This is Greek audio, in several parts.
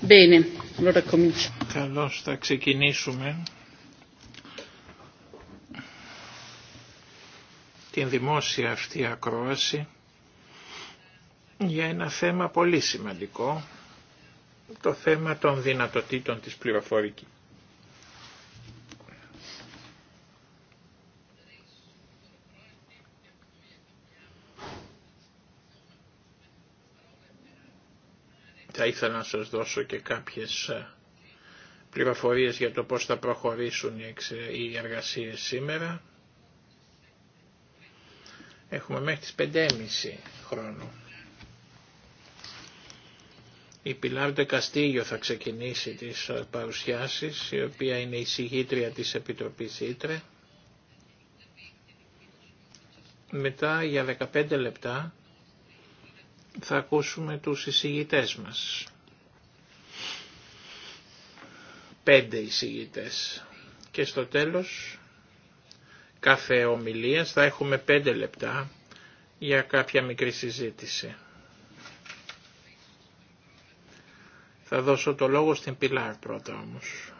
Bene, Καλώς θα ξεκινήσουμε την δημόσια αυτή ακρόαση για ένα θέμα πολύ σημαντικό, το θέμα των δυνατοτήτων της πληροφορικής. θα ήθελα να σας δώσω και κάποιες ε, πληροφορίες για το πώς θα προχωρήσουν οι εργασίες σήμερα. Έχουμε μέχρι τις 5.30 χρόνο. Η Πιλάρντε Καστίγιο θα ξεκινήσει τις ε, παρουσιάσεις, η οποία είναι η συγγήτρια της Επιτροπής Ήτρε. Μετά για 15 λεπτά θα ακούσουμε τους εισηγητές μας. Πέντε εισηγητές. Και στο τέλος κάθε ομιλίας θα έχουμε πέντε λεπτά για κάποια μικρή συζήτηση. Θα δώσω το λόγο στην Πιλάρ πρώτα όμως.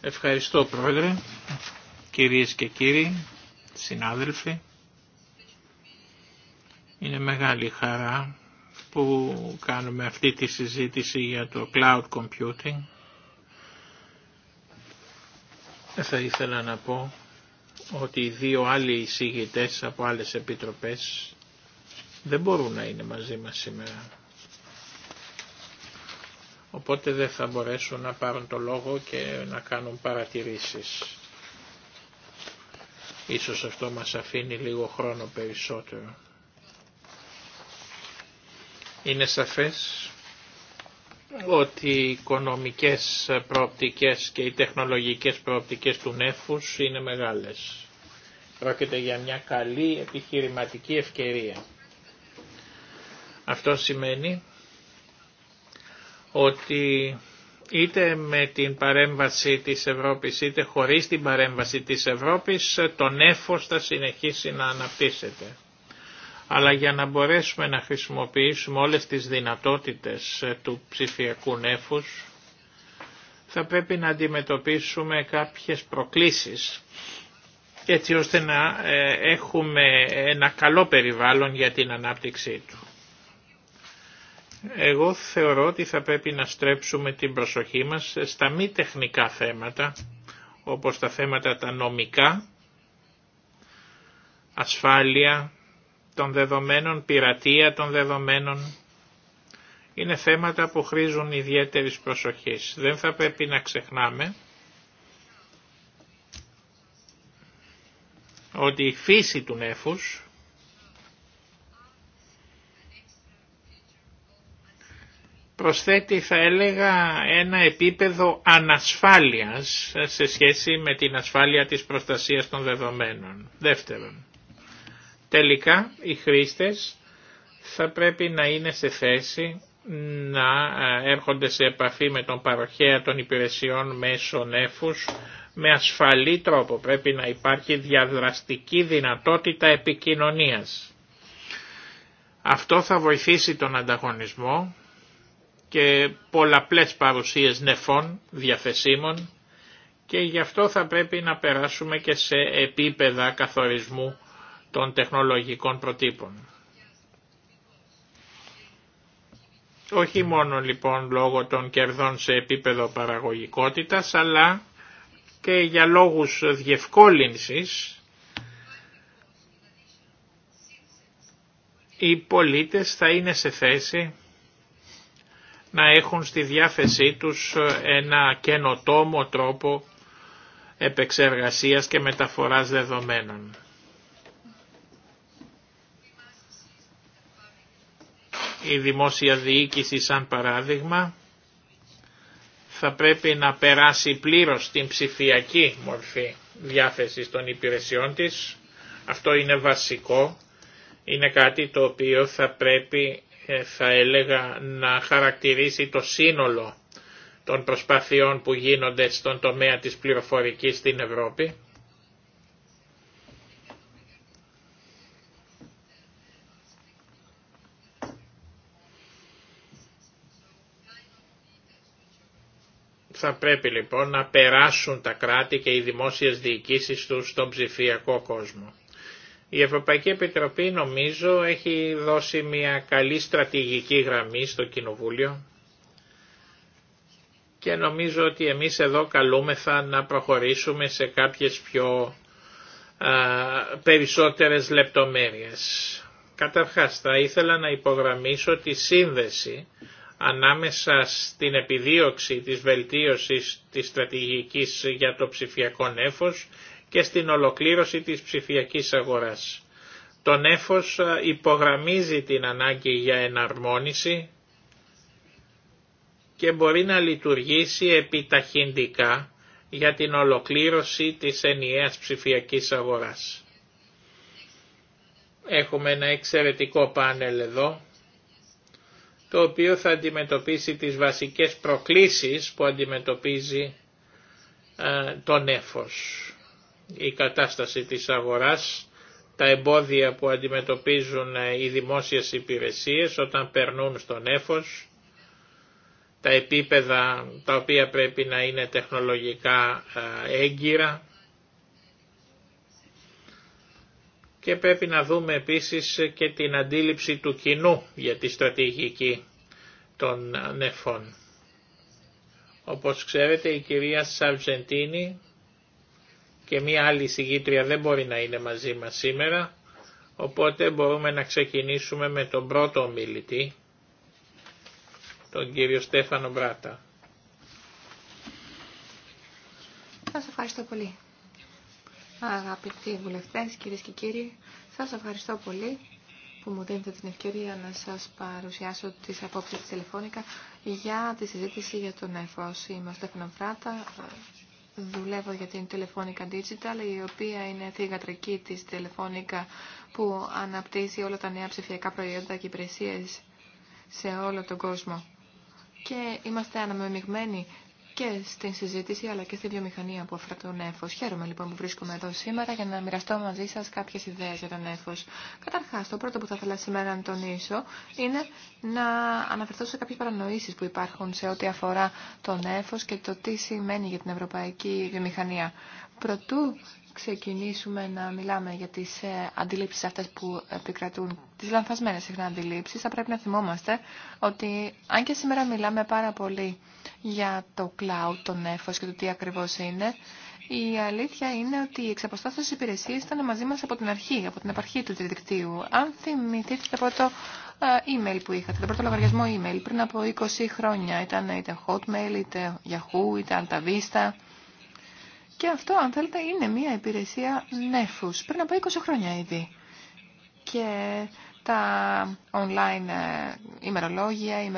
Ευχαριστώ Πρόεδρε, κυρίες και κύριοι, συνάδελφοι. Είναι μεγάλη χαρά που κάνουμε αυτή τη συζήτηση για το cloud computing. Θα ήθελα να πω ότι οι δύο άλλοι εισηγητές από άλλες επιτροπές δεν μπορούν να είναι μαζί μας σήμερα. Οπότε δεν θα μπορέσουν να πάρουν το λόγο και να κάνουν παρατηρήσεις. Ίσως αυτό μας αφήνει λίγο χρόνο περισσότερο. Είναι σαφές ότι οι οικονομικές προοπτικές και οι τεχνολογικές προοπτικές του νέφους είναι μεγάλες. Πρόκειται για μια καλή επιχειρηματική ευκαιρία. Αυτό σημαίνει ότι είτε με την παρέμβαση της Ευρώπης είτε χωρίς την παρέμβαση της Ευρώπης το νέφος θα συνεχίσει να αναπτύσσεται αλλά για να μπορέσουμε να χρησιμοποιήσουμε όλες τις δυνατότητες ε, του ψηφιακού νέφους, θα πρέπει να αντιμετωπίσουμε κάποιες προκλήσεις, έτσι ώστε να ε, έχουμε ένα καλό περιβάλλον για την ανάπτυξή του. Εγώ θεωρώ ότι θα πρέπει να στρέψουμε την προσοχή μας στα μη τεχνικά θέματα, όπως τα θέματα τα νομικά, ασφάλεια, των δεδομένων, πειρατεία των δεδομένων. Είναι θέματα που χρήζουν ιδιαίτερης προσοχής. Δεν θα πρέπει να ξεχνάμε ότι η φύση του νέφους προσθέτει θα έλεγα ένα επίπεδο ανασφάλειας σε σχέση με την ασφάλεια της προστασίας των δεδομένων. Δεύτερον, Τελικά οι χρήστες θα πρέπει να είναι σε θέση να ε, έρχονται σε επαφή με τον παροχέα των υπηρεσιών μέσω νέφους με ασφαλή τρόπο. Πρέπει να υπάρχει διαδραστική δυνατότητα επικοινωνίας. Αυτό θα βοηθήσει τον ανταγωνισμό και πολλαπλές παρουσίες νεφών διαθεσίμων και γι' αυτό θα πρέπει να περάσουμε και σε επίπεδα καθορισμού των τεχνολογικών προτύπων. Όχι μόνο λοιπόν λόγω των κερδών σε επίπεδο παραγωγικότητας, αλλά και για λόγους διευκόλυνσης οι πολίτες θα είναι σε θέση να έχουν στη διάθεσή τους ένα καινοτόμο τρόπο επεξεργασίας και μεταφοράς δεδομένων. η δημόσια διοίκηση σαν παράδειγμα θα πρέπει να περάσει πλήρως την ψηφιακή μορφή διάθεσης των υπηρεσιών της. Αυτό είναι βασικό, είναι κάτι το οποίο θα πρέπει ε, θα έλεγα να χαρακτηρίσει το σύνολο των προσπαθειών που γίνονται στον τομέα της πληροφορικής στην Ευρώπη Θα πρέπει λοιπόν να περάσουν τα κράτη και οι δημόσιες διοικήσεις τους στον ψηφιακό κόσμο. Η Ευρωπαϊκή Επιτροπή νομίζω έχει δώσει μια καλή στρατηγική γραμμή στο Κοινοβούλιο και νομίζω ότι εμείς εδώ καλούμεθα να προχωρήσουμε σε κάποιες πιο α, περισσότερες λεπτομέρειες. Καταρχάς θα ήθελα να υπογραμμίσω τη σύνδεση ανάμεσα στην επιδίωξη της βελτίωσης της στρατηγικής για το ψηφιακό νέφος και στην ολοκλήρωση της ψηφιακής αγοράς. Το νέφος υπογραμμίζει την ανάγκη για εναρμόνιση και μπορεί να λειτουργήσει επιταχυντικά για την ολοκλήρωση της ενιαίας ψηφιακής αγοράς. Έχουμε ένα εξαιρετικό πάνελ εδώ το οποίο θα αντιμετωπίσει τις βασικές προκλήσεις που αντιμετωπίζει ε, το νέφος. Η κατάσταση της αγοράς, τα εμπόδια που αντιμετωπίζουν ε, οι δημόσιες υπηρεσίες όταν περνούν στο νέφος, τα επίπεδα τα οποία πρέπει να είναι τεχνολογικά ε, έγκυρα, και πρέπει να δούμε επίσης και την αντίληψη του κοινού για τη στρατηγική των νεφών. Όπως ξέρετε η κυρία Σαρτζεντίνη και μία άλλη συγγήτρια δεν μπορεί να είναι μαζί μας σήμερα, οπότε μπορούμε να ξεκινήσουμε με τον πρώτο ομιλητή, τον κύριο Στέφανο Μπράτα. Σας ευχαριστώ πολύ. Αγαπητοί βουλευτές, κυρίες και κύριοι, σας ευχαριστώ πολύ που μου δίνετε την ευκαιρία να σας παρουσιάσω τις απόψεις της τηλεφώνικα για τη συζήτηση για τον ΕΦΟΣ. Είμαι ο Στέφανο Φράτα, δουλεύω για την τηλεφώνικα Digital, η οποία είναι θηγατρική της τηλεφωνικά που αναπτύσσει όλα τα νέα ψηφιακά προϊόντα και υπηρεσίες σε όλο τον κόσμο. Και είμαστε αναμειγμένοι και στην συζήτηση αλλά και στη βιομηχανία που αφορά το νέφο. Χαίρομαι λοιπόν που βρίσκομαι εδώ σήμερα για να μοιραστώ μαζί σα κάποιε ιδέε για το νέφο. Καταρχά, το πρώτο που θα ήθελα σήμερα να τονίσω είναι να αναφερθώ σε κάποιε παρανοήσει που υπάρχουν σε ό,τι αφορά το νέφο και το τι σημαίνει για την ευρωπαϊκή βιομηχανία. Προτού ξεκινήσουμε να μιλάμε για τις ε, αντιλήψεις αυτές που επικρατούν, τις λανθασμένες συχνά αντιλήψεις, θα πρέπει να θυμόμαστε ότι αν και σήμερα μιλάμε πάρα πολύ για το cloud, το νέφος και το τι ακριβώς είναι, η αλήθεια είναι ότι οι εξαποστάσεις υπηρεσίες ήταν μαζί μας από την αρχή, από την επαρχή του διαδικτύου. Αν θυμηθείτε το πρώτο ε, email που είχατε, τον πρώτο λογαριασμό email πριν από 20 χρόνια, ήταν είτε Hotmail, είτε Yahoo, είτε Altavista, και αυτό, αν θέλετε, είναι μια υπηρεσία νέφους, πριν από 20 χρόνια ήδη. Και τα online ε, ημερολόγια, ε,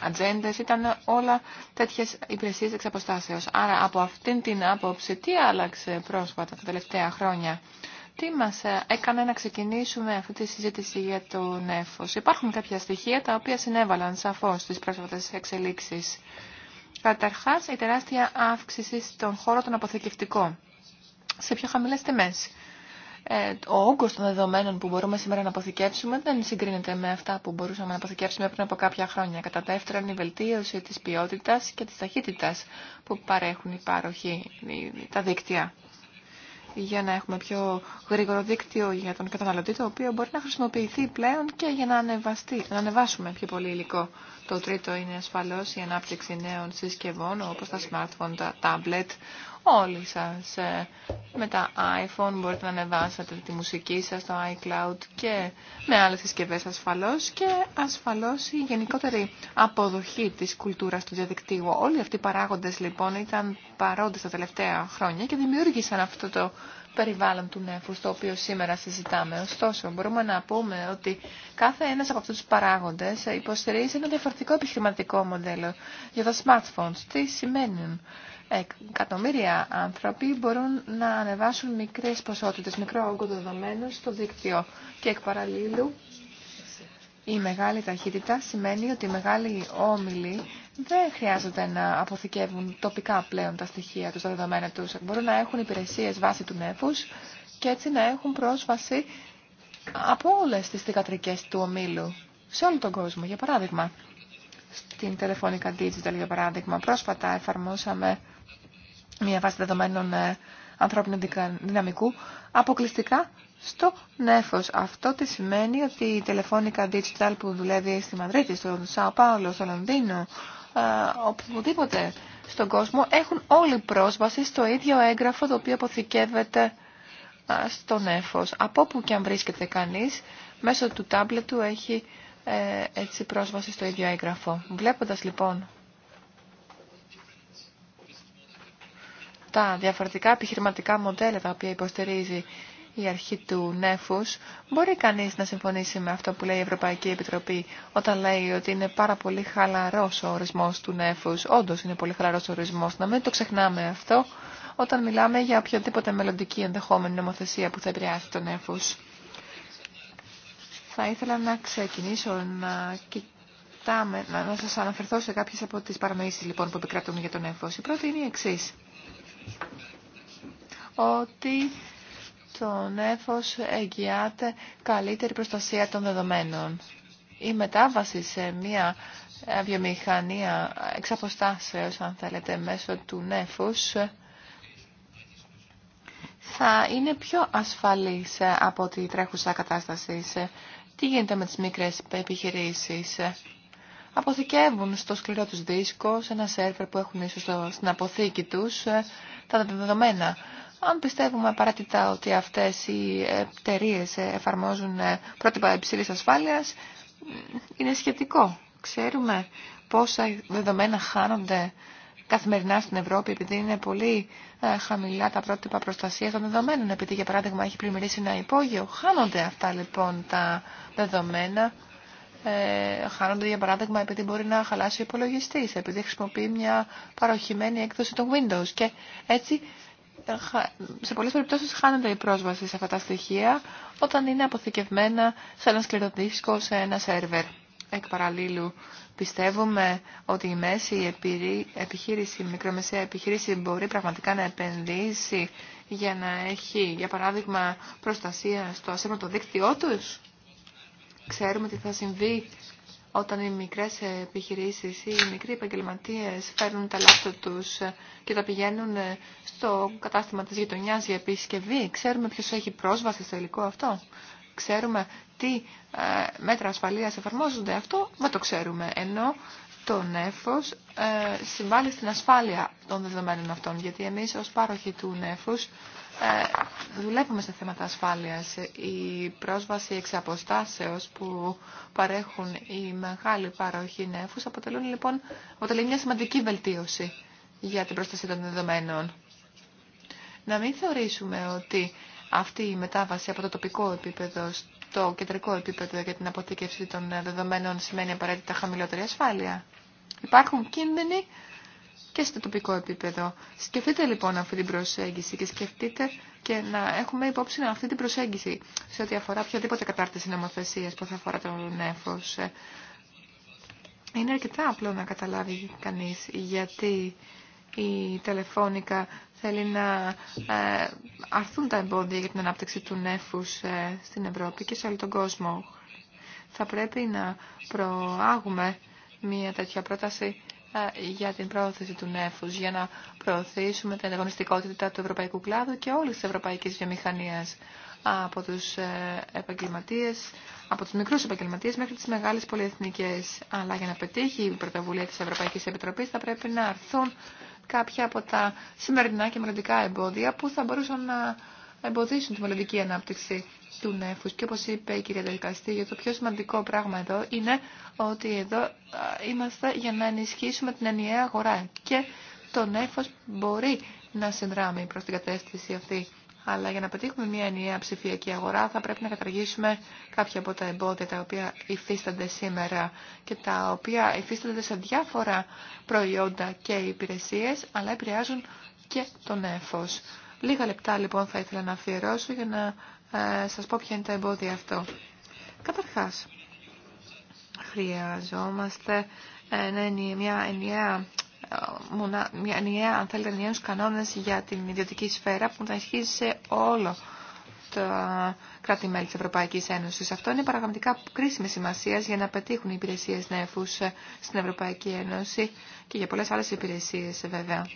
ατζέντε ήταν όλα τέτοιε υπηρεσίε εξ αποστάσεως. Άρα από αυτήν την άποψη τι άλλαξε πρόσφατα τα τελευταία χρόνια. Τι μας ε, έκανε να ξεκινήσουμε αυτή τη συζήτηση για το νέφος. Υπάρχουν κάποια στοιχεία τα οποία συνέβαλαν σαφώ στις πρόσφατε εξελίξει. Καταρχάς, η τεράστια αύξηση στον χώρο των αποθηκευτικών σε πιο χαμηλές τιμές. Ε, ο όγκος των δεδομένων που μπορούμε σήμερα να αποθηκεύσουμε δεν συγκρίνεται με αυτά που μπορούσαμε να αποθηκεύσουμε πριν από κάποια χρόνια. Κατά δεύτερον, η βελτίωση της ποιότητας και της ταχύτητας που παρέχουν οι πάροχοι, τα δίκτυα για να έχουμε πιο γρήγορο δίκτυο για τον καταναλωτή, το οποίο μπορεί να χρησιμοποιηθεί πλέον και για να, ανεβαστεί, να ανεβάσουμε πιο πολύ υλικό. Το τρίτο είναι ασφαλώς η ανάπτυξη νέων συσκευών, όπως τα smartphone, τα tablet, όλοι σας ε, με τα iPhone μπορείτε να ανεβάσετε τη μουσική σας στο iCloud και με άλλες συσκευές ασφαλώς και ασφαλώς η γενικότερη αποδοχή της κουλτούρας του διαδικτύου. Όλοι αυτοί οι παράγοντες λοιπόν ήταν παρόντες τα τελευταία χρόνια και δημιούργησαν αυτό το περιβάλλον του νεφού στο οποίο σήμερα συζητάμε. Ωστόσο, μπορούμε να πούμε ότι κάθε ένας από αυτούς τους παράγοντες υποστηρίζει ένα διαφορετικό επιχειρηματικό μοντέλο για τα smartphones. Τι σημαίνουν εκατομμύρια άνθρωποι μπορούν να ανεβάσουν μικρές ποσότητες, μικρό όγκο δεδομένων στο δίκτυο. Και εκ παραλλήλου η μεγάλη ταχύτητα σημαίνει ότι οι μεγάλοι όμιλοι δεν χρειάζονται να αποθηκεύουν τοπικά πλέον τα στοιχεία τους, τα δεδομένα τους. Μπορούν να έχουν υπηρεσίες βάσει του νέφους και έτσι να έχουν πρόσβαση από όλες τις θηγατρικές του ομίλου σε όλο τον κόσμο. Για παράδειγμα, στην τηλεφωνικά digital, για παράδειγμα, πρόσφατα εφαρμόσαμε μια βάση δεδομένων ε, ανθρώπινου δυναμικού αποκλειστικά στο νέφος. Αυτό τι σημαίνει ότι η τηλεφώνικα digital που δουλεύει στη Μαδρίτη, στο Σαο Πάολο, στο Λονδίνο, ε, οπουδήποτε στον κόσμο έχουν όλη πρόσβαση στο ίδιο έγγραφο το οποίο αποθηκεύεται ε, στο νέφος. Από που και αν βρίσκεται κανείς, μέσω του τάμπλετ του έχει έτσι πρόσβαση στο ίδιο έγγραφο. Βλέποντας λοιπόν τα διαφορετικά επιχειρηματικά μοντέλα τα οποία υποστηρίζει η αρχή του νέφους, μπορεί κανείς να συμφωνήσει με αυτό που λέει η Ευρωπαϊκή Επιτροπή όταν λέει ότι είναι πάρα πολύ χαλαρός ο ορισμός του νέφους. Όντως είναι πολύ χαλαρός ο ορισμός. Να μην το ξεχνάμε αυτό όταν μιλάμε για οποιοδήποτε μελλοντική ενδεχόμενη νομοθεσία που θα επηρεάσει τον νέφους. Θα ήθελα να ξεκινήσω να κοιτάμε, να σας αναφερθώ σε κάποιες από τις παραμείσεις λοιπόν, που επικρατούν για τον νέφος. Η πρώτη είναι η εξής ότι το νέφος εγγυάται καλύτερη προστασία των δεδομένων. Η μετάβαση σε μια βιομηχανία εξ αποστάσεως, αν θέλετε, μέσω του νέφους, θα είναι πιο ασφαλής από τη τρέχουσα κατάσταση. Τι γίνεται με τις μικρές επιχειρήσεις αποθηκεύουν στο σκληρό τους δίσκο, σε ένα σερβερ που έχουν ίσως στην αποθήκη τους, ε, τα δεδομένα. Αν πιστεύουμε απαραίτητα ότι αυτές οι εταιρείε ε, εφαρμόζουν ε, πρότυπα υψηλή ασφάλειας, είναι σχετικό. Ξέρουμε πόσα δεδομένα χάνονται καθημερινά στην Ευρώπη, επειδή είναι πολύ χαμηλά τα πρότυπα προστασία των δεδομένων. Επειδή, για παράδειγμα, έχει πλημμυρίσει ένα υπόγειο, χάνονται αυτά λοιπόν τα δεδομένα ε, χάνονται για παράδειγμα επειδή μπορεί να χαλάσει ο υπολογιστή, επειδή χρησιμοποιεί μια παροχημένη έκδοση των Windows και έτσι ε, σε πολλές περιπτώσεις χάνεται η πρόσβαση σε αυτά τα στοιχεία όταν είναι αποθηκευμένα σε ένα σκληρό σε ένα σερβερ. Εκ παραλλήλου πιστεύουμε ότι η μέση επιχείρηση, η μικρομεσαία επιχείρηση μπορεί πραγματικά να επενδύσει για να έχει, για παράδειγμα, προστασία στο ασύρματο δίκτυό τους. Ξέρουμε τι θα συμβεί όταν οι μικρές επιχειρήσεις ή οι μικροί επαγγελματίες φέρνουν τα λάπτο τους και τα πηγαίνουν στο κατάστημα της γειτονιάς για επισκευή. Ξέρουμε ποιος έχει πρόσβαση στο υλικό αυτό. Ξέρουμε τι ε, μέτρα ασφαλείας εφαρμόζονται. Αυτό δεν το ξέρουμε. Ενώ το νέφος ε, συμβάλλει στην ασφάλεια των δεδομένων αυτών. Γιατί εμείς ως πάροχοι του νέφους ε, δουλεύουμε σε θέματα ασφάλειας. Η πρόσβαση εξ αποστάσεως που παρέχουν οι μεγάλοι παροχοί νεφούς αποτελούν λοιπόν αποτελεί μια σημαντική βελτίωση για την προστασία των δεδομένων. Να μην θεωρήσουμε ότι αυτή η μετάβαση από το τοπικό επίπεδο στο κεντρικό επίπεδο για την αποθήκευση των δεδομένων σημαίνει απαραίτητα χαμηλότερη ασφάλεια. Υπάρχουν κίνδυνοι και στο τοπικό επίπεδο. Σκεφτείτε λοιπόν αυτή την προσέγγιση και σκεφτείτε και να έχουμε υπόψη αυτή την προσέγγιση σε ό,τι αφορά οποιαδήποτε κατάρτιση νομοθεσία που θα αφορά το νέφο. Ε, είναι αρκετά απλό να καταλάβει κανείς γιατί η τηλεφωνικά θέλει να ε, αρθούν τα εμπόδια για την ανάπτυξη του νέφους ε, στην Ευρώπη και σε όλο τον κόσμο. Θα πρέπει να προάγουμε μια τέτοια πρόταση ε, για την πρόθεση του νέφους, για να προωθήσουμε την ανταγωνιστικότητα του ευρωπαϊκού κλάδου και όλης της ευρωπαϊκής βιομηχανίας από τους ε, επαγγελματίες, από τους μικρούς επαγγελματίες μέχρι τις μεγάλες πολυεθνικές. Αλλά για να πετύχει η πρωτοβουλία της Ευρωπαϊκής Επιτροπής θα πρέπει να έρθουν κάποια από τα σημερινά και μελλοντικά εμπόδια που θα μπορούσαν να εμποδίσουν τη μελλοντική ανάπτυξη του νεφους. Και όπως είπε η κυρία Δελκαστή, το πιο σημαντικό πράγμα εδώ είναι ότι εδώ είμαστε για να ενισχύσουμε την ενιαία αγορά και το νέφος μπορεί να συνδράμει προς την κατεύθυνση αυτή. Αλλά για να πετύχουμε μια ενιαία ψηφιακή αγορά θα πρέπει να καταργήσουμε κάποια από τα εμπόδια τα οποία υφίστανται σήμερα και τα οποία υφίστανται σε διάφορα προϊόντα και υπηρεσίες αλλά επηρεάζουν και τον έφος. Λίγα λεπτά λοιπόν θα ήθελα να αφιερώσω για να ε, σας πω ποια είναι τα εμπόδια αυτό. Καταρχάς, χρειαζόμαστε μια ενιαία ε, μια ενιαία, αν θέλετε, ενιαίους κανόνες για την ιδιωτική σφαίρα που θα ισχύει σε όλο τα κράτη-μέλη της Ευρωπαϊκής Ένωσης. Αυτό είναι παραγραμματικά κρίσιμη σημασία για να πετύχουν οι υπηρεσίες νέφους ε, στην Ευρωπαϊκή Ένωση και για πολλές άλλες υπηρεσίες βέβαια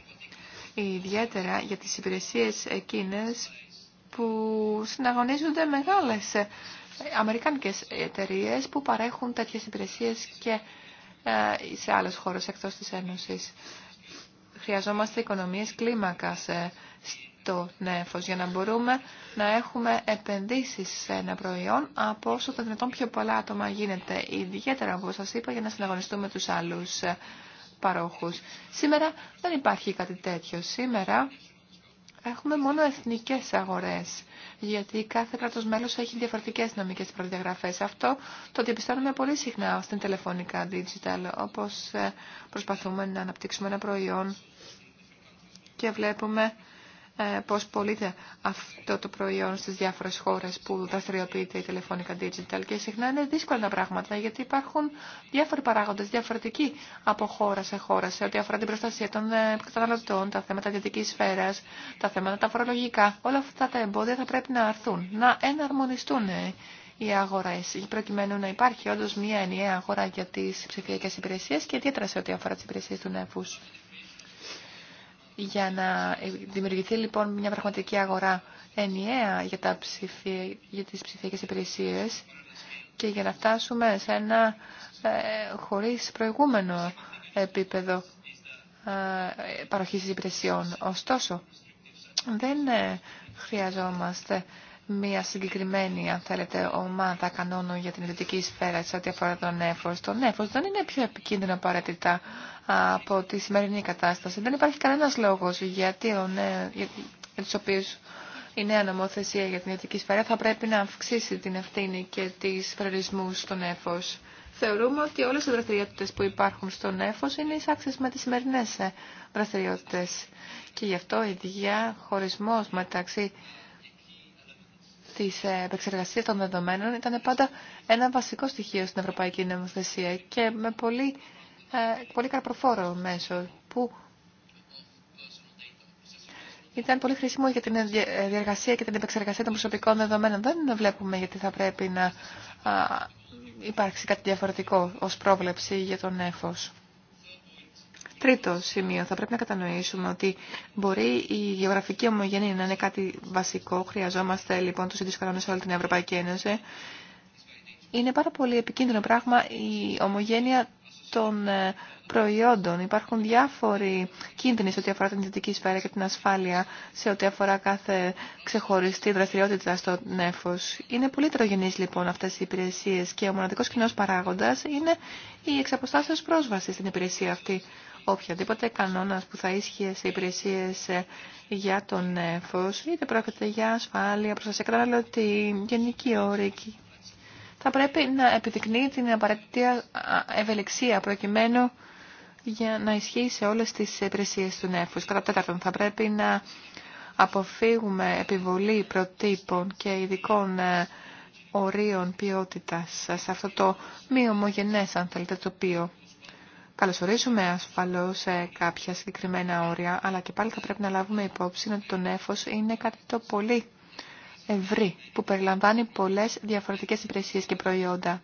ιδιαίτερα για τις υπηρεσίες εκείνες που συναγωνίζονται μεγάλες αμερικάνικες εταιρείε που παρέχουν τέτοιες υπηρεσίες και ε, σε άλλες χώρες εκτός της Ένωσης. Χρειαζόμαστε οικονομίες κλίμακας ε, στο νέφος για να μπορούμε να έχουμε επενδύσεις σε ένα προϊόν από όσο το δυνατόν πιο πολλά άτομα γίνεται, ιδιαίτερα όπως σας είπα για να συναγωνιστούμε τους άλλους παρόχους. Σήμερα δεν υπάρχει κάτι τέτοιο. Σήμερα έχουμε μόνο εθνικές αγορές, γιατί κάθε κράτος μέλος έχει διαφορετικές νομικές προδιαγραφές. Αυτό το διαπιστώνουμε πολύ συχνά στην τηλεφωνικά digital, όπως ε, προσπαθούμε να αναπτύξουμε ένα προϊόν και βλέπουμε ε, πώς πωλείται αυτό το προϊόν στις διάφορες χώρες που δραστηριοποιείται η τηλεφώνικα digital και συχνά είναι δύσκολα τα πράγματα γιατί υπάρχουν διάφοροι παράγοντες διαφορετικοί από χώρα σε χώρα σε ό,τι αφορά την προστασία των ε, καταναλωτών, τα θέματα ιδιωτικής σφαίρας, τα θέματα τα φορολογικά. Όλα αυτά τα εμπόδια θα πρέπει να αρθούν, να εναρμονιστούν ε, οι αγορέ προκειμένου να υπάρχει όντω μια ενιαία αγορά για τι ψηφιακέ υπηρεσίε και ιδιαίτερα σε ό,τι αφορά τι υπηρεσίε του νεφού. Για να δημιουργηθεί λοιπόν μια πραγματική αγορά ενιαία για, τα ψηφια για τις ψηφιακές υπηρεσίες και για να φτάσουμε σε ένα ε, χωρίς προηγούμενο επίπεδο ε, παροχής υπηρεσιών. Ωστόσο, δεν ε, χρειαζόμαστε μία συγκεκριμένη, αν θέλετε, ομάδα κανόνων για την ιδιωτική σφαίρα σε ό,τι αφορά τον έφο Το νέφος δεν είναι πιο επικίνδυνο απαραίτητα από τη σημερινή κατάσταση. Δεν υπάρχει κανένας λόγος γιατί ο για... για τους οποίους η νέα νομοθεσία για την ιδιωτική σφαίρα θα πρέπει να αυξήσει την ευθύνη και τις περιορισμούς στον έφο. Θεωρούμε ότι όλες οι δραστηριότητες που υπάρχουν στον έφο είναι εισάξεις με τι σημερινέ ε, δραστηριότητε. Και γι' αυτό η διαχωρισμό μεταξύ της επεξεργασίας των δεδομένων ήταν πάντα ένα βασικό στοιχείο στην Ευρωπαϊκή Νομοθεσία και με πολύ, ε, πολύ καρποφόρο μέσο που ήταν πολύ χρήσιμο για την ε, διεργασία και την επεξεργασία των προσωπικών δεδομένων. Δεν βλέπουμε γιατί θα πρέπει να υπάρξει κάτι διαφορετικό ως πρόβλεψη για τον έφος. Τρίτο σημείο, θα πρέπει να κατανοήσουμε ότι μπορεί η γεωγραφική ομογένεια να είναι κάτι βασικό. Χρειαζόμαστε λοιπόν του ίδιου κανόνε σε όλη την Ευρωπαϊκή Ένωση. Είναι πάρα πολύ επικίνδυνο πράγμα η ομογένεια των ε, προϊόντων. Υπάρχουν διάφοροι κίνδυνοι σε ό,τι αφορά την ιδιωτική σφαίρα και την ασφάλεια, σε ό,τι αφορά κάθε ξεχωριστή δραστηριότητα στο νεφο. Είναι πολύ τρογενεί λοιπόν αυτέ οι υπηρεσίε και ο μοναδικό κοινό παράγοντα είναι η εξαποστάσεω πρόσβαση στην υπηρεσία αυτή οποιαδήποτε κανόνα που θα ίσχυε σε υπηρεσίες ε, για τον ε, φως, είτε πρόκειται για ασφάλεια, προστασία καταναλωτή, γενική όρεκη. Θα πρέπει να επιδεικνύει την απαραίτητη ευελιξία προκειμένου για να ισχύει σε όλες τις υπηρεσίε του νεφού. Κατά τέταρτον, θα πρέπει να αποφύγουμε επιβολή προτύπων και ειδικών ε, ορίων ποιότητας σε αυτό το μη ομογενές, αν θέλετε, τοπίο καλωσορίζουμε ασφαλώς ε, κάποια συγκεκριμένα όρια, αλλά και πάλι θα πρέπει να λάβουμε υπόψη ότι το νεφο είναι κάτι το πολύ ευρύ, που περιλαμβάνει πολλές διαφορετικές υπηρεσίες και προϊόντα.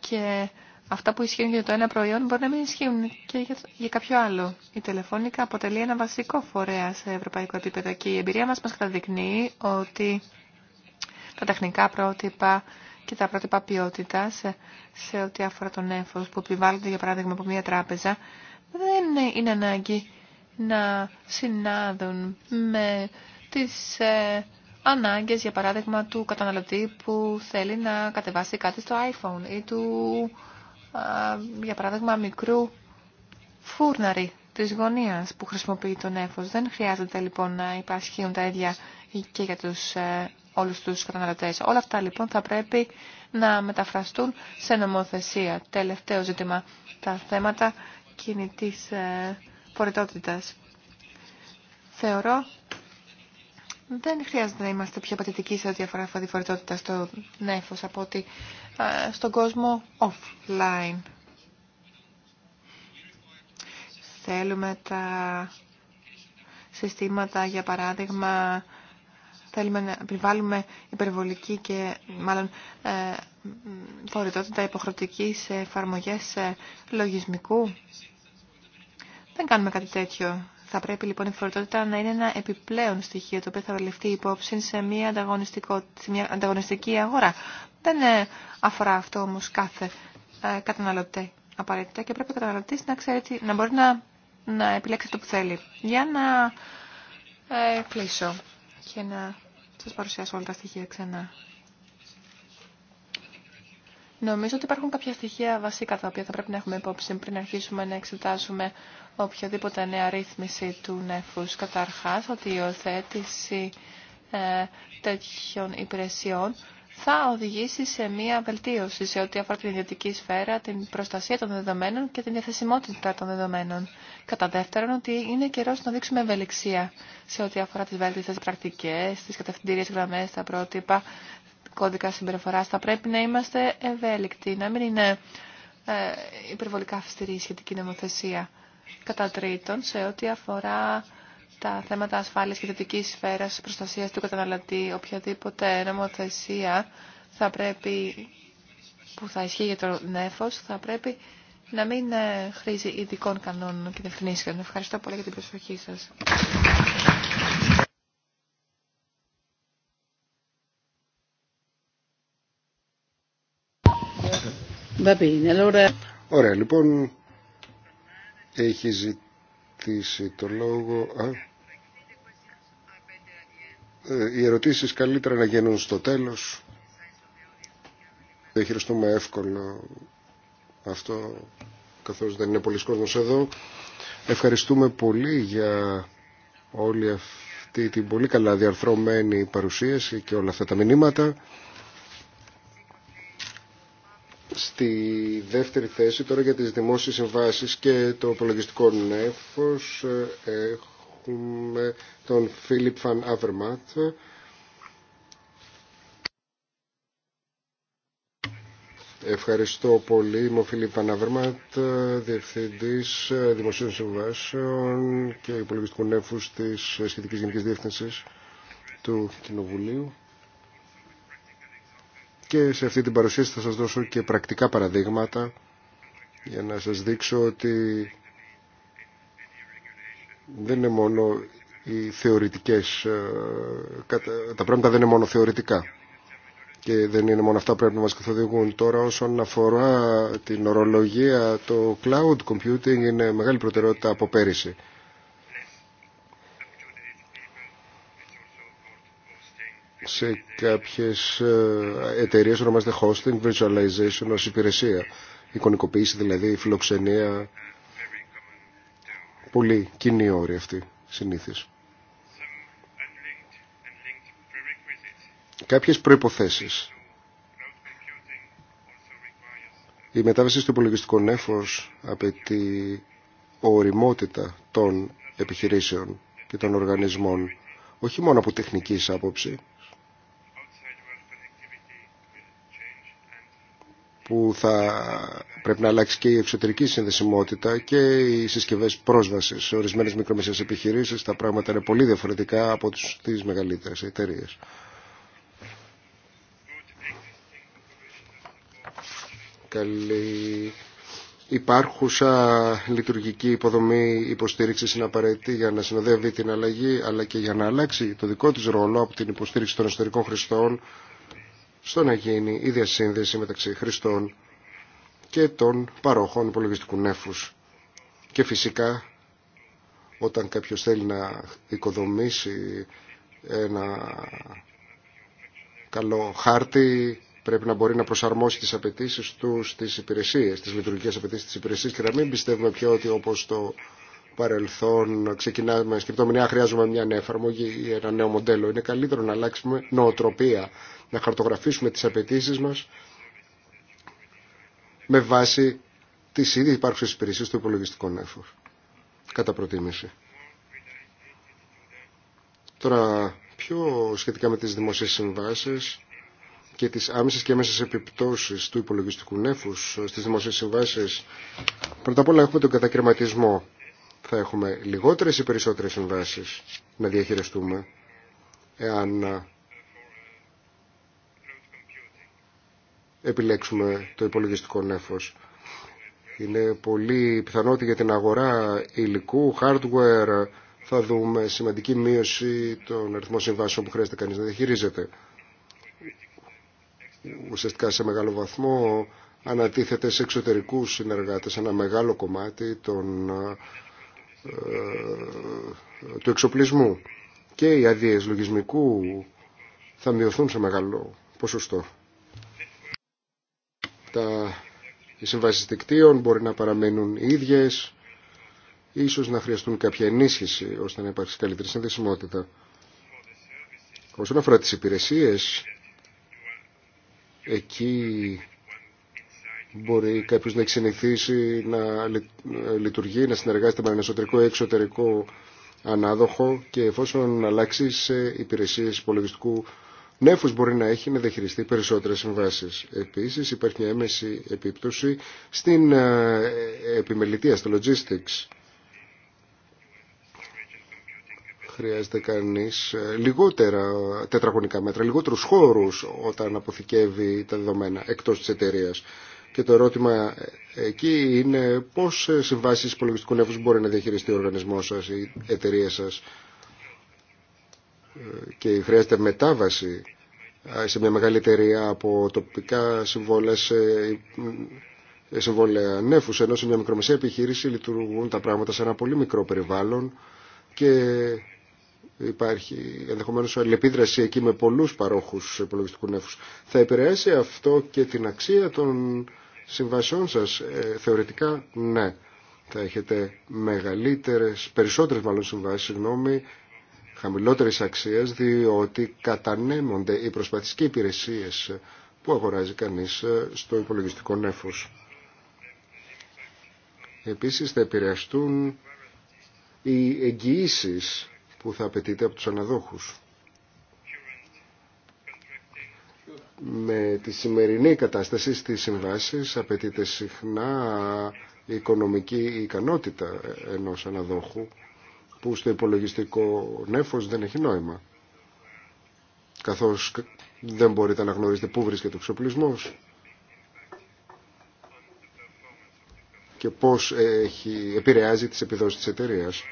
Και αυτά που ισχύουν για το ένα προϊόν μπορεί να μην ισχύουν και για κάποιο άλλο. Η τηλεφώνικα αποτελεί ένα βασικό φορέα σε ευρωπαϊκό επίπεδο και η εμπειρία μα μας καταδεικνύει ότι τα τεχνικά πρότυπα και τα πρότυπα ποιότητα σε, σε ό,τι αφορά τον έφο, που επιβάλλονται για παράδειγμα από μια τράπεζα δεν είναι ανάγκη να συνάδουν με τις ε, ανάγκες για παράδειγμα του καταναλωτή που θέλει να κατεβάσει κάτι στο iPhone ή του για παράδειγμα μικρού φούρναρη της γωνίας που χρησιμοποιεί τον έφος. Δεν χρειάζεται λοιπόν να υπάρχουν τα ίδια και για τους ε, όλους τους καταναλωτές. Όλα αυτά λοιπόν θα πρέπει να μεταφραστούν σε νομοθεσία. Τελευταίο ζήτημα, τα θέματα κινητής ε, φορετότητας. Θεωρώ δεν χρειάζεται να είμαστε πιο πατητικοί σε ό,τι αφορά τη φορητότητα στο νέφος από ότι ε, στον κόσμο offline. Θέλουμε τα συστήματα, για παράδειγμα, θέλουμε να επιβάλλουμε υπερβολική και μάλλον ε, υποχρεωτική σε εφαρμογές ε, λογισμικού. Δεν κάνουμε κάτι τέτοιο. Θα πρέπει λοιπόν η φορητότητα να είναι ένα επιπλέον στοιχείο το οποίο θα ληφθεί υπόψη σε μια, ανταγωνιστική αγορά. Δεν ε, αφορά αυτό όμως κάθε ε, καταναλωτή απαραίτητα και πρέπει ο καταναλωτής να, ξέρει, να μπορεί να, να επιλέξει το που θέλει. Για να ε, κλείσω και να σας παρουσιάσω όλα τα στοιχεία ξανά. Νομίζω ότι υπάρχουν κάποια στοιχεία βασικά τα οποία θα πρέπει να έχουμε υπόψη πριν αρχίσουμε να εξετάσουμε οποιαδήποτε νέα ρύθμιση του νεφούς. Καταρχάς, ότι η οθέτηση ε, τέτοιων υπηρεσιών θα οδηγήσει σε μία βελτίωση σε ό,τι αφορά την ιδιωτική σφαίρα, την προστασία των δεδομένων και την διαθεσιμότητα των δεδομένων. Κατά δεύτερον, ότι είναι καιρό να δείξουμε ευελιξία σε ό,τι αφορά τι βέλτιστε πρακτικέ, τι κατευθυντήριε γραμμέ, τα πρότυπα, κώδικα συμπεριφορά. Θα πρέπει να είμαστε ευέλικτοι, να μην είναι ε, υπερβολικά αυστηρή η σχετική νομοθεσία. Κατά τρίτον, σε ό,τι αφορά τα θέματα ασφάλειας και θετικής σφαίρας προστασίας του καταναλωτή, οποιαδήποτε νομοθεσία θα πρέπει, που θα ισχύει για το νέφος, θα πρέπει να μην ε, χρήζει ειδικών κανόνων και δευθυνήσεων. Ευχαριστώ πολύ για την προσοχή σας. Ωραία, λοιπόν, έχει ζητήσει το λόγο... Α. Ε, οι ερωτήσεις καλύτερα να γίνουν στο τέλος. Δεν χειριστούμε εύκολο αυτό, καθώς δεν είναι πολλοί κόσμο εδώ. Ευχαριστούμε πολύ για όλη αυτή την πολύ καλά διαρθρωμένη παρουσίαση και όλα αυτά τα μηνύματα. Στη δεύτερη θέση τώρα για τις δημόσιες συμβάσεις και το απολογιστικό νέφος ε, έχω ε, τον Φίλιπ Φαν Ευχαριστώ πολύ. Είμαι ο Φίλιπ Αβερμάτ, ε, Διευθυντή ε, Δημοσίων Συμβάσεων και Υπολογιστικού Νέφου τη Σχετική Γενική Διεύθυνση του Κοινοβουλίου. Και σε αυτή την παρουσίαση θα σας δώσω και πρακτικά παραδείγματα για να σας δείξω ότι δεν είναι μόνο οι θεωρητικές, ε, τα πράγματα δεν είναι μόνο θεωρητικά και δεν είναι μόνο αυτά που πρέπει να μας καθοδηγούν. Τώρα όσον αφορά την ορολογία, το cloud computing είναι μεγάλη προτεραιότητα από πέρυσι. σε κάποιες ε, εταιρείες ονομάζεται hosting, virtualization ως υπηρεσία. Εικονικοποίηση δηλαδή, φιλοξενία πολύ κοινή όρη αυτή συνήθως. Κάποιες προϋποθέσεις. Η μετάβαση στο υπολογιστικό νέφος απαιτεί οριμότητα των επιχειρήσεων και των οργανισμών, όχι μόνο από τεχνική άποψη, που θα Πρέπει να αλλάξει και η εξωτερική συνδεσιμότητα και οι συσκευέ πρόσβαση. Σε ορισμένε μικρομεσαίε επιχειρήσει τα πράγματα είναι πολύ διαφορετικά από τι μεγαλύτερε εταιρείε. Καλή υπάρχουσα λειτουργική υποδομή υποστήριξης είναι απαραίτητη για να συνοδεύει την αλλαγή αλλά και για να αλλάξει το δικό τη ρόλο από την υποστήριξη των εσωτερικών χρηστών στο να γίνει η διασύνδεση μεταξύ χρηστών και των παρόχων υπολογιστικού νέφους. Και φυσικά όταν κάποιος θέλει να οικοδομήσει ένα καλό χάρτη πρέπει να μπορεί να προσαρμόσει τις απαιτήσει του στις υπηρεσίες, τις λειτουργικές απαιτήσει της υπηρεσίας και να μην πιστεύουμε πια ότι όπως το παρελθόν ξεκινάμε σκεπτόμενοι αν χρειάζομαι μια νέα εφαρμογή ή ένα νέο μοντέλο. Είναι καλύτερο να αλλάξουμε νοοτροπία, να χαρτογραφήσουμε τις απαιτήσει μας με βάση τις ήδη υπάρχουσες υπηρεσίε του υπολογιστικού νέφου. Κατά προτίμηση. Τώρα, πιο σχετικά με τις δημοσίες συμβάσει και τις άμεσες και έμεσε επιπτώσεις του υπολογιστικού νεφού στις δημοσιε συμβάσει, πρώτα απ' όλα έχουμε τον κατακρεματισμό. Θα έχουμε λιγότερες ή περισσότερες συμβάσει να διαχειριστούμε, εάν επιλέξουμε το υπολογιστικό νέφος. Είναι πολύ πιθανότητα για την αγορά υλικού, hardware, θα δούμε σημαντική μείωση των αριθμών συμβάσεων που χρειάζεται κανείς να διαχειρίζεται. Ουσιαστικά σε μεγάλο βαθμό ανατίθεται σε εξωτερικούς συνεργάτες ένα μεγάλο κομμάτι των, ε, του εξοπλισμού και οι αδείες λογισμικού θα μειωθούν σε μεγάλο ποσοστό τα, οι συμβάσεις δικτύων μπορεί να παραμένουν ίδιες, ίσως να χρειαστούν κάποια ενίσχυση ώστε να υπάρξει καλύτερη συνδεσιμότητα. Όσον αφορά τις υπηρεσίες, εκεί μπορεί κάποιος να εξενηθήσει να λειτουργεί, να συνεργάζεται με ένα εσωτερικό ή εξωτερικό ανάδοχο και εφόσον αλλάξει σε υπηρεσίες υπολογιστικού νέφους μπορεί να έχει να διαχειριστεί περισσότερες συμβάσεις. Επίσης υπάρχει μια έμεση επίπτωση στην ε, επιμελητία, στο logistics. Χρειάζεται κανείς ε, λιγότερα τετραγωνικά μέτρα, λιγότερους χώρους όταν αποθηκεύει τα δεδομένα εκτός της εταιρεία. Και το ερώτημα ε, εκεί είναι πώς συμβάσεις υπολογιστικού νεύους μπορεί να διαχειριστεί ο οργανισμός σας, η εταιρεία σας και χρειάζεται μετάβαση σε μια μεγάλη εταιρεία από τοπικά ε, συμβόλαια νέφους, ενώ σε μια μικρομεσαία επιχείρηση λειτουργούν τα πράγματα σε ένα πολύ μικρό περιβάλλον και υπάρχει ενδεχομένω αλληλεπίδραση εκεί με πολλούς παρόχους υπολογιστικού νέφους. Θα επηρεάσει αυτό και την αξία των συμβασιών σας. Ε, θεωρητικά ναι. Θα έχετε μεγαλύτερες, περισσότερες μάλλον συμβάσεις, συγγνώμη, χαμηλότερης αξίας διότι κατανέμονται οι προσπαθείς και υπηρεσίες που αγοράζει κανείς ε, στο υπολογιστικό νέφος. Επίσης θα επηρεαστούν οι εγγυήσει που θα απαιτείται από τους αναδόχους. Με τη σημερινή κατάσταση στις συμβάσεις απαιτείται συχνά η οικονομική ικανότητα ενός αναδόχου που στο υπολογιστικό νέφος δεν έχει νόημα. Καθώς δεν μπορείτε να γνωρίζετε πού βρίσκεται ο εξοπλισμός και πώς έχει, επηρεάζει τις επιδόσεις της εταιρείας.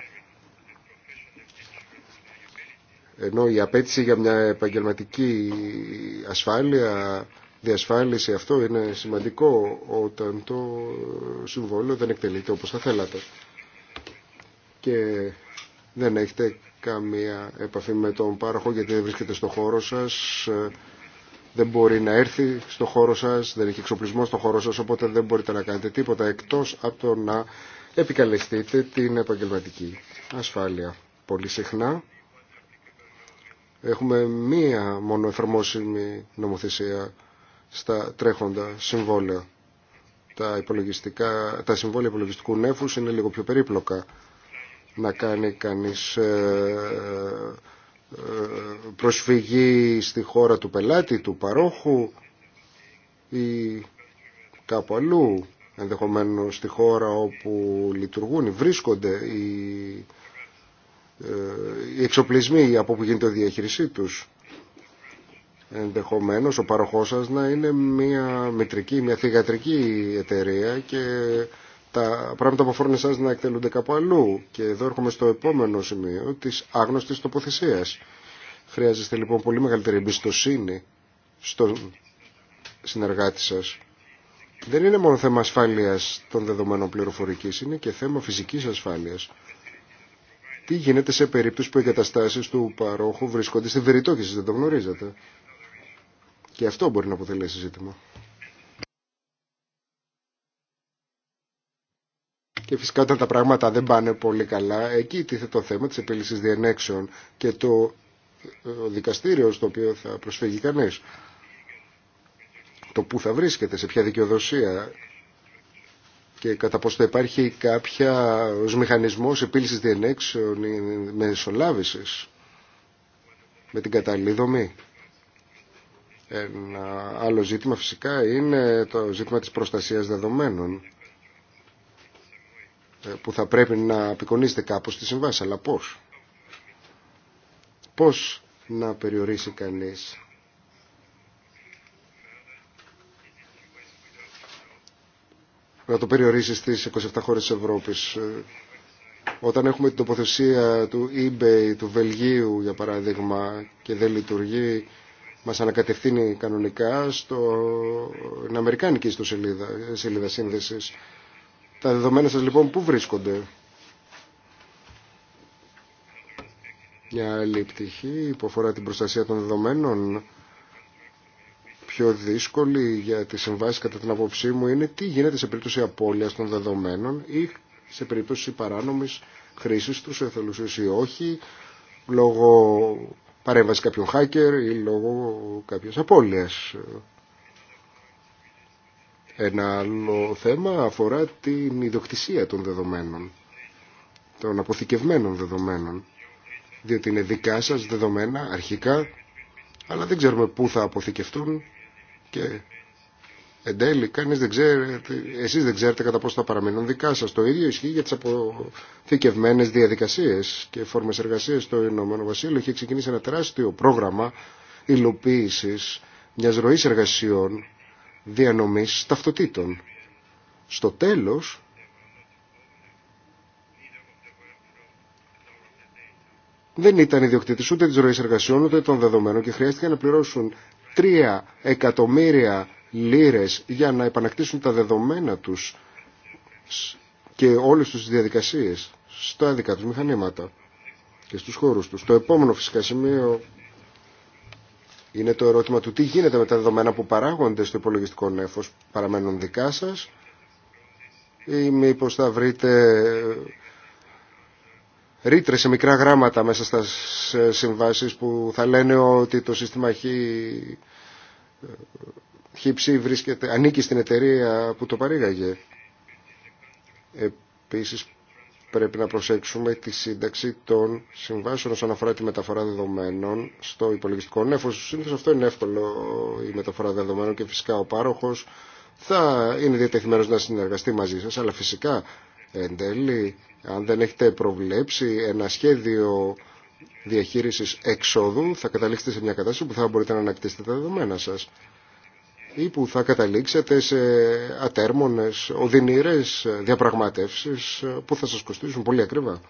Ενώ η απέτηση για μια επαγγελματική ασφάλεια, διασφάλιση, αυτό είναι σημαντικό όταν το συμβόλαιο δεν εκτελείται όπως θα θέλατε. Και δεν έχετε καμία επαφή με τον πάροχο γιατί δεν βρίσκεται στο χώρο σας, δεν μπορεί να έρθει στο χώρο σας, δεν έχει εξοπλισμό στο χώρο σας, οπότε δεν μπορείτε να κάνετε τίποτα εκτός από το να επικαλεστείτε την επαγγελματική ασφάλεια. Πολύ συχνά έχουμε μία μόνο εφαρμόσιμη νομοθεσία στα τρέχοντα συμβόλαια. Τα, τα συμβόλαια υπολογιστικού νέφους είναι λίγο πιο περίπλοκα να κάνει κανείς ε, ε, ε, προσφυγή στη χώρα του πελάτη, του παρόχου ή κάπου αλλού, ενδεχομένως στη χώρα όπου λειτουργούν ή βρίσκονται οι, εξοπλισμοί από που γίνεται η διαχείρισή τους. Ενδεχομένως ο παροχός σας να είναι μια μητρική, μια θηγατρική εταιρεία και τα πράγματα που αφορούν εσάς να εκτελούνται κάπου αλλού. Και εδώ έρχομαι στο επόμενο σημείο της άγνωστης τοποθεσίας. Χρειάζεστε λοιπόν πολύ μεγαλύτερη εμπιστοσύνη στον συνεργάτη σας. Δεν είναι μόνο θέμα ασφάλειας των δεδομένων πληροφορικής, είναι και θέμα φυσικής ασφάλειας. Τι γίνεται σε περίπτωση που οι εγκαταστάσεις του παρόχου βρίσκονται στη βεριτό δεν το γνωρίζετε. Και αυτό μπορεί να αποτελέσει ζήτημα. Και φυσικά όταν τα πράγματα δεν πάνε πολύ καλά, εκεί τίθεται το θέμα της επίλυσης διενέξεων και το ε, δικαστήριο στο οποίο θα προσφύγει κανείς. Το που θα βρίσκεται, σε ποια δικαιοδοσία και κατά πόσο θα υπάρχει κάποια ως μηχανισμός επίλυσης διενέξεων με μεσολάβησης με την κατάλληλη δομή. Ένα άλλο ζήτημα φυσικά είναι το ζήτημα της προστασίας δεδομένων ε, που θα πρέπει να απεικονίζεται κάπως τη συμβάση. Αλλά πώς. Πώς να περιορίσει κανείς να το περιορίσει στις 27 χώρες της Ευρώπης. Ε, όταν έχουμε την τοποθεσία του eBay, του Βελγίου για παράδειγμα και δεν λειτουργεί, μας ανακατευθύνει κανονικά στο αμερικάνικη ιστοσελίδα σελίδα σύνδεσης τα δεδομένα σας λοιπόν πού βρίσκονται. Μια άλλη πτυχή που αφορά την προστασία των δεδομένων πιο δύσκολη για τις συμβάσει κατά την απόψή μου είναι τι γίνεται σε περίπτωση απώλειας των δεδομένων ή σε περίπτωση παράνομης χρήσης τους εθελουσίως ή όχι λόγω παρέμβαση κάποιων hacker ή λόγω κάποιες απώλειας ένα άλλο θέμα αφορά την ιδιοκτησία των δεδομένων, των αποθηκευμένων δεδομένων, διότι είναι δικά σας δεδομένα αρχικά, αλλά δεν ξέρουμε πού θα αποθηκευτούν και εν τέλει κανείς δεν ξέρετε, εσείς δεν ξέρετε κατά πώς θα παραμείνουν δικά σας. Το ίδιο ισχύει για τις αποθηκευμένες διαδικασίες και φόρμες εργασίες. στο Ηνωμένο Βασίλειο. Έχει ξεκινήσει ένα τεράστιο πρόγραμμα υλοποίησης μιας ροής εργασιών διανομής ταυτοτήτων. Στο τέλος, δεν ήταν ιδιοκτήτης ούτε της ροής εργασιών ούτε των δεδομένων και χρειάστηκε να πληρώσουν 3 εκατομμύρια λίρες για να επανακτήσουν τα δεδομένα τους και όλες τις διαδικασίες στα δικά τους μηχανήματα και στους χώρους τους. Το επόμενο φυσικά σημείο είναι το ερώτημα του τι γίνεται με τα δεδομένα που παράγονται στο υπολογιστικό νέφος. Παραμένουν δικά σας ή μήπως θα βρείτε ε, ρήτρες σε μικρά γράμματα μέσα στα συμβάσεις που θα λένε ότι το σύστημα χύψη ε, βρίσκεται, ανήκει στην εταιρεία που το παρήγαγε. Επίσης πρέπει να προσέξουμε τη σύνταξη των συμβάσεων όσον αφορά τη μεταφορά δεδομένων στο υπολογιστικό νέφος. Συνήθως αυτό είναι εύκολο η μεταφορά δεδομένων και φυσικά ο πάροχος θα είναι διατεθειμένος να συνεργαστεί μαζί σας, αλλά φυσικά εν τέλει αν δεν έχετε προβλέψει ένα σχέδιο διαχείρισης εξόδου θα καταλήξετε σε μια κατάσταση που θα μπορείτε να ανακτήσετε τα δεδομένα σας ή που θα καταλήξετε σε ατέρμονες, οδυνηρές διαπραγματεύσεις που θα σας κοστίσουν πολύ ακριβά.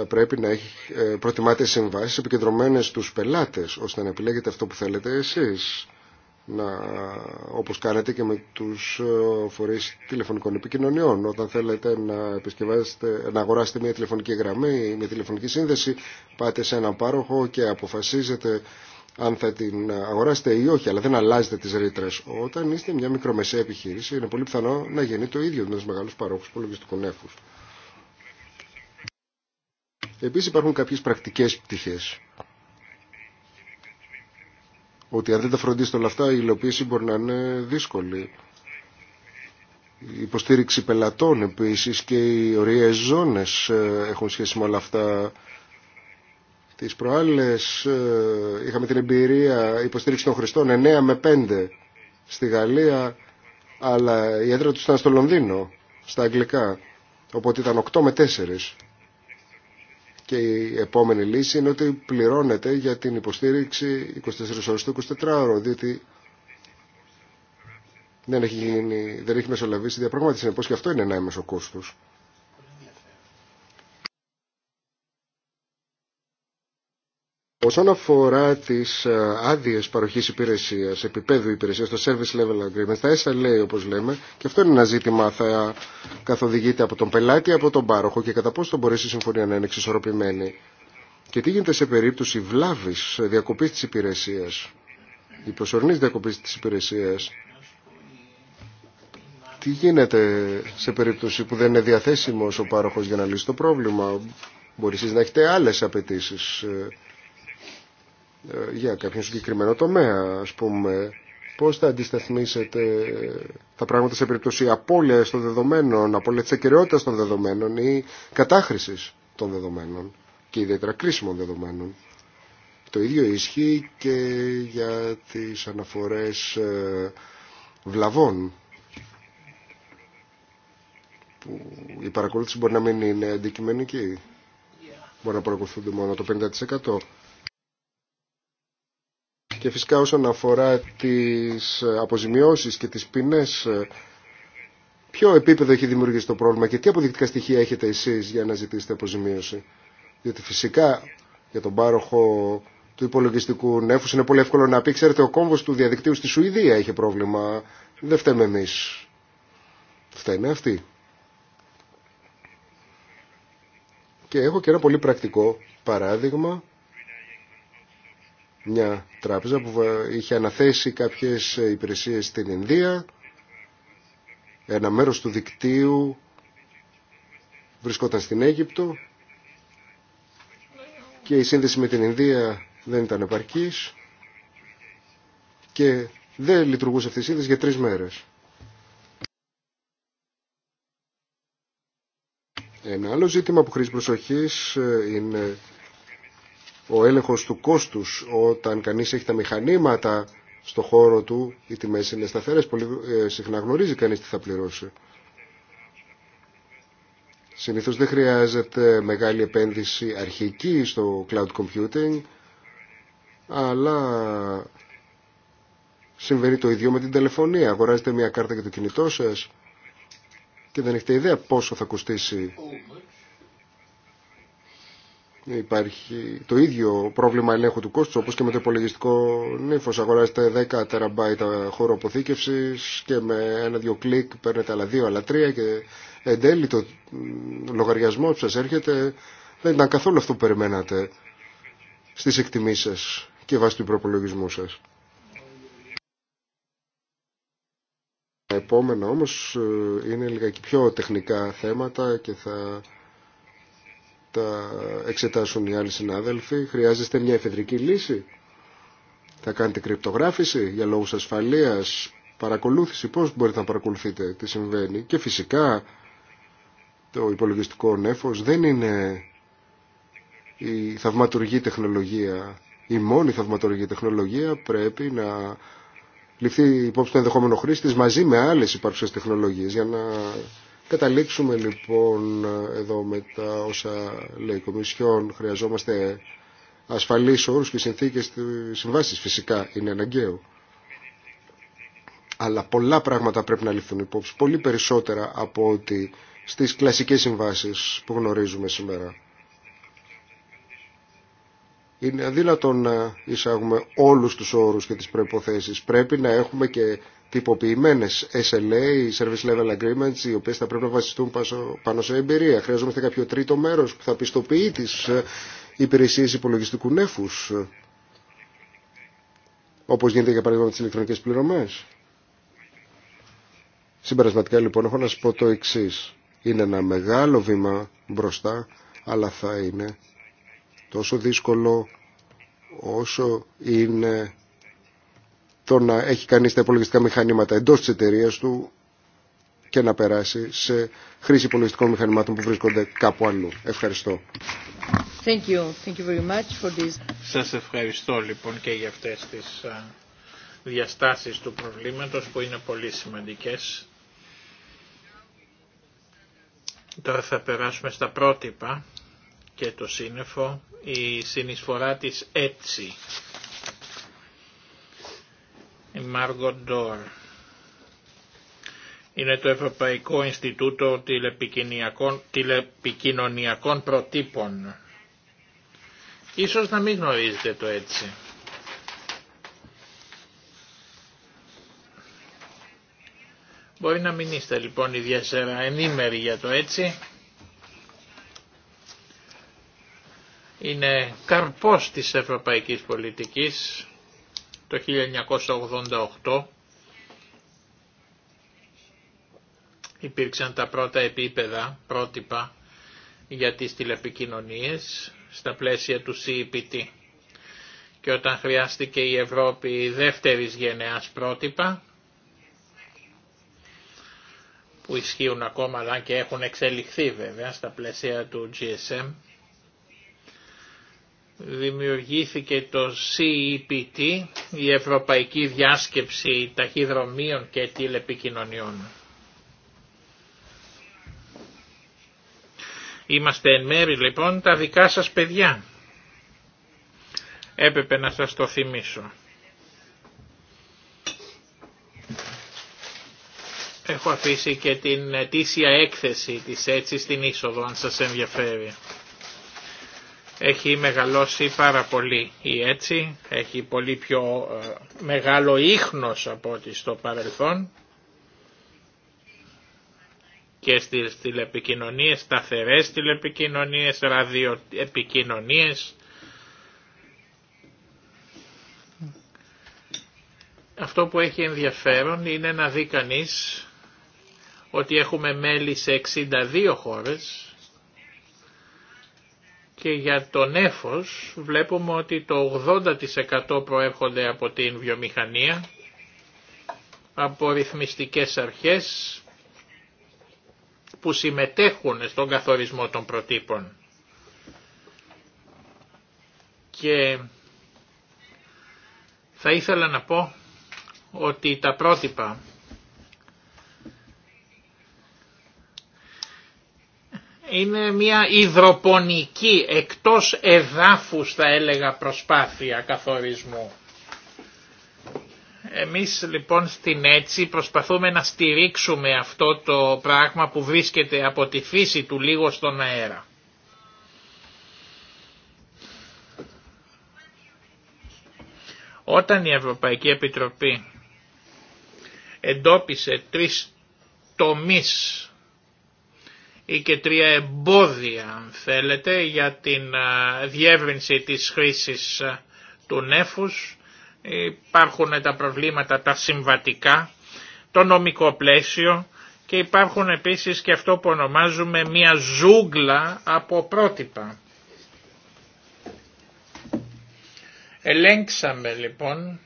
θα πρέπει να έχει, προτιμάτε συμβάσεις επικεντρωμένες στους πελάτες ώστε να επιλέγετε αυτό που θέλετε εσείς να, όπως κάνετε και με τους ε, φορείς τηλεφωνικών επικοινωνιών. Όταν θέλετε να, επισκευάσετε, να αγοράσετε μια τηλεφωνική γραμμή ή μια τηλεφωνική σύνδεση, πάτε σε έναν πάροχο και αποφασίζετε αν θα την αγοράσετε ή όχι, αλλά δεν αλλάζετε τις ρήτρε. Όταν είστε μια μικρομεσαία επιχείρηση, είναι πολύ πιθανό να γίνει το ίδιο με τους μεγάλους παρόχους υπολογιστικού νεύους. Επίσης υπάρχουν κάποιες πρακτικές πτυχές ότι αν δεν τα φροντίσετε όλα αυτά η υλοποίηση μπορεί να είναι δύσκολη. Η υποστήριξη πελατών επίσης και οι ωραίες ζώνες ε, έχουν σχέση με όλα αυτά. Τις προάλλες ε, είχαμε την εμπειρία υποστήριξη των χρηστών 9 με 5 στη Γαλλία αλλά η έδρα του ήταν στο Λονδίνο, στα αγγλικά. Οπότε ήταν 8 με 4 και η επόμενη λύση είναι ότι πληρώνεται για την υποστήριξη 24 ώρες το 24ωρο, διότι δεν έχει, γίνει, δεν έχει μεσολαβήσει διαπραγμάτευση. και αυτό είναι ένα έμεσο κόστος. Όσον αφορά τις ε, άδειες παροχής υπηρεσίας, επίπεδου υπηρεσίας, το service level agreement, τα SLA όπως λέμε, και αυτό είναι ένα ζήτημα, θα καθοδηγείται από τον πελάτη, από τον πάροχο και κατά πόσο μπορέσει η συμφωνία να είναι εξισορροπημένη. Και τι γίνεται σε περίπτωση βλάβης, διακοπής της υπηρεσίας, η προσωρινή διακοπή της υπηρεσίας, τι γίνεται σε περίπτωση που δεν είναι διαθέσιμος ο πάροχος για να λύσει το πρόβλημα. Μπορεί να έχετε άλλες απαιτήσεις ε, ε, για κάποιον συγκεκριμένο τομέα, α πούμε. πώ θα αντισταθμίσετε ε, τα πράγματα σε περίπτωση απώλεια των δεδομένων, απώλεια τη ακαιρεότητα των δεδομένων ή κατάχρηση των δεδομένων και ιδιαίτερα κρίσιμων δεδομένων. Το ίδιο ισχύει και για τις αναφορές ε, βλαβών που η παρακολούθηση μπορεί να μην είναι αντικειμενική. Μπορεί να παρακολουθούνται μόνο το 50%. Και φυσικά όσον αφορά τις αποζημιώσεις και τις ποινές, ποιο επίπεδο έχει δημιουργήσει το πρόβλημα και τι αποδεικτικά στοιχεία έχετε εσείς για να ζητήσετε αποζημίωση. Διότι φυσικά για τον πάροχο του υπολογιστικού νέφους είναι πολύ εύκολο να πει, ξέρετε, ο κόμβος του διαδικτύου στη Σουηδία έχει πρόβλημα. Δεν φταίμε εμείς. Φταίμε αυτοί. Και έχω και ένα πολύ πρακτικό παράδειγμα μια τράπεζα που είχε αναθέσει κάποιες υπηρεσίες στην Ινδία. Ένα μέρος του δικτύου βρισκόταν στην Αίγυπτο και η σύνδεση με την Ινδία δεν ήταν επαρκής και δεν λειτουργούσε αυτή η σύνδεση για τρεις μέρες. Ένα άλλο ζήτημα που χρήζει προσοχής ε, είναι ο έλεγχος του κόστους όταν κανείς έχει τα μηχανήματα στο χώρο του, οι τιμές είναι σταθερές, πολύ ε, συχνά γνωρίζει κανείς τι θα πληρώσει. Συνήθως δεν χρειάζεται μεγάλη επένδυση αρχική στο cloud computing, αλλά συμβαίνει το ίδιο με την τηλεφωνία. Αγοράζετε μια κάρτα για το κινητό σας και δεν έχετε ιδέα πόσο θα κοστίσει Υπάρχει το ίδιο πρόβλημα ελέγχου του κόστου όπως και με το υπολογιστικό νύφος. Αγοράζετε 10 τεραμπάιτα χώρο αποθήκευσης και με ένα-δυο κλικ παίρνετε άλλα δύο, άλλα τρία και εν τέλει το λογαριασμό που σας έρχεται δεν ήταν καθόλου αυτό που περιμένατε στις εκτιμήσεις και βάσει του προπολογισμού σας. Επόμενα όμως ε, είναι λίγα και πιο τεχνικά θέματα και θα τα εξετάσουν οι άλλοι συνάδελφοι. Χρειάζεστε μια εφεδρική λύση. Θα κάνετε κρυπτογράφηση για λόγους ασφαλείας, παρακολούθηση, πώς μπορείτε να παρακολουθείτε τι συμβαίνει. Και φυσικά το υπολογιστικό νέφος δεν είναι η θαυματουργή τεχνολογία, η μόνη θαυματουργή τεχνολογία πρέπει να ληφθεί υπόψη το ενδεχόμενο χρήστη μαζί με άλλες υπάρξεις τεχνολογίες για να Καταλήξουμε λοιπόν εδώ με τα όσα λέει η Κομισιόν. Χρειαζόμαστε ασφαλείς όρους και συνθήκες συμβάσεις φυσικά είναι αναγκαίο. Αλλά πολλά πράγματα πρέπει να ληφθούν υπόψη, πολύ περισσότερα από ότι στις κλασικές συμβάσεις που γνωρίζουμε σήμερα. Είναι αδύνατο να εισάγουμε όλους τους όρους και τις προϋποθέσεις. Πρέπει να έχουμε και τυποποιημένες SLA, Service Level Agreements, οι οποίες θα πρέπει να βασιστούν πάνω σε εμπειρία. Χρειαζόμαστε κάποιο τρίτο μέρος που θα πιστοποιεί τις ε, υπηρεσίες υπολογιστικού νέφους, ε, όπως γίνεται για παράδειγμα με τις ηλεκτρονικές πληρωμές. Συμπερασματικά λοιπόν έχω να σας πω το εξή. Είναι ένα μεγάλο βήμα μπροστά, αλλά θα είναι τόσο δύσκολο όσο είναι το να έχει κανείς τα υπολογιστικά μηχανήματα εντός της εταιρείας του και να περάσει σε χρήση υπολογιστικών μηχανημάτων που βρίσκονται κάπου αλλού. Ευχαριστώ. Thank you. Thank you very much for this. Σας ευχαριστώ λοιπόν και για αυτές τις διαστάσεις του προβλήματος που είναι πολύ σημαντικές. Τώρα θα περάσουμε στα πρότυπα και το σύννεφο, η συνεισφορά της έτσι η είναι το Ευρωπαϊκό Ινστιτούτο Τηλεπικοινωνιακών Προτύπων. Ίσως να μην γνωρίζετε το έτσι. Μπορεί να μην είστε λοιπόν ιδιαίτερα ενήμεροι για το έτσι. Είναι καρπός της ευρωπαϊκής πολιτικής το 1988 υπήρξαν τα πρώτα επίπεδα, πρότυπα για τις τηλεπικοινωνίες στα πλαίσια του CEPT. Και όταν χρειάστηκε η Ευρώπη δεύτερης γενεάς πρότυπα, που ισχύουν ακόμα αλλά και έχουν εξελιχθεί βέβαια στα πλαίσια του GSM, δημιουργήθηκε το CEPT, η Ευρωπαϊκή Διάσκεψη Ταχυδρομείων και Τηλεπικοινωνιών. Είμαστε εν μέρη λοιπόν τα δικά σας παιδιά. Έπρεπε να σας το θυμίσω. Έχω αφήσει και την ετήσια έκθεση της έτσι στην είσοδο αν σας ενδιαφέρει έχει μεγαλώσει πάρα πολύ η έτσι, έχει πολύ πιο ε, μεγάλο ίχνος από ό,τι στο παρελθόν και στις τηλεπικοινωνίες, σταθερές τηλεπικοινωνίες, ραδιοεπικοινωνίες. Αυτό που έχει ενδιαφέρον είναι να δει κανείς ότι έχουμε μέλη σε 62 χώρες και για τον έφος βλέπουμε ότι το 80% προέρχονται από την βιομηχανία, από ρυθμιστικές αρχές που συμμετέχουν στον καθορισμό των προτύπων. Και θα ήθελα να πω ότι τα πρότυπα είναι μια υδροπονική εκτός εδάφους θα έλεγα προσπάθεια καθορισμού. Εμείς λοιπόν στην έτσι προσπαθούμε να στηρίξουμε αυτό το πράγμα που βρίσκεται από τη φύση του λίγο στον αέρα. Όταν η Ευρωπαϊκή Επιτροπή εντόπισε τρεις τομείς ή και τρία εμπόδια αν θέλετε για την διεύρυνση της χρήσης του νέφους. Υπάρχουν τα προβλήματα τα συμβατικά, το νομικό πλαίσιο και υπάρχουν επίσης και αυτό που ονομάζουμε μια ζούγκλα από πρότυπα. Ελέγξαμε λοιπόν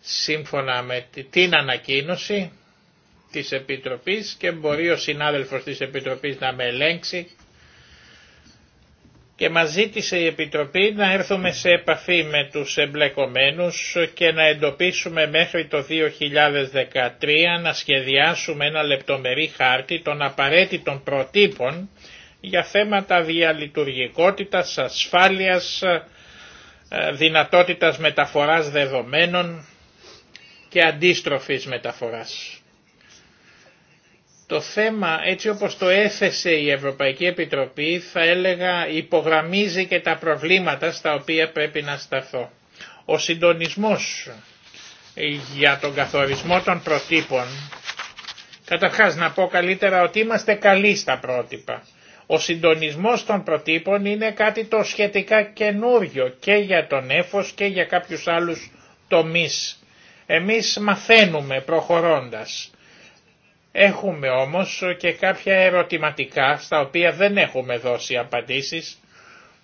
σύμφωνα με την ανακοίνωση της Επιτροπής και μπορεί ο συνάδελφος της Επιτροπής να με ελέγξει και μας ζήτησε η Επιτροπή να έρθουμε σε επαφή με τους εμπλεκομένους και να εντοπίσουμε μέχρι το 2013 να σχεδιάσουμε ένα λεπτομερή χάρτη των απαραίτητων προτύπων για θέματα διαλειτουργικότητας, ασφάλειας, δυνατότητας μεταφοράς δεδομένων και αντίστροφης μεταφοράς. Το θέμα έτσι όπως το έθεσε η Ευρωπαϊκή Επιτροπή θα έλεγα υπογραμμίζει και τα προβλήματα στα οποία πρέπει να σταθώ. Ο συντονισμός για τον καθορισμό των προτύπων, καταρχάς να πω καλύτερα ότι είμαστε καλοί στα πρότυπα. Ο συντονισμός των προτύπων είναι κάτι το σχετικά καινούριο και για τον έφος και για κάποιους άλλους τομείς. Εμείς μαθαίνουμε προχωρώντας Έχουμε όμως και κάποια ερωτηματικά στα οποία δεν έχουμε δώσει απαντήσεις.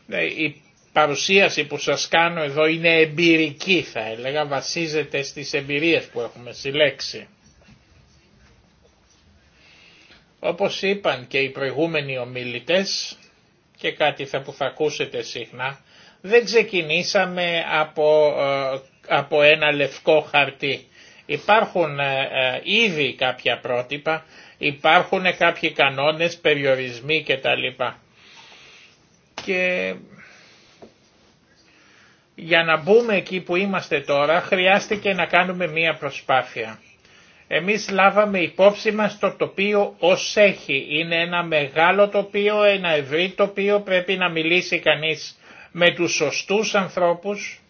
Ε, η παρουσίαση που σας κάνω εδώ είναι εμπειρική θα έλεγα, βασίζεται στις εμπειρίες που έχουμε συλλέξει. Όπως είπαν και οι προηγούμενοι ομιλητές και κάτι θα που θα ακούσετε συχνά, δεν ξεκινήσαμε από, ε, από ένα λευκό χαρτί Υπάρχουν ε, ε, ήδη κάποια πρότυπα, υπάρχουν κάποιοι κανόνες, περιορισμοί κτλ. Και για να μπούμε εκεί που είμαστε τώρα χρειάστηκε να κάνουμε μία προσπάθεια. Εμείς λάβαμε υπόψη μας το τοπίο ως έχει. Είναι ένα μεγάλο τοπίο, ένα ευρύ τοπίο, πρέπει να μιλήσει κανείς με τους σωστούς ανθρώπους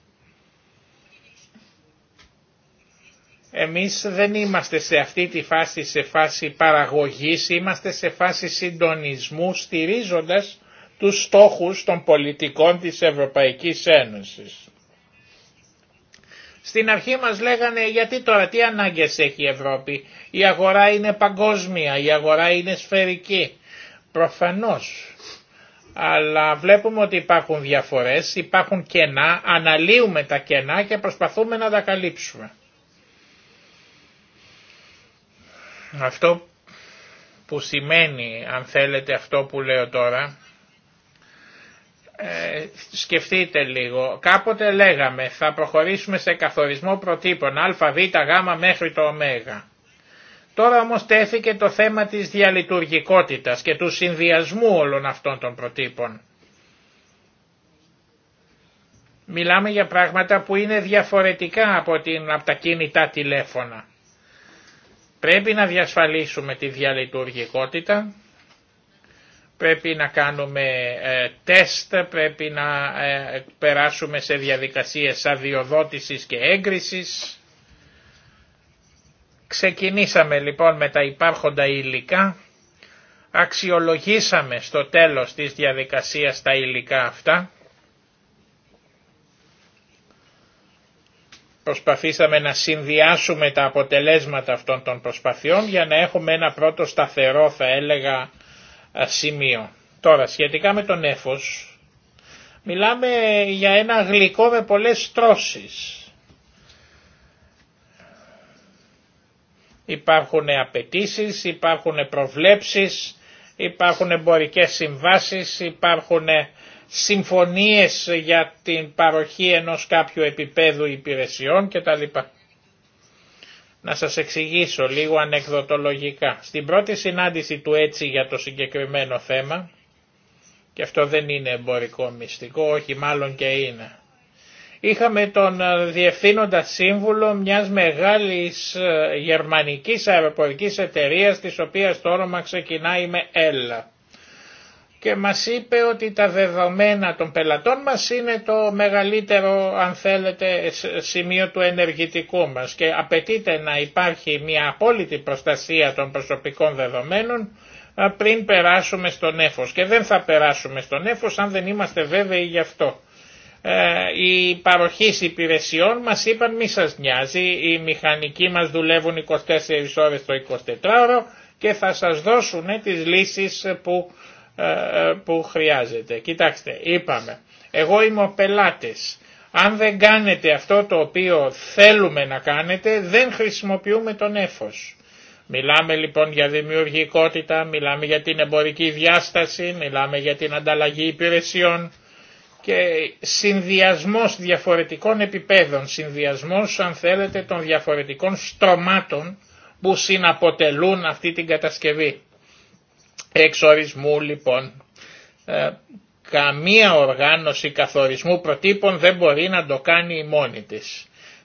Εμείς δεν είμαστε σε αυτή τη φάση, σε φάση παραγωγής, είμαστε σε φάση συντονισμού στηρίζοντας τους στόχους των πολιτικών της Ευρωπαϊκής Ένωσης. Στην αρχή μας λέγανε γιατί τώρα τι ανάγκες έχει η Ευρώπη. Η αγορά είναι παγκόσμια, η αγορά είναι σφαιρική. Προφανώς. Αλλά βλέπουμε ότι υπάρχουν διαφορές, υπάρχουν κενά, αναλύουμε τα κενά και προσπαθούμε να τα καλύψουμε. Αυτό που σημαίνει, αν θέλετε αυτό που λέω τώρα, ε, σκεφτείτε λίγο. Κάποτε λέγαμε θα προχωρήσουμε σε καθορισμό προτύπων α, β, γ μέχρι το ω. Τώρα όμως τέθηκε το θέμα της διαλειτουργικότητας και του συνδυασμού όλων αυτών των προτύπων. Μιλάμε για πράγματα που είναι διαφορετικά από, την, από τα κινητά τηλέφωνα. Πρέπει να διασφαλίσουμε τη διαλειτουργικότητα, πρέπει να κάνουμε ε, τεστ, πρέπει να ε, περάσουμε σε διαδικασίες αδειοδότησης και έγκρισης. Ξεκινήσαμε λοιπόν με τα υπάρχοντα υλικά, αξιολογήσαμε στο τέλος της διαδικασίας τα υλικά αυτά Προσπαθήσαμε να συνδυάσουμε τα αποτελέσματα αυτών των προσπαθειών για να έχουμε ένα πρώτο σταθερό θα έλεγα σημείο. Τώρα σχετικά με τον έφος, μιλάμε για ένα γλυκό με πολλές στρώσεις. Υπάρχουν απαιτήσει, υπάρχουν προβλέψεις, υπάρχουν εμπορικές συμβάσεις, υπάρχουν συμφωνίες για την παροχή ενός κάποιου επίπεδου υπηρεσιών κτλ. Να σας εξηγήσω λίγο ανεκδοτολογικά. Στην πρώτη συνάντηση του έτσι για το συγκεκριμένο θέμα, και αυτό δεν είναι εμπορικό μυστικό, όχι μάλλον και είναι. Είχαμε τον ε, διευθύνοντα σύμβουλο μιας μεγάλης ε, γερμανικής αεροπορικής εταιρείας της οποίας το όνομα ξεκινάει με «ΕΛΑ» και μας είπε ότι τα δεδομένα των πελατών μας είναι το μεγαλύτερο αν θέλετε σημείο του ενεργητικού μας και απαιτείται να υπάρχει μια απόλυτη προστασία των προσωπικών δεδομένων πριν περάσουμε στον έφος και δεν θα περάσουμε στον έφος αν δεν είμαστε βέβαιοι γι' αυτό. Οι ε, παροχή υπηρεσιών μας είπαν μη σας νοιάζει, οι μηχανικοί μας δουλεύουν 24 ώρες το 24ωρο και θα σας δώσουν τις λύσεις που ε, ε, που χρειάζεται. Κοιτάξτε, είπαμε, εγώ είμαι ο πελάτης. Αν δεν κάνετε αυτό το οποίο θέλουμε να κάνετε, δεν χρησιμοποιούμε τον έφος. Μιλάμε λοιπόν για δημιουργικότητα, μιλάμε για την εμπορική διάσταση, μιλάμε για την ανταλλαγή υπηρεσιών και συνδυασμός διαφορετικών επιπέδων, συνδυασμός αν θέλετε των διαφορετικών στρωμάτων που συναποτελούν αυτή την κατασκευή. Εξορισμού λοιπόν ε, καμία οργάνωση καθορισμού προτύπων δεν μπορεί να το κάνει η μόνη της.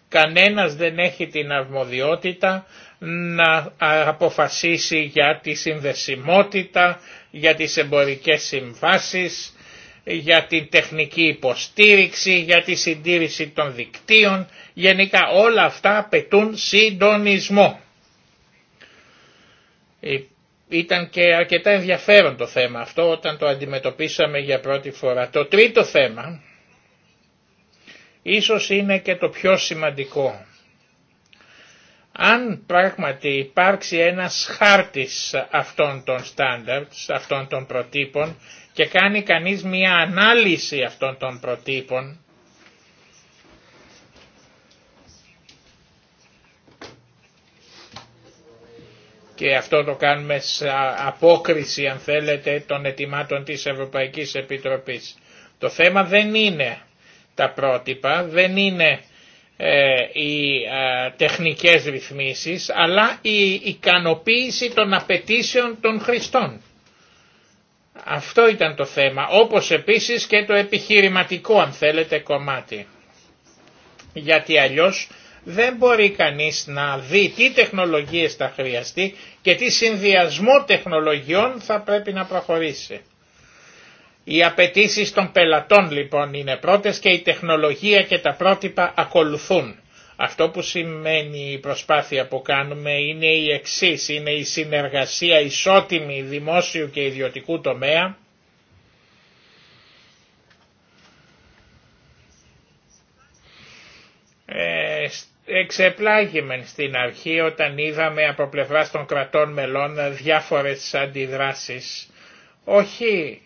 Κανένας δεν έχει την αρμοδιότητα να αποφασίσει για τη συνδεσιμότητα, για τις εμπορικές συμβάσεις, για την τεχνική υποστήριξη, για τη συντήρηση των δικτύων. Γενικά όλα αυτά απαιτούν συντονισμό. Ήταν και αρκετά ενδιαφέρον το θέμα αυτό όταν το αντιμετωπίσαμε για πρώτη φορά. Το τρίτο θέμα ίσως είναι και το πιο σημαντικό. Αν πράγματι υπάρξει ένας χάρτης αυτών των standards, αυτών των προτύπων και κάνει κανείς μια ανάλυση αυτών των προτύπων και αυτό το κάνουμε σε απόκριση αν θέλετε των ετοιμάτων της Ευρωπαϊκής Επιτροπής. Το θέμα δεν είναι τα πρότυπα, δεν είναι ε, οι ε, τεχνικές ρυθμίσεις, αλλά η ικανοποίηση των απαιτήσεων των χρηστών. Αυτό ήταν το θέμα, όπως επίσης και το επιχειρηματικό αν θέλετε κομμάτι. Γιατί αλλιώς δεν μπορεί κανείς να δει τι τεχνολογίες θα χρειαστεί και τι συνδυασμό τεχνολογιών θα πρέπει να προχωρήσει. Οι απαιτήσει των πελατών λοιπόν είναι πρώτες και η τεχνολογία και τα πρότυπα ακολουθούν. Αυτό που σημαίνει η προσπάθεια που κάνουμε είναι η εξή: είναι η συνεργασία ισότιμη δημόσιου και ιδιωτικού τομέα, ε, εξεπλάγημεν στην αρχή όταν είδαμε από πλευράς των κρατών μελών διάφορες αντιδράσεις. Όχι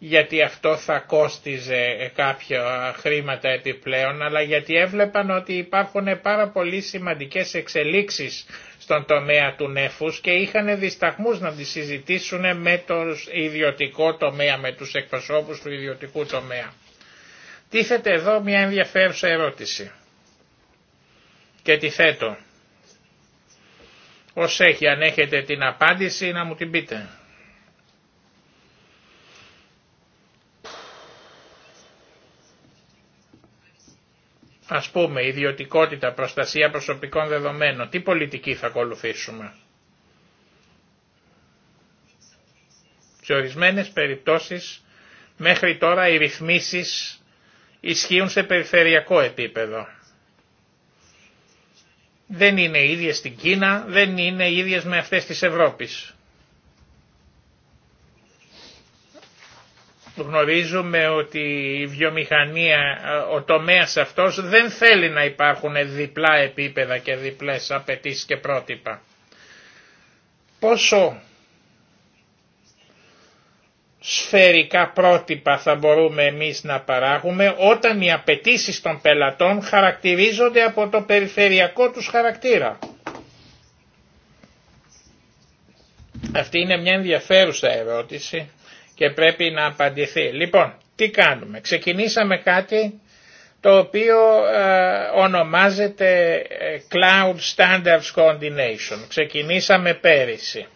γιατί αυτό θα κόστιζε κάποια χρήματα επιπλέον, αλλά γιατί έβλεπαν ότι υπάρχουν πάρα πολύ σημαντικές εξελίξεις στον τομέα του νέφους και είχαν δισταγμούς να τη συζητήσουν με το ιδιωτικό τομέα, με τους εκπροσώπους του ιδιωτικού τομέα. Τίθεται εδώ μια ενδιαφέρουσα ερώτηση και τη θέτω. Ως έχει, αν έχετε την απάντηση να μου την πείτε. Ας πούμε, ιδιωτικότητα, προστασία προσωπικών δεδομένων, τι πολιτική θα ακολουθήσουμε. Σε ορισμένες περιπτώσεις, μέχρι τώρα οι ρυθμίσεις ισχύουν σε περιφερειακό επίπεδο. Δεν είναι ίδιες στην Κίνα, δεν είναι ίδιες με αυτές της Ευρώπης. Γνωρίζουμε ότι η βιομηχανία, ο τομέας αυτός δεν θέλει να υπάρχουν διπλά επίπεδα και διπλές απαιτήσει και πρότυπα. Πόσο σφαιρικά πρότυπα θα μπορούμε εμείς να παράγουμε όταν οι απαιτήσει των πελατών χαρακτηρίζονται από το περιφερειακό τους χαρακτήρα. Αυτή είναι μια ενδιαφέρουσα ερώτηση και πρέπει να απαντηθεί. Λοιπόν, τι κάνουμε. Ξεκινήσαμε κάτι το οποίο ε, ονομάζεται ε, Cloud Standards Coordination. Ξεκινήσαμε πέρυσι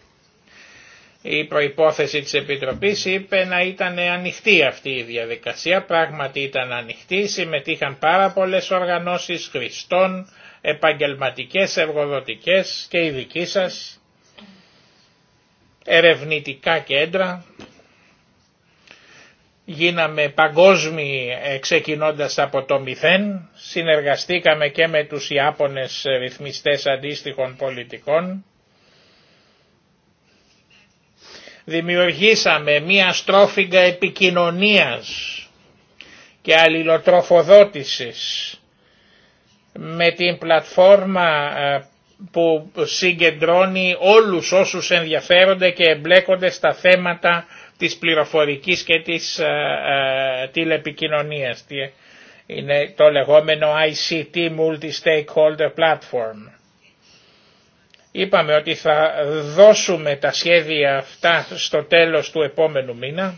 η προϋπόθεση της Επιτροπής είπε να ήταν ανοιχτή αυτή η διαδικασία, πράγματι ήταν ανοιχτή, συμμετείχαν πάρα πολλές οργανώσεις χρηστών, επαγγελματικές, εργοδοτικές και οι δικοί σας, ερευνητικά κέντρα. Γίναμε παγκόσμιοι ε, ξεκινώντας από το μηθέν, συνεργαστήκαμε και με τους Ιάπωνες ρυθμιστές αντίστοιχων πολιτικών, δημιουργήσαμε μία στρόφιγγα επικοινωνίας και αλληλοτροφοδότησης με την πλατφόρμα ε, που συγκεντρώνει όλους όσους ενδιαφέρονται και εμπλέκονται στα θέματα της πληροφορικής και της ε, ε, τηλεπικοινωνίας. Είναι το λεγόμενο ICT Multi-Stakeholder Platform. Είπαμε ότι θα δώσουμε τα σχέδια αυτά στο τέλος του επόμενου μήνα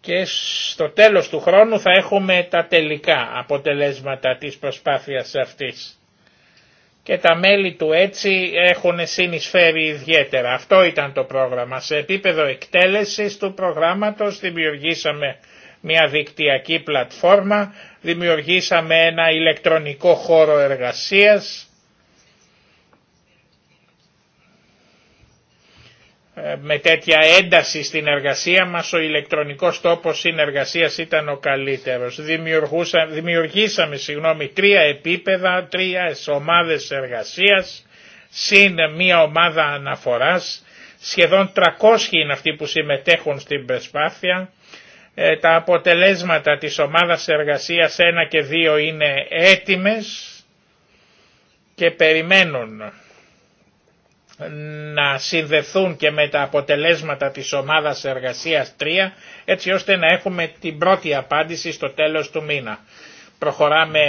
και στο τέλος του χρόνου θα έχουμε τα τελικά αποτελέσματα της προσπάθειας αυτής. Και τα μέλη του έτσι έχουν συνεισφέρει ιδιαίτερα. Αυτό ήταν το πρόγραμμα. Σε επίπεδο εκτέλεσης του προγράμματος δημιουργήσαμε μια δικτυακή πλατφόρμα, δημιουργήσαμε ένα ηλεκτρονικό χώρο εργασίας, Ε, με τέτοια ένταση στην εργασία μας ο ηλεκτρονικός τόπος συνεργασίας ήταν ο καλύτερος. δημιουργήσαμε συγγνώμη, τρία επίπεδα, τρία ομάδες εργασίας, συν μία ομάδα αναφοράς, σχεδόν 300 είναι αυτοί που συμμετέχουν στην προσπάθεια. Ε, τα αποτελέσματα της ομάδας εργασίας 1 και 2 είναι έτοιμες και περιμένουν να συνδεθούν και με τα αποτελέσματα της ομάδας εργασίας 3 έτσι ώστε να έχουμε την πρώτη απάντηση στο τέλος του μήνα. Προχωράμε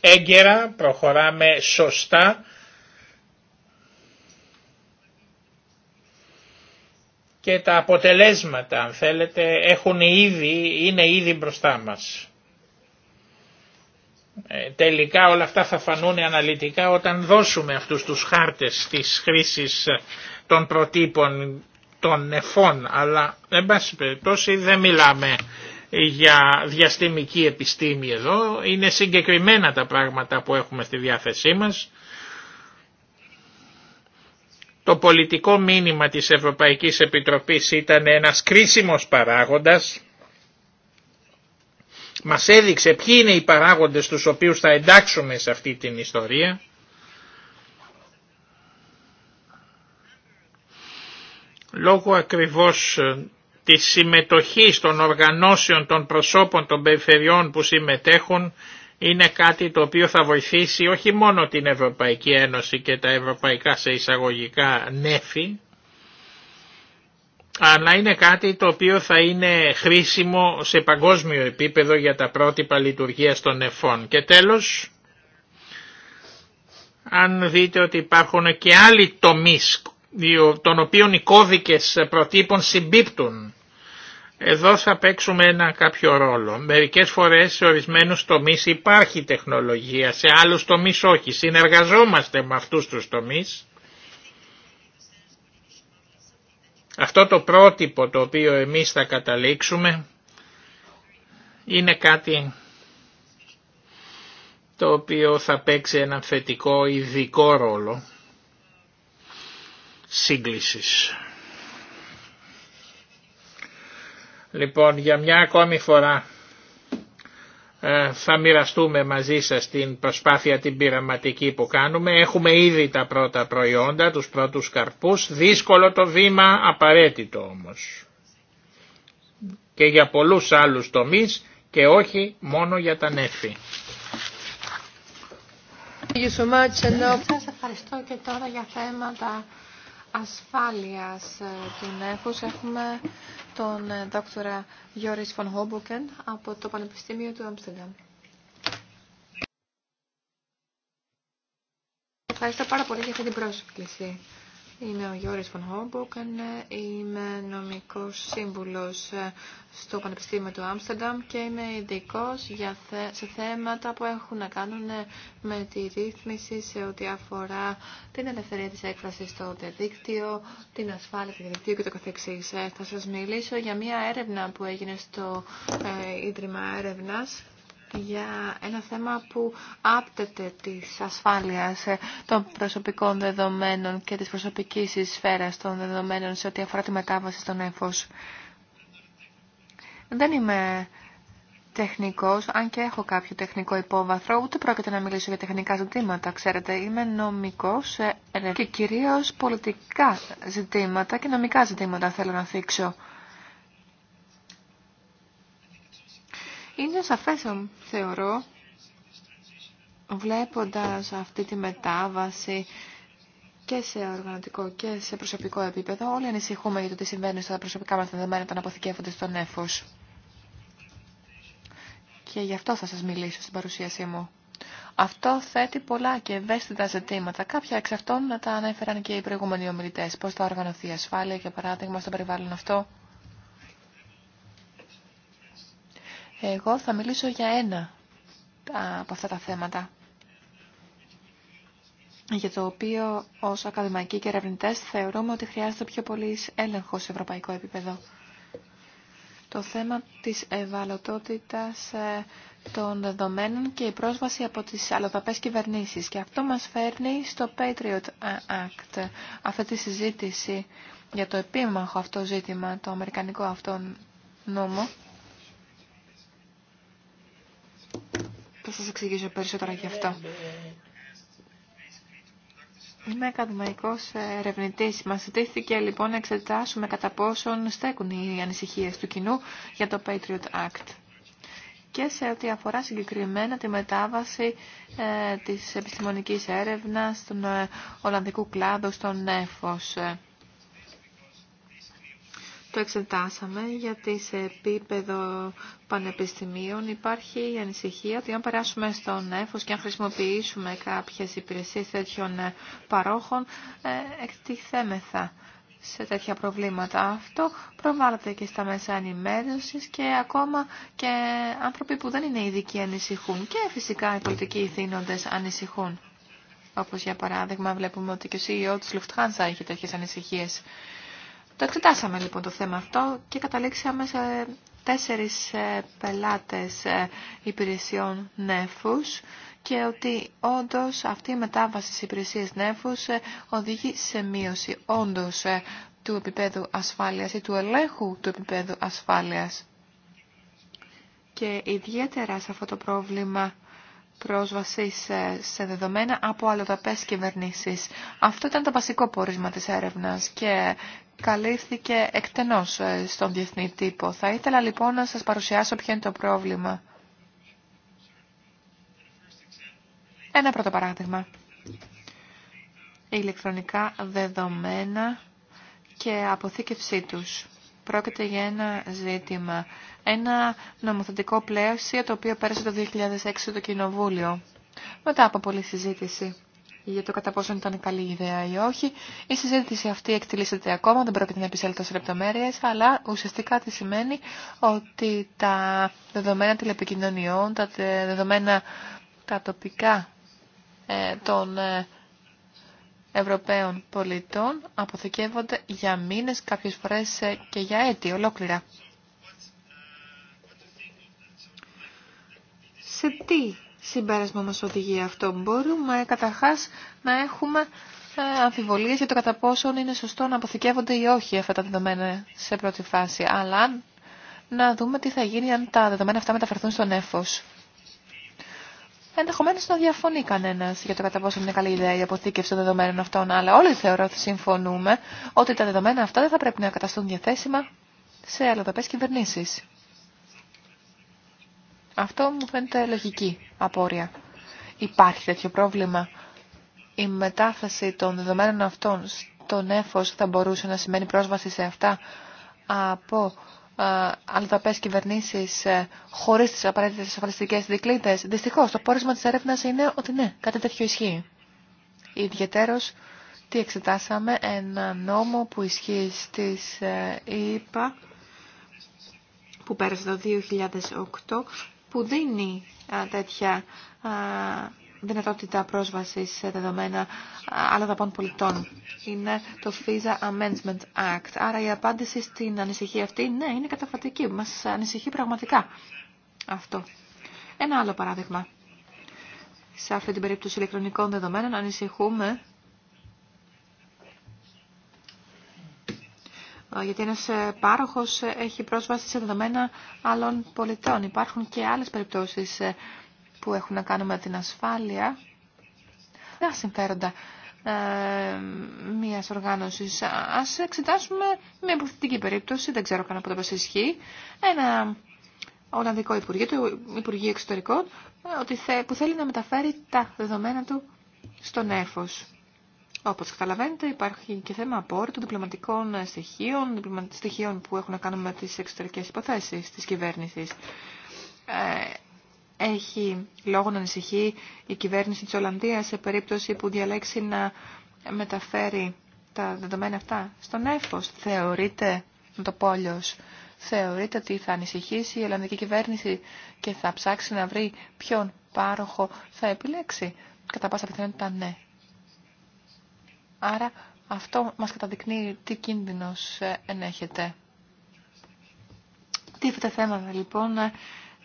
έγκαιρα, προχωράμε σωστά και τα αποτελέσματα αν θέλετε έχουν ήδη, είναι ήδη μπροστά μας. Ε, τελικά όλα αυτά θα φανούν αναλυτικά όταν δώσουμε αυτούς τους χάρτες της χρήσης ε, των προτύπων των νεφών, αλλά εν πάση περιπτώσει δεν μιλάμε για διαστημική επιστήμη εδώ, είναι συγκεκριμένα τα πράγματα που έχουμε στη διάθεσή μας. Το πολιτικό μήνυμα της Ευρωπαϊκής Επιτροπής ήταν ένας κρίσιμος παράγοντας, μας έδειξε ποιοι είναι οι παράγοντες τους οποίους θα εντάξουμε σε αυτή την ιστορία. Λόγω ακριβώς ε, της συμμετοχής των οργανώσεων των προσώπων των περιφερειών που συμμετέχουν είναι κάτι το οποίο θα βοηθήσει όχι μόνο την Ευρωπαϊκή Ένωση και τα ευρωπαϊκά σε εισαγωγικά νέφη, αλλά είναι κάτι το οποίο θα είναι χρήσιμο σε παγκόσμιο επίπεδο για τα πρότυπα λειτουργίας των εφών. Και τέλος, αν δείτε ότι υπάρχουν και άλλοι τομείς των οποίων οι κώδικες προτύπων συμπίπτουν, εδώ θα παίξουμε ένα κάποιο ρόλο. Μερικές φορές σε ορισμένους τομείς υπάρχει τεχνολογία, σε άλλους τομείς όχι. Συνεργαζόμαστε με αυτούς τους τομείς Αυτό το πρότυπο το οποίο εμείς θα καταλήξουμε είναι κάτι το οποίο θα παίξει ένα θετικό ειδικό ρόλο σύγκλησης. Λοιπόν, για μια ακόμη φορά ε, θα μοιραστούμε μαζί σας την προσπάθεια την πειραματική που κάνουμε. Έχουμε ήδη τα πρώτα προϊόντα, τους πρώτους καρπούς. Δύσκολο το βήμα, απαραίτητο όμως. Και για πολλούς άλλους τομείς και όχι μόνο για τα νέφη. Σας ευχαριστώ και τώρα για θέματα ασφάλειας ε, του νεφους έχουμε τον ε, δόκτωρα Γιώρης Φον Χομπουκέν από το Πανεπιστήμιο του Άμστερνταμ. Ευχαριστώ πάρα πολύ για αυτή την πρόσκληση. Είμαι ο Γιώρης Φων Χόμποκεν, ναι, είμαι νομικός σύμβουλος στο Πανεπιστήμιο του Άμστερνταμ και είμαι ειδικό σε θέματα που έχουν να κάνουν με τη ρύθμιση σε ό,τι αφορά την ελευθερία της έκφρασης στο διαδίκτυο, την ασφάλεια του διαδικτύου και το καθεξής. Ε, θα σας μιλήσω για μια έρευνα που έγινε στο ε, Ίδρυμα Έρευνας για ένα θέμα που άπτεται της ασφάλειας ε, των προσωπικών δεδομένων και της προσωπικής σφαίρας των δεδομένων σε ό,τι αφορά τη μετάβαση στον έφος. Δεν είμαι τεχνικός, αν και έχω κάποιο τεχνικό υπόβαθρο, ούτε πρόκειται να μιλήσω για τεχνικά ζητήματα, ξέρετε. Είμαι νομικός ε, και κυρίως πολιτικά ζητήματα και νομικά ζητήματα θέλω να θίξω. Είναι σαφές, θεωρώ, βλέποντας αυτή τη μετάβαση και σε οργανωτικό και σε προσωπικό επίπεδο, όλοι ανησυχούμε για το τι συμβαίνει στα προσωπικά μας δεδομένα όταν αποθηκεύονται στον έφος. Και γι' αυτό θα σας μιλήσω στην παρουσίασή μου. Αυτό θέτει πολλά και ευαίσθητα ζητήματα. Κάποια εξ αυτών να τα ανέφεραν και οι προηγούμενοι ομιλητέ. Πώ θα οργανωθεί η ασφάλεια, για παράδειγμα, στο περιβάλλον αυτό. Εγώ θα μιλήσω για ένα από αυτά τα θέματα για το οποίο ως ακαδημαϊκοί και ερευνητέ θεωρούμε ότι χρειάζεται πιο πολύ έλεγχο σε ευρωπαϊκό επίπεδο. Το θέμα της ευαλωτότητας ε, των δεδομένων και η πρόσβαση από τις αλλοδαπές κυβερνήσεις. Και αυτό μας φέρνει στο Patriot Act, αυτή τη συζήτηση για το επίμαχο αυτό ζήτημα, το αμερικανικό αυτόν νόμο. Θα σας εξηγήσω περισσότερα γι' αυτό. Είμαι ακαδημαϊκός ερευνητής. Μας ζητήθηκε λοιπόν να εξετάσουμε κατά πόσον στέκουν οι ανησυχίες του κοινού για το Patriot Act και σε ό,τι αφορά συγκεκριμένα τη μετάβαση ε, της επιστημονικής έρευνας στον ε, Ολλανδικού κλάδο στον ΕΦΟΣ το εξετάσαμε γιατί σε επίπεδο πανεπιστημίων υπάρχει η ανησυχία ότι αν περάσουμε στον έφος και αν χρησιμοποιήσουμε κάποιες υπηρεσίες τέτοιων ε, παρόχων, ε, εκτιθέμεθα σε τέτοια προβλήματα. Αυτό προβάλλεται και στα μέσα ενημέρωσης και ακόμα και άνθρωποι που δεν είναι ειδικοί ανησυχούν και φυσικά οι πολιτικοί ηθήνοντες ανησυχούν. Όπως για παράδειγμα βλέπουμε ότι και ο CEO της Lufthansa έχει τέτοιες ανησυχίες. Το εξετάσαμε λοιπόν το θέμα αυτό και καταλήξαμε σε τέσσερις ε, πελάτες ε, υπηρεσιών νέφους και ότι όντως αυτή η μετάβαση στις υπηρεσίες νέφους ε, οδηγεί σε μείωση όντως του επίπεδου ασφάλειας ή του ελέγχου του επίπεδου ασφάλειας. Και ιδιαίτερα σε αυτό το πρόβλημα πρόσβαση σε, σε δεδομένα από αλλοδαπές κυβερνήσεις. Αυτό ήταν το βασικό πόρισμα της έρευνας και καλύφθηκε εκτενώς ε, στον διεθνή τύπο. Θα ήθελα λοιπόν να σας παρουσιάσω ποιο είναι το πρόβλημα. Ένα πρώτο παράδειγμα. Η ηλεκτρονικά δεδομένα και αποθήκευσή τους. Πρόκειται για ένα ζήτημα, ένα νομοθετικό πλαίσιο το οποίο πέρασε το 2006 το Κοινοβούλιο. Μετά από πολλή συζήτηση για το κατά πόσο ήταν καλή ιδέα ή όχι, η συζήτηση αυτή εκτελήσεται ακόμα, δεν πρόκειται να επισέλθω σε λεπτομέρειε, αλλά ουσιαστικά τι σημαίνει ότι τα δεδομένα τηλεπικοινωνιών, τα δεδομένα τα τοπικά ε, των ε, Ευρωπαίων πολιτών αποθηκεύονται για μήνες, κάποιες φορές ε, και για έτη ολόκληρα. Σε τι συμπέρασμα μας οδηγεί αυτό. Μπορούμε καταρχάς να έχουμε ε, αμφιβολίες για το κατά πόσον είναι σωστό να αποθηκεύονται ή όχι αυτά τα δεδομένα σε πρώτη φάση. Αλλά να δούμε τι θα γίνει αν τα δεδομένα αυτά μεταφερθούν στον έφος. Ενδεχομένω να διαφωνεί κανένα για το κατά πόσο είναι καλή ιδέα η αποθήκευση των δεδομένων αυτών, αλλά όλοι θεωρώ ότι συμφωνούμε ότι τα δεδομένα αυτά δεν θα πρέπει να καταστούν διαθέσιμα σε αλλοδαπέ κυβερνήσει. Αυτό μου φαίνεται λογική απόρρια. Υπάρχει τέτοιο πρόβλημα. Η μετάθεση των δεδομένων αυτών στον έφος θα μπορούσε να σημαίνει πρόσβαση σε αυτά από ε, πες κυβερνήσεις ε, χωρίς τις απαραίτητες ασφαλιστικές δικλείδες. Δυστυχώς, το πόρισμα της έρευνα είναι ότι ναι, κάτι τέτοιο ισχύει. Ιδιαιτέρως, τι εξετάσαμε, ένα νόμο που ισχύει στις ΕΕΠΑ που πέρασε το 2008 που δίνει ε, τέτοια δυνατότητα πρόσβασης σε δεδομένα άλλων δαπών πολιτών. Είναι το FISA Amendment Act. Άρα η απάντηση στην ανησυχία αυτή, ναι, είναι καταφατική. Μας ανησυχεί πραγματικά αυτό. Ένα άλλο παράδειγμα. Σε αυτή την περίπτωση ηλεκτρονικών δεδομένων ανησυχούμε γιατί ένας πάροχος έχει πρόσβαση σε δεδομένα άλλων πολιτών. Υπάρχουν και άλλες περιπτώσεις που έχουν να κάνουν με την ασφάλεια, τα συμφέροντα ε, μιας οργάνωσης. Ας εξετάσουμε μια υποθετική περίπτωση, δεν ξέρω καν από το πώς ισχύει, ένα Ολλανδικό Υπουργείο, το Υπουργείο Εξωτερικών, ε, ότι που θέλει να μεταφέρει τα δεδομένα του στον έφος. Όπως καταλαβαίνετε υπάρχει και θέμα απόρριτου διπλωματικών στοιχείων, στοιχείων που έχουν να κάνουν με τις εξωτερικές υποθέσεις της κυβέρνησης. Ε, έχει λόγο να ανησυχεί η κυβέρνηση της Ολλανδίας σε περίπτωση που διαλέξει να μεταφέρει τα δεδομένα αυτά στον έφος. Θεωρείτε, το πω αλλιώς, θεωρείτε ότι θα ανησυχήσει η Ολλανδική κυβέρνηση και θα ψάξει να βρει ποιον πάροχο θα επιλέξει. Κατά πάσα πιθανότητα ναι. Άρα αυτό μας καταδεικνύει τι κίνδυνος ε, ενέχεται. Τίθεται θέμα λοιπόν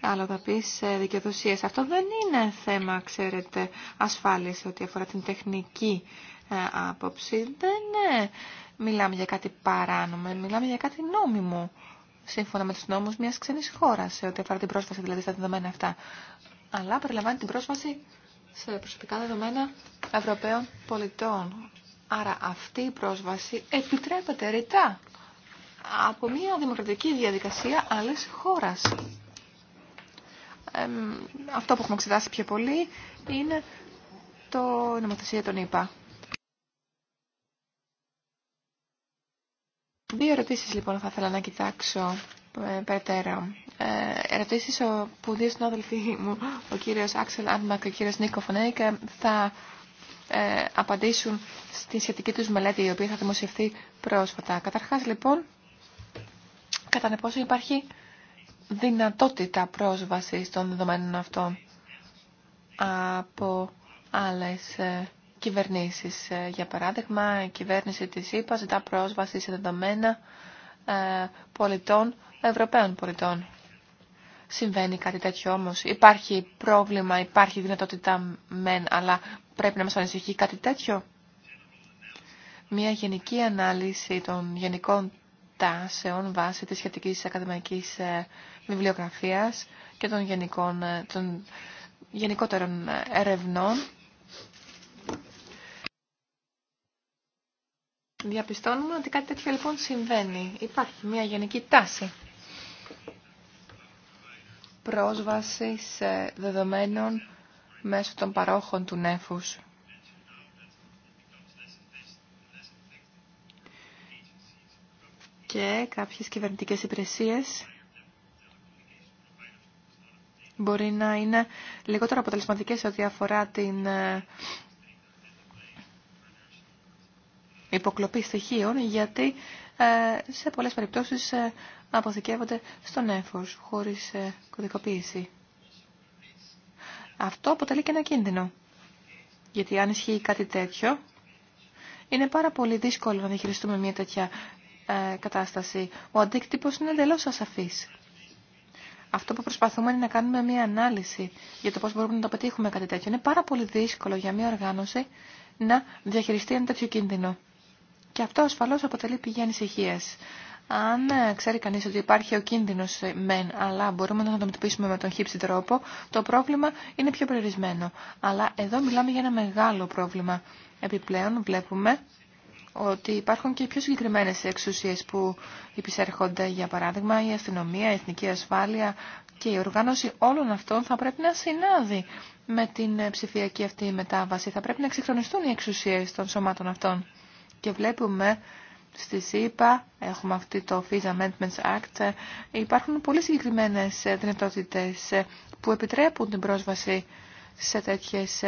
αλλοδαπής ε, δικαιοδοσίας. Αυτό δεν είναι θέμα, ξέρετε, σε ό,τι αφορά την τεχνική ε, άποψη. Δεν ε, μιλάμε για κάτι παράνομο, μιλάμε για κάτι νόμιμο σύμφωνα με τους νόμους μιας ξένης χώρας σε ό,τι αφορά την πρόσβαση δηλαδή στα δεδομένα αυτά. Αλλά περιλαμβάνει την πρόσβαση σε προσωπικά δεδομένα Ευρωπαίων πολιτών. Άρα αυτή η πρόσβαση επιτρέπεται ρητά από μια δημοκρατική διαδικασία άλλης χώρας αυτό που έχουμε εξετάσει πιο πολύ είναι το νομοθεσία των ΙΠΑ. Δύο ερωτήσεις λοιπόν θα ήθελα να κοιτάξω ε, περαιτέρω. Ε, ερωτήσεις που δύο συνάδελφοί μου, ο κύριος Άξελ Άντμα και ο κύριος Νίκο Φωνέικ, ε, θα ε, απαντήσουν στη σχετική τους μελέτη, η οποία θα δημοσιευθεί πρόσφατα. Καταρχάς λοιπόν, κατά πόσο υπάρχει δυνατότητα πρόσβασης των δεδομένων αυτών από άλλες ε, κυβερνήσεις. Ε, για παράδειγμα, η κυβέρνηση της ΕΠΑ ζητά πρόσβαση σε δεδομένα ε, πολιτών, Ευρωπαίων πολιτών. Συμβαίνει κάτι τέτοιο όμως. Υπάρχει πρόβλημα, υπάρχει δυνατότητα μεν, αλλά πρέπει να μας ανησυχεί κάτι τέτοιο. Μια γενική ανάλυση των γενικών τάσεων βάσει της σχετικής ακαδημαϊκής ε, βιβλιογραφίας και των, γενικών, ε, των γενικότερων ε, ερευνών. Διαπιστώνουμε ότι κάτι τέτοιο λοιπόν συμβαίνει. Υπάρχει μια γενική τάση πρόσβασης δεδομένων μέσω των παρόχων του νέφους. και κάποιες κυβερνητικές υπηρεσίες μπορεί να είναι λιγότερο αποτελεσματικές σε ό,τι αφορά την ε, υποκλοπή στοιχείων, γιατί ε, σε πολλές περιπτώσεις ε, αποθηκεύονται στον έφος, χωρίς κωδικοποίηση. Αυτό αποτελεί και ένα κίνδυνο. Γιατί αν ισχύει κάτι τέτοιο, είναι πάρα πολύ δύσκολο να διαχειριστούμε μια τέτοια ε, κατάσταση. Ο αντίκτυπος είναι εντελώς ασαφής. Αυτό που προσπαθούμε είναι να κάνουμε μια ανάλυση για το πώς μπορούμε να το πετύχουμε κάτι τέτοιο. Είναι πάρα πολύ δύσκολο για μια οργάνωση να διαχειριστεί ένα τέτοιο κίνδυνο. Και αυτό ασφαλώς αποτελεί πηγή ανησυχία. Αν ε, ξέρει κανείς ότι υπάρχει ο κίνδυνος ε, μεν, αλλά μπορούμε να το αντιμετωπίσουμε με τον χύψη τρόπο, το πρόβλημα είναι πιο περιορισμένο. Αλλά εδώ μιλάμε για ένα μεγάλο πρόβλημα. Επιπλέον βλέπουμε ότι υπάρχουν και πιο συγκεκριμένες εξουσίες που υπησέρχονται, για παράδειγμα, η αστυνομία, η εθνική ασφάλεια και η οργάνωση όλων αυτών θα πρέπει να συνάδει με την ψηφιακή αυτή μετάβαση. Θα πρέπει να εξυγχρονιστούν οι εξουσίες των σωμάτων αυτών. Και βλέπουμε στη ΣΥΠΑ, έχουμε αυτή το Visa Amendments Act, υπάρχουν πολύ συγκεκριμένες δυνατότητες που επιτρέπουν την πρόσβαση σε τέτοιες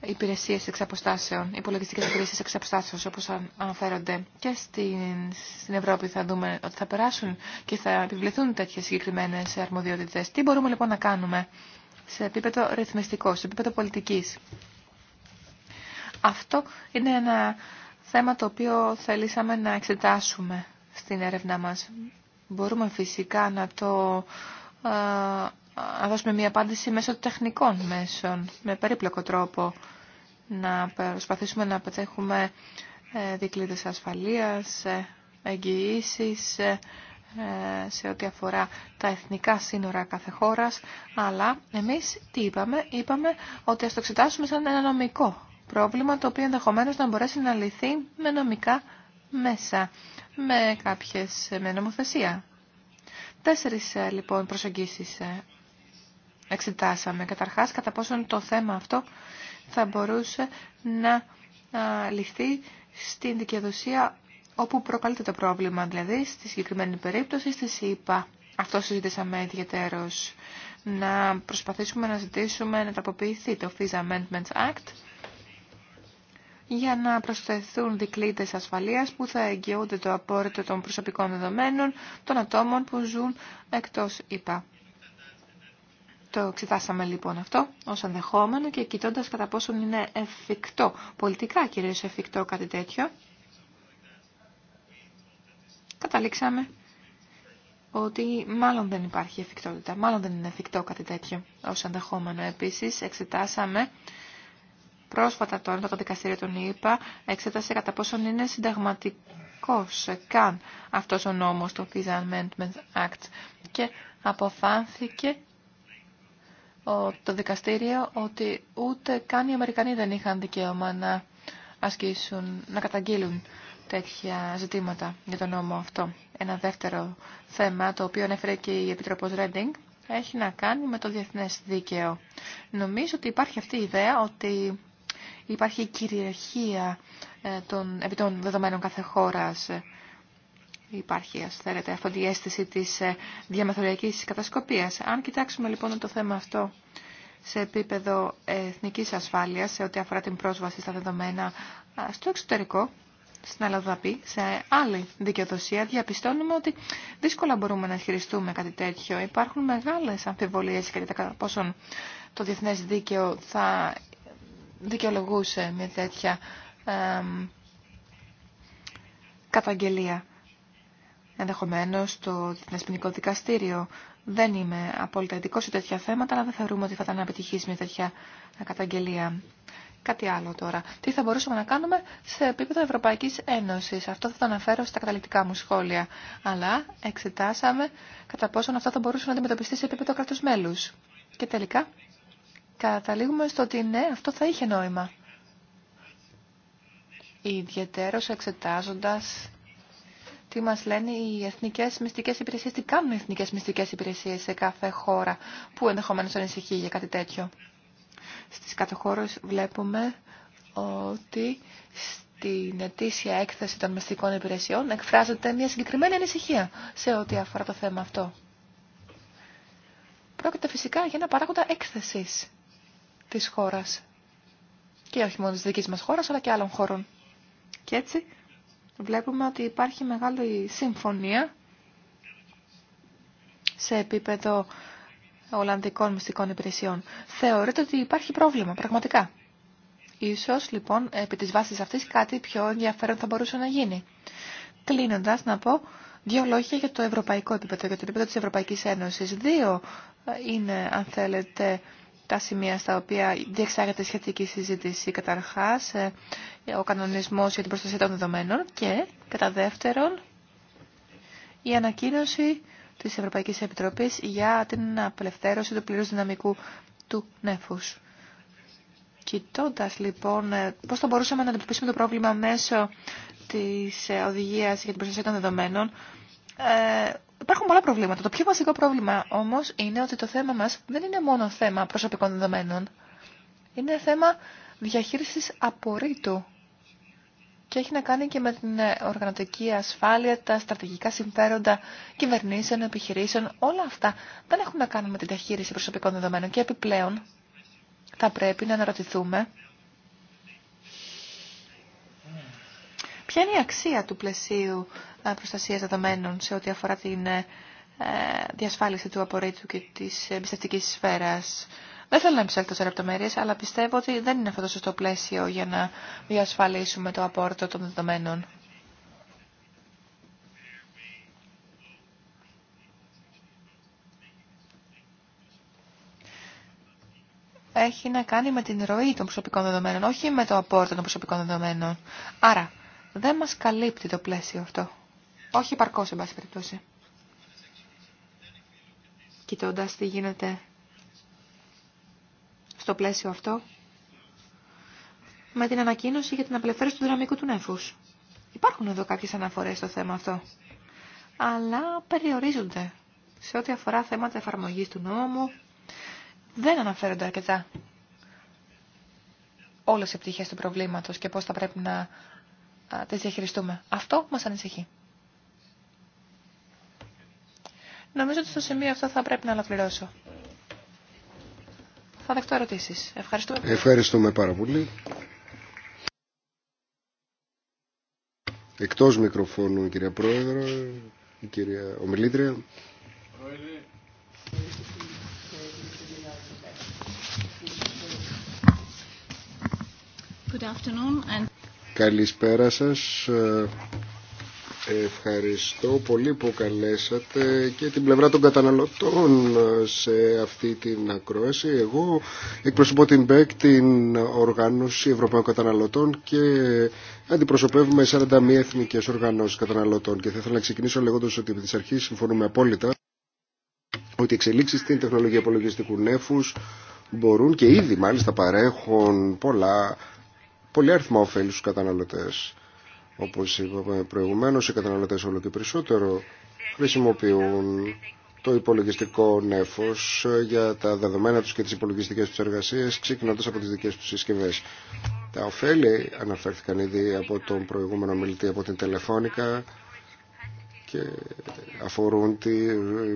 υπηρεσίες εξ αποστάσεων, υπολογιστικές υπηρεσίες εξ αποστάσεων, όπως αναφέρονται και στην, στην Ευρώπη θα δούμε ότι θα περάσουν και θα επιβληθούν τέτοιες συγκεκριμένες αρμοδιότητες. Τι μπορούμε λοιπόν να κάνουμε σε επίπεδο ρυθμιστικό, σε επίπεδο πολιτικής. Αυτό είναι ένα θέμα το οποίο θελήσαμε να εξετάσουμε στην έρευνά μας. Μπορούμε φυσικά να το ε, να δώσουμε μια απάντηση μέσω τεχνικών μέσων, με περίπλοκο τρόπο, να προσπαθήσουμε να πετύχουμε ε, δικλείδες ασφαλείας, ε, εγγυήσεις ε, σε ό,τι αφορά τα εθνικά σύνορα κάθε χώρας, αλλά εμείς τι είπαμε, είπαμε ότι ας το εξετάσουμε σαν ένα νομικό πρόβλημα, το οποίο ενδεχομένως να μπορέσει να λυθεί με νομικά μέσα, με κάποιες, με νομοθεσία. Τέσσερις λοιπόν προσεγγίσεις εξετάσαμε. Καταρχάς, κατά πόσον το θέμα αυτό θα μπορούσε να ληφθεί στην δικαιοδοσία όπου προκαλείται το πρόβλημα, δηλαδή στη συγκεκριμένη περίπτωση στη ΣΥΠΑ. Αυτό συζήτησαμε ιδιαίτερω. Να προσπαθήσουμε να ζητήσουμε να ταποποιηθεί το FISA Amendments Act για να προσθεθούν δικλείτες ασφαλείας που θα εγγυούνται το απόρριτο των προσωπικών δεδομένων των ατόμων που ζουν εκτός ΙΠΑ. Το εξετάσαμε λοιπόν αυτό ως ενδεχόμενο και κοιτώντας κατά πόσον είναι εφικτό, πολιτικά κυρίως εφικτό κάτι τέτοιο, καταλήξαμε ότι μάλλον δεν υπάρχει εφικτότητα, μάλλον δεν είναι εφικτό κάτι τέτοιο ως ενδεχόμενο. Επίσης εξετάσαμε πρόσφατα τώρα το δικαστήριο των ΗΠΑ, εξέτασε κατά πόσον είναι συνταγματικός καν αυτός ο νόμος, το Visa Amendment Act και αποφάνθηκε το δικαστήριο ότι ούτε καν οι Αμερικανοί δεν είχαν δικαίωμα να ασκήσουν, να καταγγείλουν τέτοια ζητήματα για τον νόμο αυτό. Ένα δεύτερο θέμα, το οποίο ανέφερε και η Επιτροπή Ρέντινγκ, έχει να κάνει με το διεθνές δίκαιο. Νομίζω ότι υπάρχει αυτή η ιδέα ότι υπάρχει κυριαρχία ε, των, επί των δεδομένων κάθε χώρας υπάρχει, ας θέλετε, αυτή η αίσθηση της ε, διαμεθοριακής κατασκοπίας. Αν κοιτάξουμε λοιπόν το θέμα αυτό σε επίπεδο εθνικής ασφάλειας, σε ό,τι αφορά την πρόσβαση στα δεδομένα στο εξωτερικό, στην Αλλαδαπή, σε άλλη δικαιοδοσία, διαπιστώνουμε ότι δύσκολα μπορούμε να χειριστούμε κάτι τέτοιο. Υπάρχουν μεγάλες αμφιβολίες κατά πόσον το διεθνές δίκαιο θα δικαιολογούσε μια τέτοια καταγγελία ενδεχομένως στο Διεθνές Δικαστήριο. Δεν είμαι απόλυτα ειδικό σε τέτοια θέματα, αλλά δεν θεωρούμε ότι θα ήταν επιτυχής μια τέτοια καταγγελία. Κάτι άλλο τώρα. Τι θα μπορούσαμε να κάνουμε σε επίπεδο Ευρωπαϊκής Ένωσης. Αυτό θα το αναφέρω στα καταληκτικά μου σχόλια. Αλλά εξετάσαμε κατά πόσον αυτό θα μπορούσε να αντιμετωπιστεί σε επίπεδο κράτους μέλους. Και τελικά καταλήγουμε στο ότι ναι, αυτό θα είχε νόημα. Ιδιαίτερο, εξετάζοντας τι μας λένε οι εθνικές μυστικές υπηρεσίες, τι κάνουν οι εθνικές μυστικές υπηρεσίες σε κάθε χώρα που ενδεχομένως ανησυχεί για κάτι τέτοιο. Στις κατοχώρες βλέπουμε ότι στην ετήσια έκθεση των μυστικών υπηρεσιών εκφράζεται μια συγκεκριμένη ανησυχία σε ό,τι αφορά το θέμα αυτό. Πρόκειται φυσικά για ένα παράγοντα έκθεσης της χώρας. Και όχι μόνο της δικής μας χώρας, αλλά και άλλων χώρων. Και έτσι βλέπουμε ότι υπάρχει μεγάλη συμφωνία σε επίπεδο Ολλανδικών Μυστικών Υπηρεσιών. Θεωρείται ότι υπάρχει πρόβλημα, πραγματικά. Ίσως, λοιπόν, επί της βάσης αυτής κάτι πιο ενδιαφέρον θα μπορούσε να γίνει. Κλείνοντας, να πω δύο λόγια για το ευρωπαϊκό επίπεδο, για το επίπεδο της Ευρωπαϊκής Ένωσης. Δύο ε, είναι, αν θέλετε, τα σημεία στα οποία διεξάγεται σχετική συζήτηση καταρχάς, ε, ο κανονισμός για την προστασία των δεδομένων και κατά δεύτερον η ανακοίνωση της Ευρωπαϊκής Επιτροπής για την απελευθέρωση του πλήρους δυναμικού του νεφούς. Κοιτώντας λοιπόν ε, πώς θα μπορούσαμε να αντιμετωπίσουμε το πρόβλημα μέσω της ε, οδηγίας για την προστασία των δεδομένων, Υπάρχουν πολλά προβλήματα. Το πιο βασικό πρόβλημα όμως είναι ότι το θέμα μας δεν είναι μόνο θέμα προσωπικών δεδομένων. Είναι θέμα διαχείρισης απορρίτου και έχει να κάνει και με την ε, οργανωτική ασφάλεια, τα στρατηγικά συμφέροντα κυβερνήσεων, επιχειρήσεων. Όλα αυτά δεν έχουν να κάνουν με την διαχείριση προσωπικών δεδομένων και επιπλέον θα πρέπει να αναρωτηθούμε Ποια είναι η αξία του πλαισίου ε, προστασίας δεδομένων σε ό,τι αφορά την ε, διασφάλιση του απορρίτου και της εμπιστευτικής σφαίρας. Δεν θέλω να επισέλθω σε λεπτομέρειε, αλλά πιστεύω ότι δεν είναι αυτό το σωστό πλαίσιο για να διασφαλίσουμε το απόρριτο των δεδομένων. Έχει να κάνει με την ροή των προσωπικών δεδομένων, όχι με το απόρριτο των προσωπικών δεδομένων. Άρα, δεν μας καλύπτει το πλαίσιο αυτό. Όχι υπαρκώς, σε πάση περιπτώσει. Κοιτώντας τι γίνεται στο πλαίσιο αυτό, με την ανακοίνωση για την απελευθέρωση του δυναμικού του νεφούς. Υπάρχουν εδώ κάποιες αναφορές στο θέμα αυτό, αλλά περιορίζονται σε ό,τι αφορά θέματα εφαρμογής του νόμου. Δεν αναφέρονται αρκετά όλες οι πτυχές του προβλήματος και πώς θα πρέπει να τις διαχειριστούμε. Αυτό μας ανησυχεί. Νομίζω ότι στο σημείο αυτό θα πρέπει να ολοκληρώσω. Θα δεχτώ ερωτήσεις. Ευχαριστούμε. Ευχαριστούμε πάρα πολύ. Εκτός μικροφώνου η κυρία Πρόεδρο, η κυρία Ομιλήτρια. Good afternoon and... Καλησπέρα σας. Ε, ευχαριστώ πολύ που καλέσατε και την πλευρά των καταναλωτών ε, σε αυτή την ακρόαση. Εγώ εκπροσωπώ την ΜΠΕΚ, την Οργάνωση Ευρωπαϊκών Καταναλωτών και αντιπροσωπεύουμε 41 εθνικές οργανώσεις καταναλωτών. Και θα ήθελα να ξεκινήσω λέγοντας ότι από τις αρχές συμφωνούμε απόλυτα ότι οι εξελίξεις στην τεχνολογία απολογιστικού νέφους μπορούν και ήδη μάλιστα παρέχουν πολλά πολύ αριθμό ωφέλη στους καταναλωτές. Όπως είπαμε προηγουμένως, οι καταναλωτές όλο και περισσότερο χρησιμοποιούν το υπολογιστικό νέφος για τα δεδομένα τους και τις υπολογιστικές τους εργασίες, ξεκινώντα από τις δικέ τους συσκευές. Τα ωφέλη αναφέρθηκαν ήδη από τον προηγούμενο μιλητή από την Τελεφώνικα, και αφορούν τη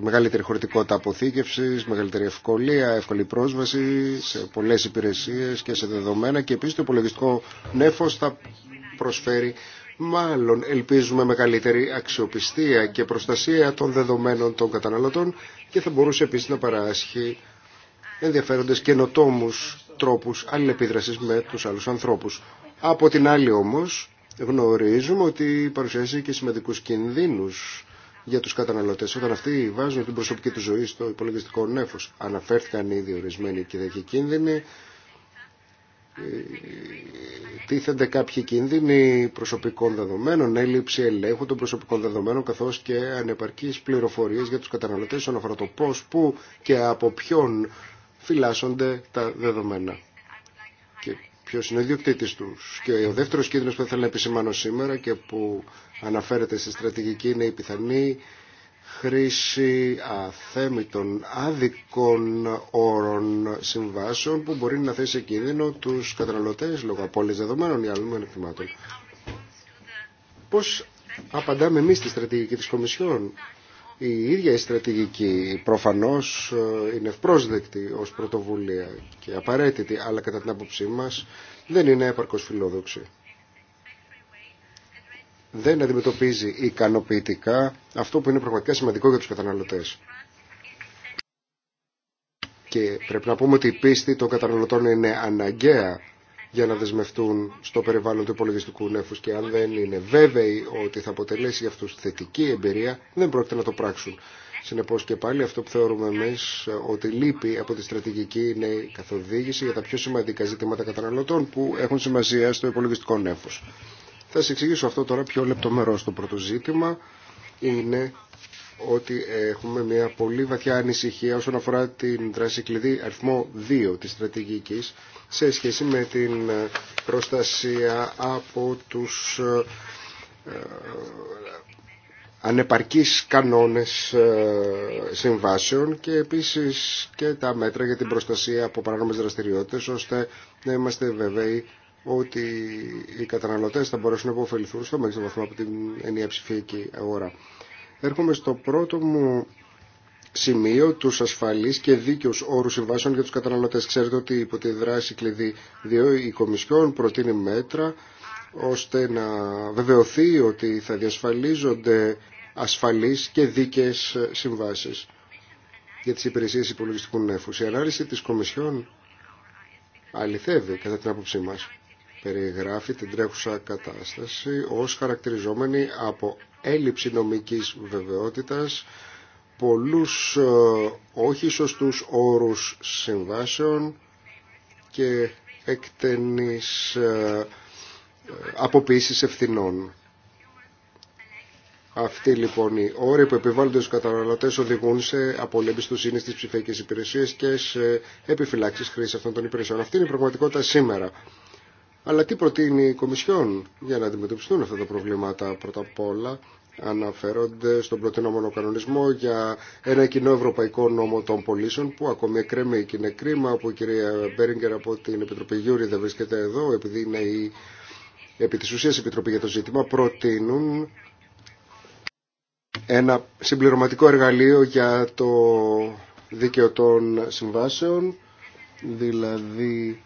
μεγαλύτερη χωρητικότητα αποθήκευσης, μεγαλύτερη ευκολία, εύκολη πρόσβαση σε πολλές υπηρεσίες και σε δεδομένα και επίσης το υπολογιστικό νέφος θα προσφέρει μάλλον ελπίζουμε μεγαλύτερη αξιοπιστία και προστασία των δεδομένων των καταναλωτών και θα μπορούσε επίσης να παράσχει ενδιαφέροντες καινοτόμους τρόπους αλληλεπίδρασης με τους άλλους ανθρώπους. Από την άλλη όμως γνωρίζουμε ότι παρουσιάζει και σημαντικούς κινδύνους για τους καταναλωτές όταν αυτοί βάζουν την προσωπική του ζωή στο υπολογιστικό νέφος. Αναφέρθηκαν ήδη ορισμένοι κυριακοί κίνδυνοι. Ε, τίθενται κάποιοι κίνδυνοι προσωπικών δεδομένων, έλλειψη ελέγχου των προσωπικών δεδομένων καθώς και ανεπαρκείς πληροφορίες για τους καταναλωτές όσον αφορά το πώς, πού και από ποιον φυλάσσονται τα δεδομένα ποιος είναι ο ιδιοκτήτης τους. Και ο δεύτερος κίνδυνος που θέλω να επισημάνω σήμερα και που αναφέρεται στη στρατηγική είναι η πιθανή χρήση αθέμητων άδικων όρων συμβάσεων που μπορεί να θέσει σε κίνδυνο τους καταναλωτές λόγω απώλειας δεδομένων ή άλλων ανεκτημάτων. Πώς απαντάμε εμείς στη στρατηγική της Κομισιόν η ίδια η στρατηγική προφανώς ε, είναι ευπρόσδεκτη ως πρωτοβουλία και απαραίτητη, αλλά κατά την άποψή μας δεν είναι έπαρκος φιλόδοξη. Δεν αντιμετωπίζει ικανοποιητικά αυτό που είναι πραγματικά σημαντικό για τους καταναλωτές. Και πρέπει να πούμε ότι η πίστη των καταναλωτών είναι αναγκαία για να δεσμευτούν στο περιβάλλον του υπολογιστικού νέφους και αν δεν είναι βέβαιοι ότι θα αποτελέσει για αυτούς θετική εμπειρία, δεν πρόκειται να το πράξουν. Συνεπώς και πάλι αυτό που θεωρούμε εμεί ότι λείπει από τη στρατηγική είναι η καθοδήγηση για τα πιο σημαντικά ζητήματα καταναλωτών που έχουν σημασία στο υπολογιστικό νέφος. Θα σα εξηγήσω αυτό τώρα πιο λεπτομερό Το πρώτο ζήτημα. Είναι ότι έχουμε μια πολύ βαθιά ανησυχία όσον αφορά την δράση κλειδί αριθμό 2 της στρατηγικής σε σχέση με την προστασία από τους ε, ε, ανεπαρκείς κανόνες ε, συμβάσεων και επίσης και τα μέτρα για την προστασία από παράνομες δραστηριότητες ώστε να είμαστε βέβαιοι ότι οι καταναλωτές θα μπορέσουν να υποφεληθούν στο μέγιστο βαθμό από την ενιαία ψηφιακή αγορά έρχομαι στο πρώτο μου σημείο τους ασφαλείς και δίκαιους όρους συμβάσεων για τους καταναλωτές. Ξέρετε ότι υπό τη δράση κλειδί 2 η Κομισιόν προτείνει μέτρα ώστε να βεβαιωθεί ότι θα διασφαλίζονται ασφαλείς και δίκαιες συμβάσεις για τις υπηρεσίες υπολογιστικού νεφού. Η ανάλυση της Κομισιόν αληθεύει κατά την άποψή μας. Περιγράφει την τρέχουσα κατάσταση ως χαρακτηριζόμενη από έλλειψη νομικής βεβαιότητας, πολλούς ε, όχι σωστούς όρους συμβάσεων και εκτενής ε, ε, αποποίησης ευθυνών. Αυτοί λοιπόν οι όροι που επιβάλλονται στους καταναλωτές οδηγούν σε απολέμπεις του είναι στις ψηφιακές υπηρεσίες και σε επιφυλάξεις χρήση αυτών των υπηρεσιών. Αυτή είναι η πραγματικότητα σήμερα. Αλλά τι προτείνει η Κομισιόν για να αντιμετωπιστούν αυτά τα προβλήματα πρώτα απ' όλα αναφέρονται στον προτείνομενο κανονισμό για ένα κοινό ευρωπαϊκό νόμο των πολίσεων που ακόμη εκκρεμεί και είναι κρίμα που η κυρία Μπέριγκερ από την Επιτροπή Γιούρη δεν βρίσκεται εδώ επειδή είναι η επί της ουσίας Επιτροπή για το ζήτημα προτείνουν ένα συμπληρωματικό εργαλείο για το δίκαιο των συμβάσεων δηλαδή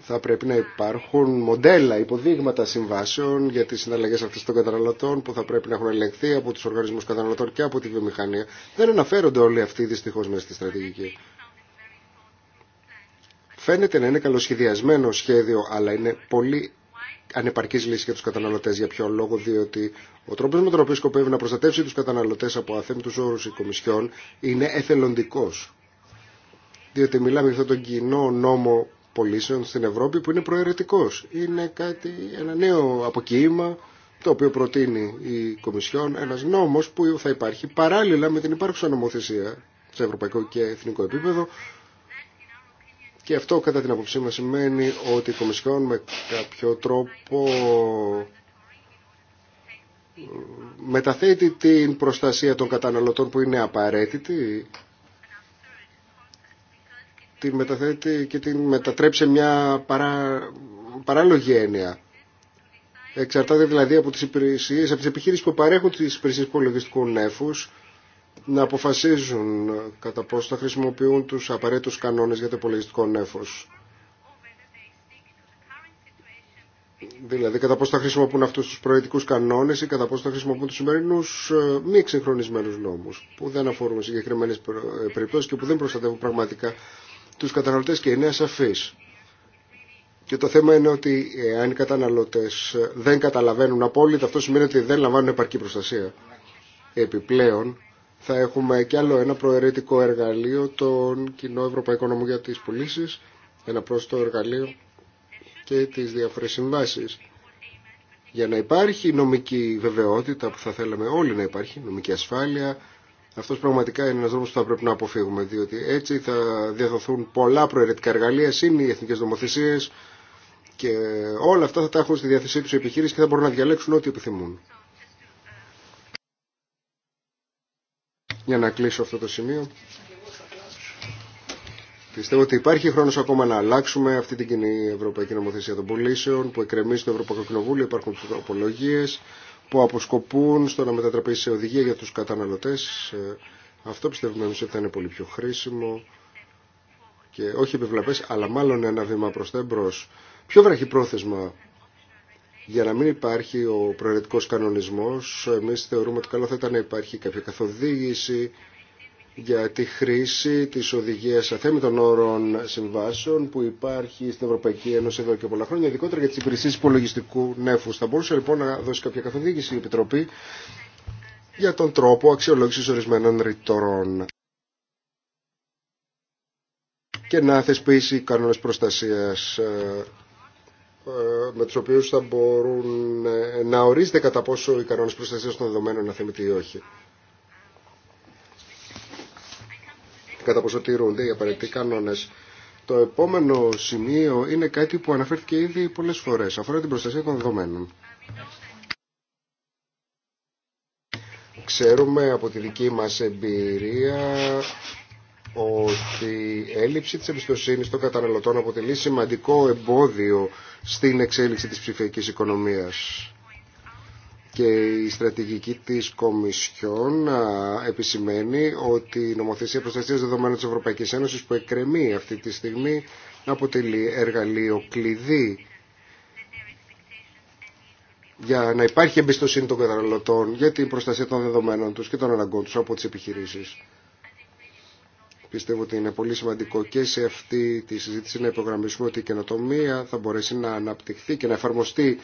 θα πρέπει να υπάρχουν μοντέλα, υποδείγματα συμβάσεων για τις συναλλαγές αυτές των καταναλωτών που θα πρέπει να έχουν ελεγχθεί από τους οργανισμούς καταναλωτών και από τη βιομηχανία. Δεν αναφέρονται όλοι αυτοί δυστυχώς μέσα στη στρατηγική. Φαίνεται να είναι καλοσχεδιασμένο σχέδιο, αλλά είναι πολύ ανεπαρκής λύση για τους καταναλωτές. Για ποιο λόγο, διότι ο τρόπος με τον οποίο σκοπεύει να προστατεύσει τους καταναλωτές από αθέμητους όρους η Κομισιόν είναι εθελοντικό. Διότι μιλάμε για αυτόν τον κοινό νόμο πωλήσεων στην Ευρώπη που είναι προαιρετικός. Είναι κάτι, ένα νέο αποκοίημα το οποίο προτείνει η Κομισιόν, ένας νόμος που θα υπάρχει παράλληλα με την υπάρχουσα νομοθεσία σε ευρωπαϊκό και εθνικό επίπεδο και αυτό κατά την αποψή μας σημαίνει ότι η Κομισιόν με κάποιο τρόπο ε, μεταθέτει την προστασία των καταναλωτών που είναι απαραίτητη την μεταθέτει και την μετατρέψει σε μια παρά, παράλογη έννοια. Εξαρτάται δηλαδή από τις υπηρεσίες, από τις επιχείρησεις που παρέχουν τις υπηρεσίες υπολογιστικού νέφους να αποφασίζουν κατά πώς θα χρησιμοποιούν τους απαραίτητους κανόνες για το υπολογιστικό νέφος. Δηλαδή κατά πώς θα χρησιμοποιούν αυτούς τους προαιτικούς κανόνες ή κατά πώς θα χρησιμοποιούν τους σημερινούς ε, μη εξυγχρονισμένους νόμους που δεν αφορούν συγκεκριμένες ε, περιπτώσεις και που δεν προστατεύουν πραγματικά τους καταναλωτές και είναι Και το θέμα είναι ότι ε, αν οι καταναλωτές ε, δεν καταλαβαίνουν απόλυτα, αυτό σημαίνει ότι δεν λαμβάνουν επαρκή προστασία. Επιπλέον, θα έχουμε κι άλλο ένα προαιρετικό εργαλείο, των Κοινό Ευρωπαϊκό Νόμο για τις ένα πρόσθετο εργαλείο και τις διάφορες συμβάσει. Για να υπάρχει νομική βεβαιότητα που θα θέλαμε όλοι να υπάρχει, νομική ασφάλεια, αυτό πραγματικά είναι ένα δρόμο που θα πρέπει να αποφύγουμε, διότι έτσι θα διαδοθούν πολλά προαιρετικά εργαλεία, συν οι εθνικέ νομοθεσίε και όλα αυτά θα τα έχουν στη διάθεσή του οι επιχείρησει και θα μπορούν να διαλέξουν ό,τι επιθυμούν. Για να κλείσω αυτό το σημείο. Πιστεύω ότι υπάρχει χρόνο ακόμα να αλλάξουμε αυτή την κοινή Ευρωπαϊκή Νομοθεσία των Πολίσεων που εκκρεμίζει το Ευρωπαϊκό Κοινοβούλιο. Υπάρχουν τροπολογίε που αποσκοπούν στο να μετατραπεί σε οδηγία για τους καταναλωτές. Ε, αυτό πιστεύουμε εμείς ότι θα είναι πολύ πιο χρήσιμο και όχι επιβλαπές, αλλά μάλλον ένα βήμα προς τα εμπρός. Πιο βραχυπρόθεσμα για να μην υπάρχει ο προαιρετικός κανονισμός, εμείς θεωρούμε ότι καλό θα ήταν να υπάρχει κάποια καθοδήγηση για τη χρήση της οδηγίας αθέμητων όρων συμβάσεων που υπάρχει στην Ευρωπαϊκή Ένωση εδώ και πολλά χρόνια, ειδικότερα για τις υπηρεσίες υπολογιστικού νέφους. Θα μπορούσε λοιπόν να δώσει κάποια καθοδήγηση η Επιτροπή για τον τρόπο αξιολόγησης ορισμένων ρητορών και να θεσπίσει κανόνες προστασίας ε, ε, με τους οποίους θα μπορούν ε, να ορίζεται κατά πόσο οι κανόνες προστασίας των δεδομένων είναι αθεμητοί ή όχι. κατά πόσο τηρούνται οι απαραίτητοι κανόνε. Το επόμενο σημείο είναι κάτι που αναφέρθηκε ήδη πολλές φορές. Αφορά την προστασία των δεδομένων. Ξέρουμε από τη δική μας εμπειρία ότι η έλλειψη της εμπιστοσύνης των καταναλωτών αποτελεί σημαντικό εμπόδιο στην εξέλιξη της ψηφιακής οικονομίας και η στρατηγική της Κομισιόν επισημαίνει ότι η νομοθεσία προστασίας δεδομένων της Ευρωπαϊκής Ένωσης που εκκρεμεί αυτή τη στιγμή αποτελεί εργαλείο κλειδί για να υπάρχει εμπιστοσύνη των καταναλωτών για την προστασία των δεδομένων τους και των αναγκών τους από τις επιχειρήσεις. Πιστεύω ότι είναι πολύ σημαντικό και σε αυτή τη συζήτηση να υπογραμμίσουμε ότι η καινοτομία θα μπορέσει να αναπτυχθεί και να εφαρμοστεί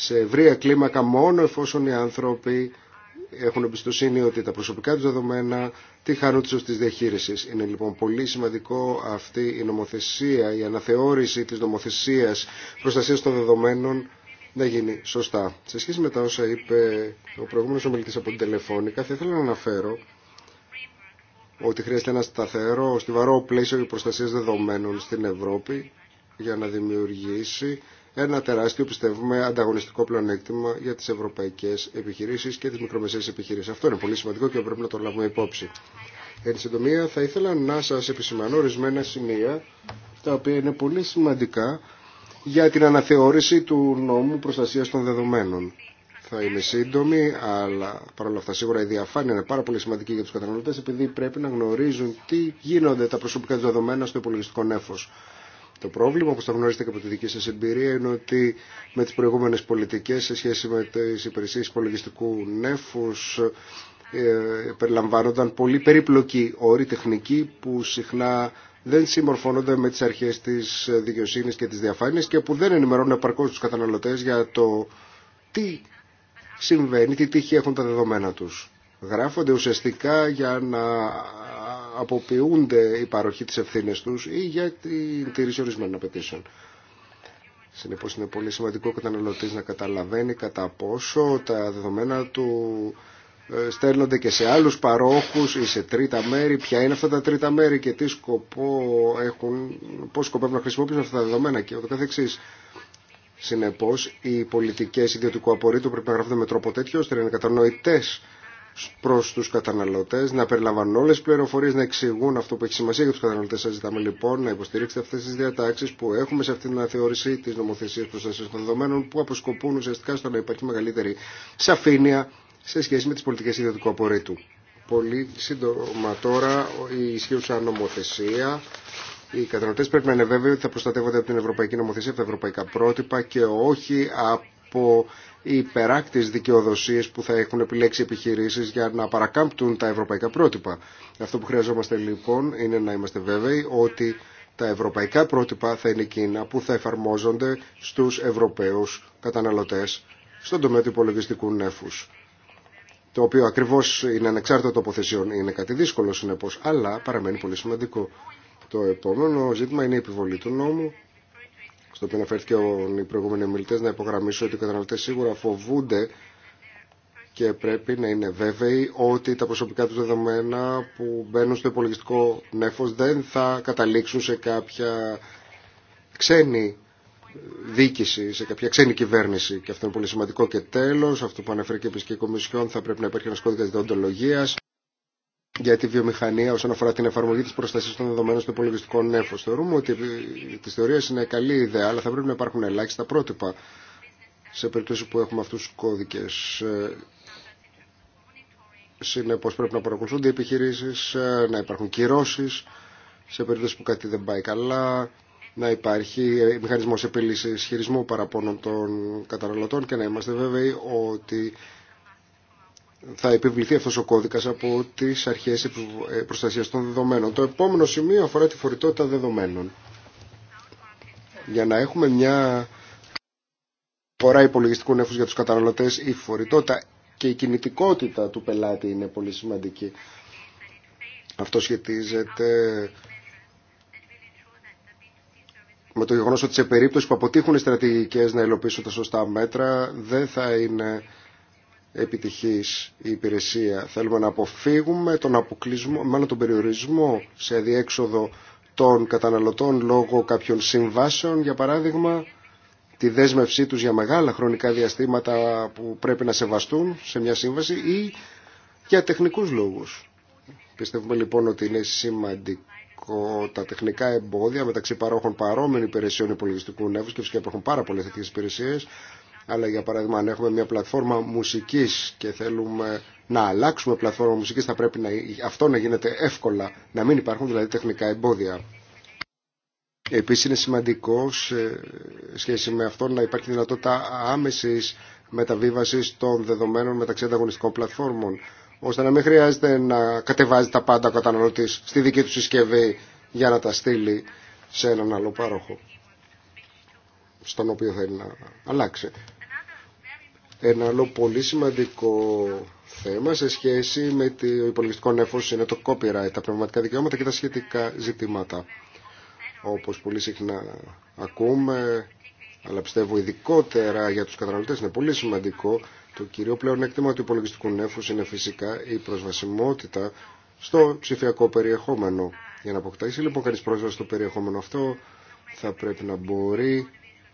σε ευρία κλίμακα μόνο εφόσον οι άνθρωποι έχουν εμπιστοσύνη ότι τα προσωπικά του δεδομένα τη χάνουν τη σωστής διαχείριση. Είναι λοιπόν πολύ σημαντικό αυτή η νομοθεσία, η αναθεώρηση τη νομοθεσία προστασία των δεδομένων να γίνει σωστά. Σε σχέση με τα όσα είπε ο προηγούμενο ομιλητή από την Τελεφώνικα θα ήθελα να αναφέρω ότι χρειάζεται ένα σταθερό, στιβαρό πλαίσιο προστασία δεδομένων στην Ευρώπη για να δημιουργήσει ένα τεράστιο, πιστεύουμε, ανταγωνιστικό πλεονέκτημα για τι ευρωπαϊκέ επιχειρήσει και τι μικρομεσαίες επιχειρήσει. Αυτό είναι πολύ σημαντικό και πρέπει να το λάβουμε υπόψη. Εν συντομία, θα ήθελα να σα επισημανώ ορισμένα σημεία τα οποία είναι πολύ σημαντικά για την αναθεώρηση του νόμου προστασία των δεδομένων. Θα είμαι σύντομη, αλλά παρόλα αυτά σίγουρα η διαφάνεια είναι πάρα πολύ σημαντική για του καταναλωτέ, επειδή πρέπει να γνωρίζουν τι γίνονται τα προσωπικά δεδομένα στο υπολογιστικό νέφο. Το πρόβλημα, όπως το γνωρίζετε και από τη δική σα εμπειρία, είναι ότι με τι προηγούμενε πολιτικέ σε σχέση με τι υπηρεσίε υπολογιστικού νέφους ε, περιλαμβάνονταν πολύ περίπλοκοι όροι τεχνικοί που συχνά δεν συμμορφώνονται με τι αρχέ τη δικαιοσύνη και της διαφάνειας και που δεν ενημερώνουν επαρκώ του καταναλωτέ για το τι συμβαίνει, τι τύχη έχουν τα δεδομένα του. Γράφονται ουσιαστικά για να αποποιούνται οι παροχή της ευθύνες τους ή για την τήρηση ορισμένων απαιτήσεων. Συνεπώς είναι πολύ σημαντικό ο καταναλωτή να καταλαβαίνει κατά πόσο τα δεδομένα του ε, στέλνονται και σε άλλους παρόχους ή σε τρίτα μέρη. Ποια είναι αυτά τα τρίτα μέρη και τι σκοπό έχουν, πώς σκοπεύουν να χρησιμοποιήσουν αυτά τα δεδομένα και ούτω καθεξής. Συνεπώς, οι πολιτικές ιδιωτικού απορρίτου πρέπει να γράφονται με τρόπο τέτοιο ώστε να είναι κατανοητές προς τους καταναλωτές, να περιλαμβάνουν όλες τις πληροφορίες, να εξηγούν αυτό που έχει σημασία για τους καταναλωτές. Σας ζητάμε λοιπόν να υποστηρίξετε αυτές τις διατάξεις που έχουμε σε αυτήν την αναθεώρηση της νομοθεσίας προς των δεδομένων που αποσκοπούν ουσιαστικά στο να υπάρχει μεγαλύτερη σαφήνεια σε σχέση με τις πολιτικές ιδιωτικού απορρίτου. Πολύ σύντομα τώρα η ισχύουσα νομοθεσία οι καταναλωτέ πρέπει να είναι βέβαιοι ότι θα προστατεύονται από την ευρωπαϊκή νομοθεσία, από τα ευρωπαϊκά πρότυπα και όχι από οι υπεράκτης δικαιοδοσίες που θα έχουν επιλέξει επιχειρήσεις για να παρακάμπτουν τα ευρωπαϊκά πρότυπα. Αυτό που χρειαζόμαστε λοιπόν είναι να είμαστε βέβαιοι ότι τα ευρωπαϊκά πρότυπα θα είναι εκείνα που θα εφαρμόζονται στους Ευρωπαίους καταναλωτές στον τομέα του υπολογιστικού νέφους. Το οποίο ακριβώς είναι ανεξάρτητο τοποθεσιών, είναι κάτι δύσκολο συνεπώς, αλλά παραμένει πολύ σημαντικό. Το επόμενο ζήτημα είναι η επιβολή του νόμου στο οποίο αναφέρθηκαν οι προηγούμενοι ομιλητέ, να υπογραμμίσω ότι οι καταναλωτέ σίγουρα φοβούνται και πρέπει να είναι βέβαιοι ότι τα προσωπικά του δεδομένα που μπαίνουν στο υπολογιστικό νέφος δεν θα καταλήξουν σε κάποια ξένη δίκηση, σε κάποια ξένη κυβέρνηση. Και αυτό είναι πολύ σημαντικό. Και τέλο, αυτό που αναφέρει και η Κομισιόν, θα πρέπει να υπάρχει ένα κώδικα διοντολογία για τη βιομηχανία όσον αφορά την εφαρμογή τη προστασία των δεδομένων στο υπολογιστικό νεφο. Θεωρούμε ότι τη θεωρία είναι καλή ιδέα, αλλά θα πρέπει να υπάρχουν ελάχιστα πρότυπα σε περίπτωση που έχουμε αυτού του κώδικε. Συνεπώ πρέπει να παρακολουθούνται οι επιχειρήσει, να υπάρχουν κυρώσει σε περίπτωση που κάτι δεν πάει καλά, να υπάρχει μηχανισμό επίλυση χειρισμού παραπώνων των καταναλωτών και να είμαστε βέβαιοι ότι θα επιβληθεί αυτός ο κώδικας από τις αρχές ε, προστασίας των δεδομένων. Το επόμενο σημείο αφορά τη φορητότητα δεδομένων. Για να έχουμε μια φορά υπολογιστικού νέφους για τους καταναλωτές, η φορητότητα και η κινητικότητα του πελάτη είναι πολύ σημαντική. Αυτό σχετίζεται με το γεγονός ότι σε περίπτωση που αποτύχουν οι στρατηγικές να υλοποιήσουν τα σωστά μέτρα, δεν θα είναι επιτυχής η υπηρεσία. Θέλουμε να αποφύγουμε τον αποκλεισμό, μάλλον τον περιορισμό σε αδιέξοδο των καταναλωτών λόγω κάποιων συμβάσεων, για παράδειγμα, τη δέσμευσή τους για μεγάλα χρονικά διαστήματα που πρέπει να σεβαστούν σε μια σύμβαση ή για τεχνικούς λόγους. Πιστεύουμε λοιπόν ότι είναι σημαντικό τα τεχνικά εμπόδια μεταξύ παρόχων παρόμοιων υπηρεσιών υπολογιστικού νεύους και φυσικά υπάρχουν πάρα πολλές τέτοιες υπηρεσίες αλλά για παράδειγμα αν έχουμε μια πλατφόρμα μουσικής και θέλουμε να αλλάξουμε πλατφόρμα μουσικής θα πρέπει να, αυτό να γίνεται εύκολα, να μην υπάρχουν δηλαδή τεχνικά εμπόδια. Επίσης είναι σημαντικό σε σχέση με αυτό να υπάρχει δυνατότητα άμεσης μεταβίβασης των δεδομένων μεταξύ ανταγωνιστικών πλατφόρμων ώστε να μην χρειάζεται να κατεβάζει τα πάντα ο καταναλωτής στη δική του συσκευή για να τα στείλει σε έναν άλλο πάροχο στον οποίο θέλει να αλλάξει. Ένα άλλο πολύ σημαντικό θέμα σε σχέση με το υπολογιστικό νέφος είναι το copyright, τα πνευματικά δικαιώματα και τα σχετικά ζητήματα. Όπως πολύ συχνά ακούμε, αλλά πιστεύω ειδικότερα για τους καταναλωτές είναι πολύ σημαντικό, το κυρίο πλέον έκτημα του υπολογιστικού νέφους είναι φυσικά η προσβασιμότητα στο ψηφιακό περιεχόμενο. Για να αποκτήσει λοιπόν κανείς πρόσβαση στο περιεχόμενο αυτό θα πρέπει να μπορεί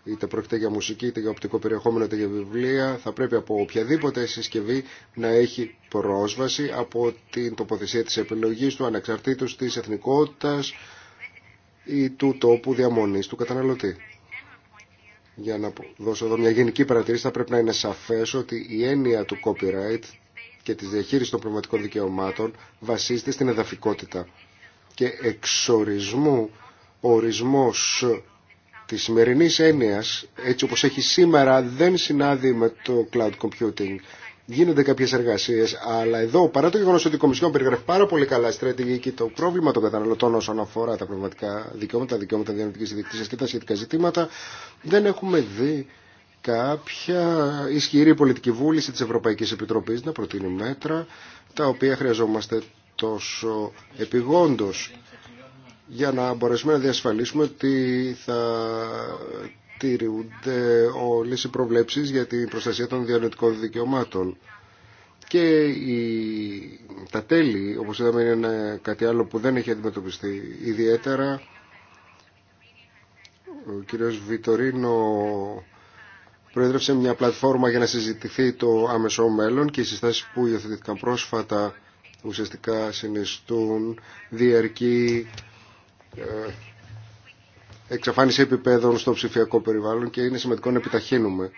είτε πρόκειται για μουσική, είτε για οπτικό περιεχόμενο, είτε για βιβλία, θα πρέπει από οποιαδήποτε συσκευή να έχει πρόσβαση από την τοποθεσία της επιλογής του, ανεξαρτήτως της εθνικότητας ή του τόπου διαμονής του καταναλωτή. Για να δώσω εδώ μια γενική παρατηρήση, θα πρέπει να είναι σαφές ότι η έννοια του copyright και της διαχείρισης των πνευματικών δικαιωμάτων βασίζεται στην εδαφικότητα και εξορισμού ορισμός της σημερινής έννοιας, έτσι όπως έχει σήμερα, δεν συνάδει με το cloud computing. Γίνονται κάποιες εργασίες, αλλά εδώ, παρά το γεγονός ότι η Κομισιόν περιγράφει πάρα πολύ καλά στρατηγική το πρόβλημα των καταναλωτών όσον αφορά τα πραγματικά δικαιώματα, δικαιώματα διανοητικής ιδιοκτησίας και τα σχετικά ζητήματα, δεν έχουμε δει κάποια ισχυρή πολιτική βούληση της Ευρωπαϊκής Επιτροπής να προτείνει μέτρα τα οποία χρειαζόμαστε τόσο επιγόντως για να μπορέσουμε να διασφαλίσουμε ότι θα τηρούνται όλες οι προβλέψεις για την προστασία των διανοητικών δικαιωμάτων. Και η... τα τέλη, όπως είδαμε, είναι κάτι άλλο που δεν έχει αντιμετωπιστεί ιδιαίτερα. Ο κύριος Βιτορίνο προέδρευσε μια πλατφόρμα για να συζητηθεί το άμεσό μέλλον και οι συστάσεις που υιοθετήθηκαν πρόσφατα ουσιαστικά συνιστούν διαρκή ε, εξαφάνιση επιπέδων στο ψηφιακό περιβάλλον και είναι σημαντικό να επιταχύνουμε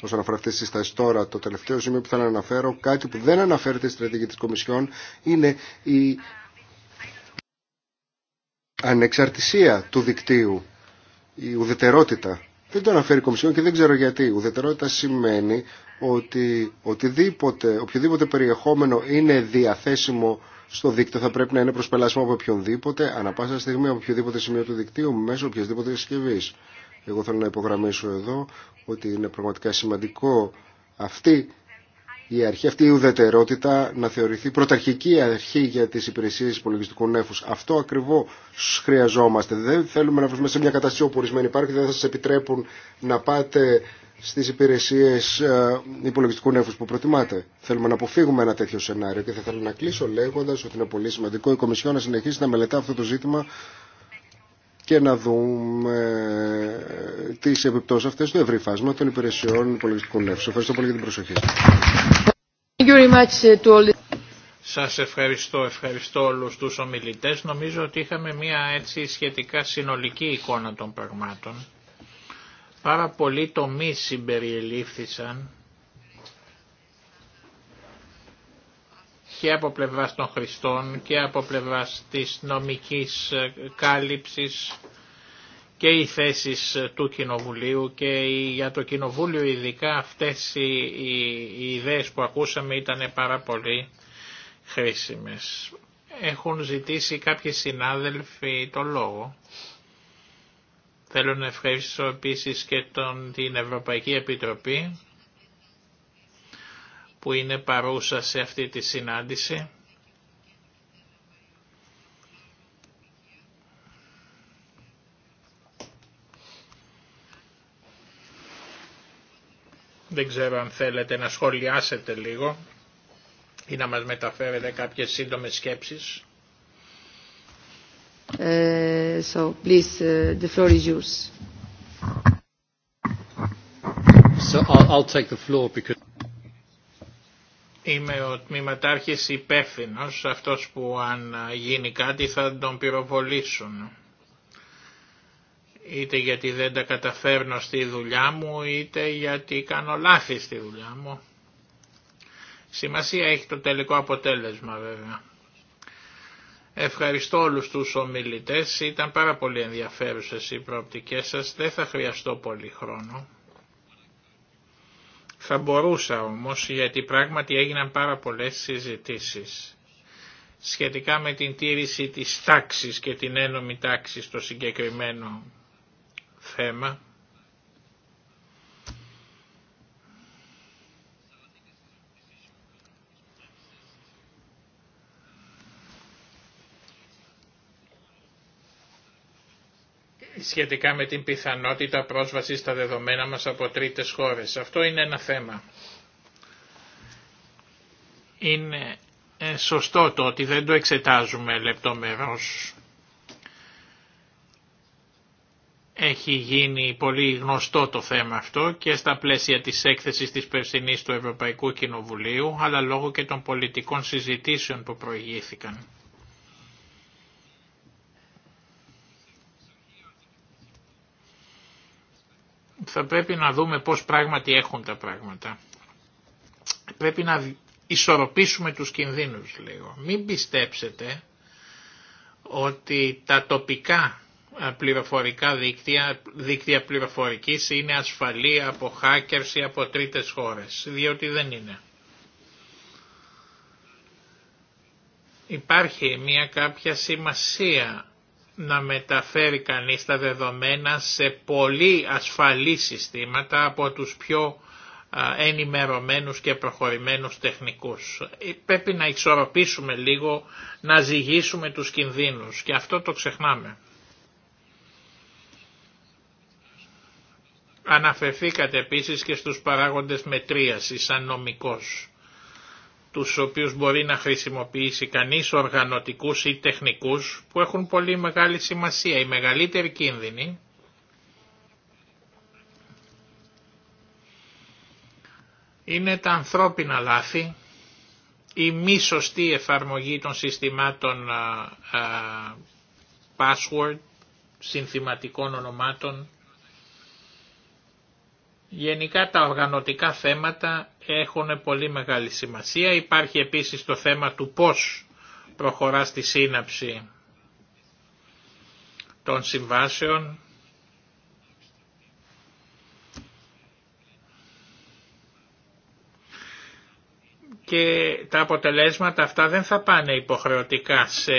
όσον αφορά αυτέ τι συστάσει. Τώρα, το τελευταίο σημείο που θα αναφέρω, κάτι που δεν αναφέρεται στη στρατηγική τη Κομισιόν, είναι η ανεξαρτησία του δικτύου, η ουδετερότητα. Δεν το αναφέρει η Κομισιόν και δεν ξέρω γιατί. Ουδετερότητα σημαίνει ότι οποιοδήποτε περιεχόμενο είναι διαθέσιμο στο δίκτυο θα πρέπει να είναι προσπελάσιμο από οποιονδήποτε, ανα πάσα στιγμή, από οποιοδήποτε σημείο του δικτύου, μέσω οποιασδήποτε συσκευή. Εγώ θέλω να υπογραμμίσω εδώ ότι είναι πραγματικά σημαντικό αυτή η αρχή αυτή η ουδετερότητα να θεωρηθεί πρωταρχική αρχή για τις υπηρεσίες υπολογιστικού νέφους. Αυτό ακριβώς χρειαζόμαστε. Δεν θέλουμε να βρούμε σε μια κατάσταση όπου ορισμένοι υπάρχουν δεν θα σας επιτρέπουν να πάτε στις υπηρεσίες ε, υπολογιστικού νέφους που προτιμάτε. Θέλουμε να αποφύγουμε ένα τέτοιο σενάριο και θα θέλω να κλείσω λέγοντας ότι είναι πολύ σημαντικό η Κομισιόν να συνεχίσει να μελετά αυτό το ζήτημα και να δούμε ε, τις επιπτώσεις αυτές στο ευρύ φάσμα των υπηρεσιών υπολογιστικού Σα Ευχαριστώ πολύ για την προσοχή uh, σας. ευχαριστώ, ευχαριστώ όλους τους ομιλητές. Νομίζω ότι είχαμε μια έτσι σχετικά συνολική εικόνα των πραγμάτων. Πάρα πολλοί τομείς συμπεριελήφθησαν και από πλευράς των χρηστών και από πλευράς της νομικής ε, κάλυψης και οι θέσεις ε, του Κοινοβουλίου και για το Κοινοβούλιο ειδικά αυτές οι, οι, ιδέες που ακούσαμε ήταν πάρα πολύ χρήσιμες. Έχουν ζητήσει κάποιοι συνάδελφοι το λόγο. Θέλω να ευχαριστήσω επίσης και τον, την Ευρωπαϊκή Επιτροπή που είναι παρούσα σε αυτή τη συνάντηση. Δεν ξέρω αν θέλετε να σχολιάσετε λίγο ή να μας μεταφέρετε κάποιες σύντομες σκέψεις. Uh, so please, uh, the floor is yours. So I'll, I'll take the floor because... Είμαι ο τμήματάρχης υπεύθυνο, αυτός που αν γίνει κάτι θα τον πυροβολήσουν. Είτε γιατί δεν τα καταφέρνω στη δουλειά μου, είτε γιατί κάνω λάθη στη δουλειά μου. Σημασία έχει το τελικό αποτέλεσμα βέβαια. Ευχαριστώ όλους τους ομιλητές, ήταν πάρα πολύ ενδιαφέρουσες οι προοπτικές σας, δεν θα χρειαστώ πολύ χρόνο. Θα μπορούσα όμως γιατί πράγματι έγιναν πάρα πολλές συζητήσεις σχετικά με την τήρηση της τάξης και την ένομη τάξη στο συγκεκριμένο θέμα σχετικά με την πιθανότητα πρόσβαση στα δεδομένα μας από τρίτες χώρες. Αυτό είναι ένα θέμα. Είναι ε, σωστό το ότι δεν το εξετάζουμε λεπτομερώς. Έχει γίνει πολύ γνωστό το θέμα αυτό και στα πλαίσια της έκθεσης της Περσινής του Ευρωπαϊκού Κοινοβουλίου, αλλά λόγω και των πολιτικών συζητήσεων που προηγήθηκαν. θα πρέπει να δούμε πώς πράγματι έχουν τα πράγματα. Πρέπει να ισορροπήσουμε τους κινδύνους λίγο. Μην πιστέψετε ότι τα τοπικά πληροφορικά δίκτυα, δίκτυα πληροφορικής είναι ασφαλή από hackers ή από τρίτες χώρες, διότι δεν είναι. Υπάρχει μια κάποια σημασία να μεταφέρει κανείς τα δεδομένα σε πολύ ασφαλή συστήματα από τους πιο ενημερωμένους και προχωρημένους τεχνικούς. Ε, πρέπει να εξορροπήσουμε λίγο, να ζυγίσουμε τους κινδύνους και αυτό το ξεχνάμε. Αναφερθήκατε επίσης και στους παράγοντες μετρίασης σαν τους οποίους μπορεί να χρησιμοποιήσει κανείς οργανωτικούς ή τεχνικούς που έχουν πολύ μεγάλη σημασία. Η μεγαλύτερη κίνδυνη είναι τα ανθρώπινα λάθη, η μη σωστή εφαρμογή των συστημάτων password, συνθηματικών ονομάτων, Γενικά τα οργανωτικά θέματα έχουν πολύ μεγάλη σημασία. Υπάρχει επίσης το θέμα του πώς προχωρά στη σύναψη των συμβάσεων. και τα αποτελέσματα αυτά δεν θα πάνε υποχρεωτικά σε,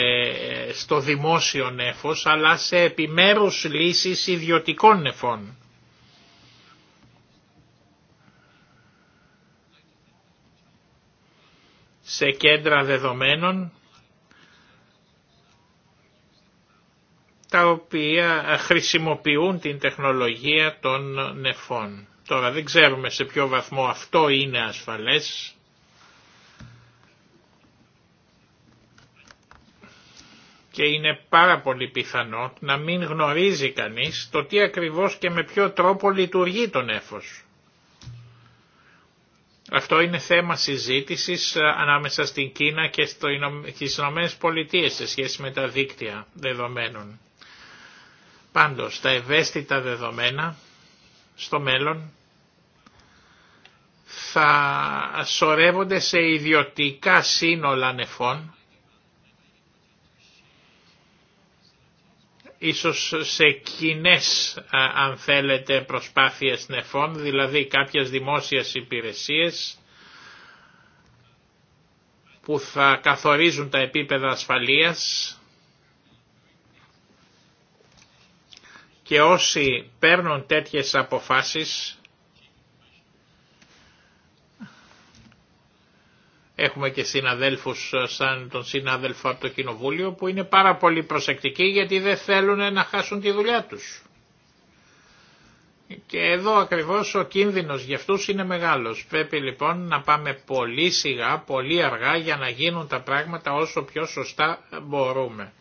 στο δημόσιο νέφος αλλά σε επιμέρους λύσεις ιδιωτικών νεφών. σε κέντρα δεδομένων τα οποία χρησιμοποιούν την τεχνολογία των νεφών. Τώρα δεν ξέρουμε σε ποιο βαθμό αυτό είναι ασφαλές. Και είναι πάρα πολύ πιθανό να μην γνωρίζει κανείς το τι ακριβώς και με ποιο τρόπο λειτουργεί το νέφος. Αυτό είναι θέμα συζήτησης ε, ανάμεσα στην Κίνα και στις Ηνωμένες Πολιτείες σε σχέση με τα δίκτυα δεδομένων. Πάντως, τα ευαίσθητα δεδομένα στο μέλλον θα σωρεύονται σε ιδιωτικά σύνολα νεφών ίσως σε κοινέ αν θέλετε προσπάθειες νεφών, δηλαδή κάποιες δημόσιες υπηρεσίες που θα καθορίζουν τα επίπεδα ασφαλείας και όσοι παίρνουν τέτοιες αποφάσεις Έχουμε και συναδέλφους ε, σαν τον συνάδελφο από το Κοινοβούλιο που είναι πάρα πολύ προσεκτικοί γιατί δεν θέλουν να χάσουν τη δουλειά τους. Και εδώ ακριβώς ο κίνδυνος για αυτούς είναι μεγάλος. Πρέπει λοιπόν να πάμε πολύ σιγά, πολύ αργά για να γίνουν τα πράγματα όσο πιο σωστά μπορούμε.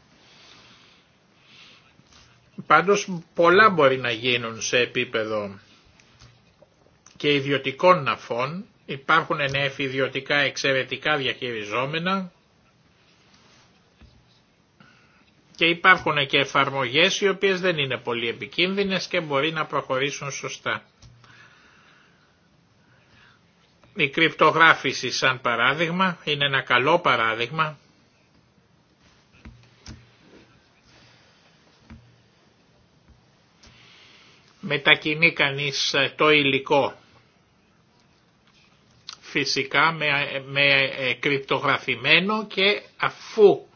Πάντως πολλά μπορεί να γίνουν σε επίπεδο και ιδιωτικών ναφών Υπάρχουν ενέφη ιδιωτικά εξαιρετικά διαχειριζόμενα και υπάρχουν και εφαρμογές οι οποίες δεν είναι πολύ επικίνδυνες και μπορεί να προχωρήσουν σωστά. Η κρυπτογράφηση σαν παράδειγμα είναι ένα καλό παράδειγμα μετακινεί κανείς το υλικό φυσικά με, με ε, κρυπτογραφημένο και αφού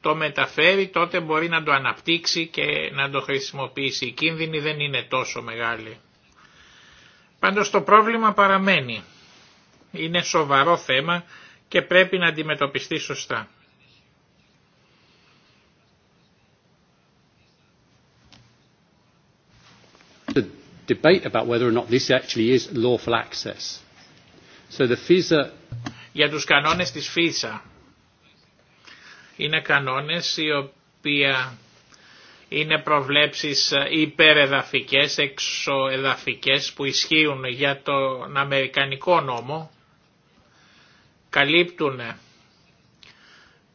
το μεταφέρει τότε μπορεί να το αναπτύξει και να το χρησιμοποιήσει. Οι κίνδυνοι δεν είναι τόσο μεγάλοι. Πάντως το πρόβλημα παραμένει. Είναι σοβαρό θέμα και πρέπει να αντιμετωπιστεί σωστά. The debate about whether or not this actually για τους κανόνες της FISA. Είναι κανόνες οι οποίοι είναι προβλέψεις υπερεδαφικές, εξωεδαφικές που ισχύουν για τον Αμερικανικό νόμο, καλύπτουν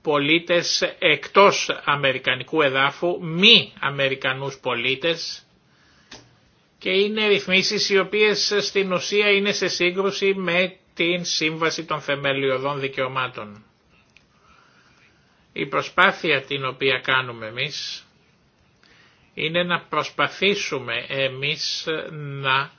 πολίτες εκτός Αμερικανικού εδάφου, μη Αμερικανούς πολίτες και είναι ρυθμίσεις οι οποίες στην ουσία είναι σε σύγκρουση με την Σύμβαση των Θεμελιωδών Δικαιωμάτων. Η προσπάθεια την οποία κάνουμε εμείς είναι να προσπαθήσουμε εμείς να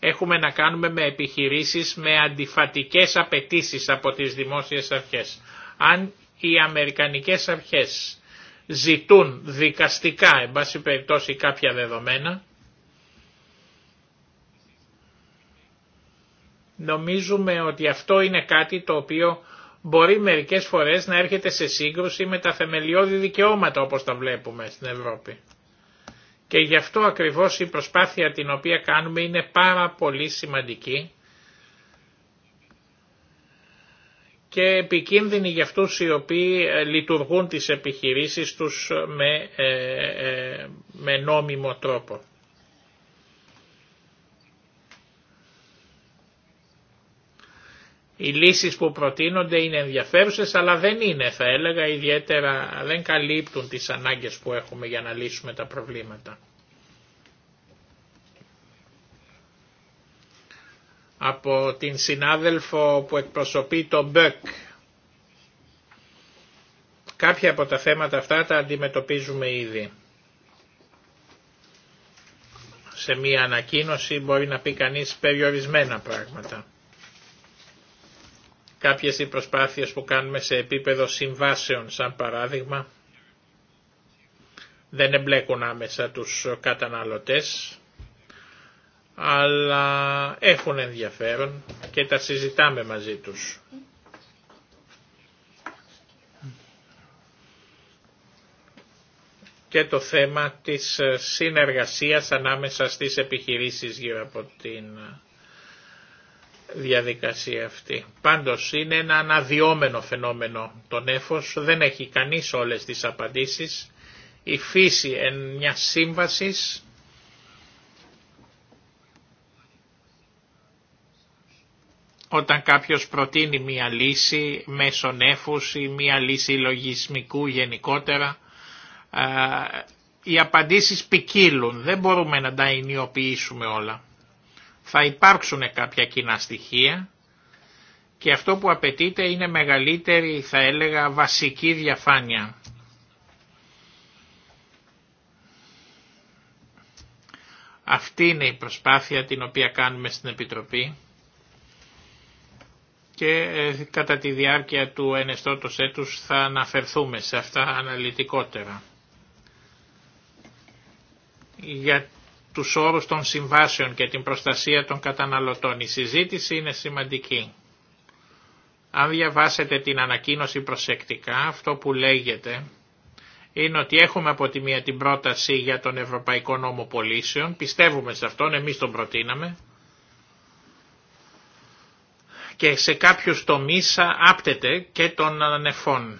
έχουμε να κάνουμε με επιχειρήσεις με αντιφατικές απαιτήσει από τις δημόσιες αρχές. Αν οι Αμερικανικές αρχές ζητούν δικαστικά, εν πάση περιπτώσει κάποια δεδομένα, νομίζουμε ότι αυτό είναι κάτι το οποίο μπορεί μερικές φορές να έρχεται σε σύγκρουση με τα θεμελιώδη δικαιώματα όπως τα βλέπουμε στην Ευρώπη. Και γι' αυτό ακριβώς η προσπάθεια την οποία κάνουμε είναι πάρα πολύ σημαντική και επικίνδυνη για αυτούς οι οποίοι ε, λειτουργούν τις επιχειρήσεις τους με, ε, ε, με νόμιμο τρόπο. Οι λύσεις που προτείνονται είναι ενδιαφέρουσες αλλά δεν είναι θα έλεγα ιδιαίτερα, δεν καλύπτουν τις ανάγκες που έχουμε για να λύσουμε τα προβλήματα. Από την συνάδελφο που εκπροσωπεί το Μπέκ. Κάποια από τα θέματα αυτά τα αντιμετωπίζουμε ήδη. Σε μία ανακοίνωση μπορεί να πει κανείς περιορισμένα πράγματα. Κάποιες οι προσπάθειες που κάνουμε σε επίπεδο συμβάσεων, σαν παράδειγμα, δεν εμπλέκουν άμεσα τους καταναλωτές, αλλά έχουν ενδιαφέρον και τα συζητάμε μαζί τους. και το θέμα της συνεργασίας ανάμεσα στις επιχειρήσεις γύρω από την διαδικασία αυτή. Πάντως είναι ένα αναδυόμενο φαινόμενο το νέφος, δεν έχει κανείς όλες τις απαντήσεις. Η φύση εν μια σύμβασης όταν κάποιος προτείνει μία λύση μέσω νέφους ή μία λύση λογισμικού γενικότερα, ε, οι απαντήσεις ποικίλουν, δεν μπορούμε να τα ενιοποιήσουμε όλα θα υπάρξουν κάποια κοινά στοιχεία και αυτό που απαιτείται είναι μεγαλύτερη, θα έλεγα, βασική διαφάνεια. Αυτή είναι η προσπάθεια την οποία κάνουμε στην Επιτροπή και ε, κατά τη διάρκεια του ενεστώτος έτους θα αναφερθούμε σε αυτά αναλυτικότερα. Γιατί τους όρους των συμβάσεων και την προστασία των καταναλωτών. Η συζήτηση είναι σημαντική. Αν διαβάσετε την ανακοίνωση προσεκτικά, αυτό που λέγεται είναι ότι έχουμε από τη μία την πρόταση για τον Ευρωπαϊκό Νόμο Πολίσεων, πιστεύουμε σε αυτόν, εμείς τον προτείναμε, και σε κάποιους τομείς άπτεται και των νεφών,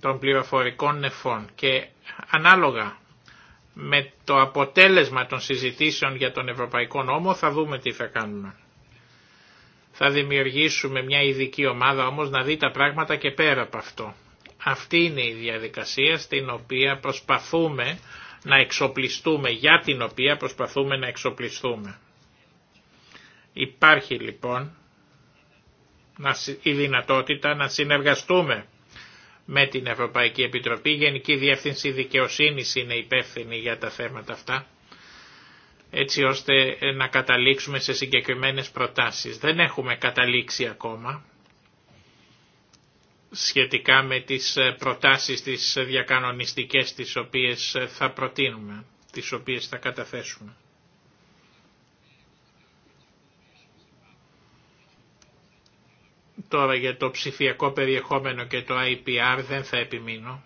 των πληροφορικών νεφών. Και ανάλογα με το αποτέλεσμα των συζητήσεων για τον Ευρωπαϊκό Νόμο θα δούμε τι θα κάνουμε. Θα δημιουργήσουμε μια ειδική ομάδα όμως να δει τα πράγματα και πέρα από αυτό. Αυτή είναι η διαδικασία στην οποία προσπαθούμε να εξοπλιστούμε, για την οποία προσπαθούμε να εξοπλιστούμε. Υπάρχει λοιπόν η δυνατότητα να συνεργαστούμε με την Ευρωπαϊκή Επιτροπή. Η Γενική Διεύθυνση Δικαιοσύνης είναι υπεύθυνη για τα θέματα αυτά έτσι ώστε ε, να καταλήξουμε σε συγκεκριμένες προτάσεις. Δεν έχουμε καταλήξει ακόμα σχετικά με τις ε, προτάσεις τις διακανονιστικές τις οποίες ε, θα προτείνουμε, τις οποίες θα καταθέσουμε. Τώρα για το ψηφιακό περιεχόμενο και το IPR δεν θα επιμείνω.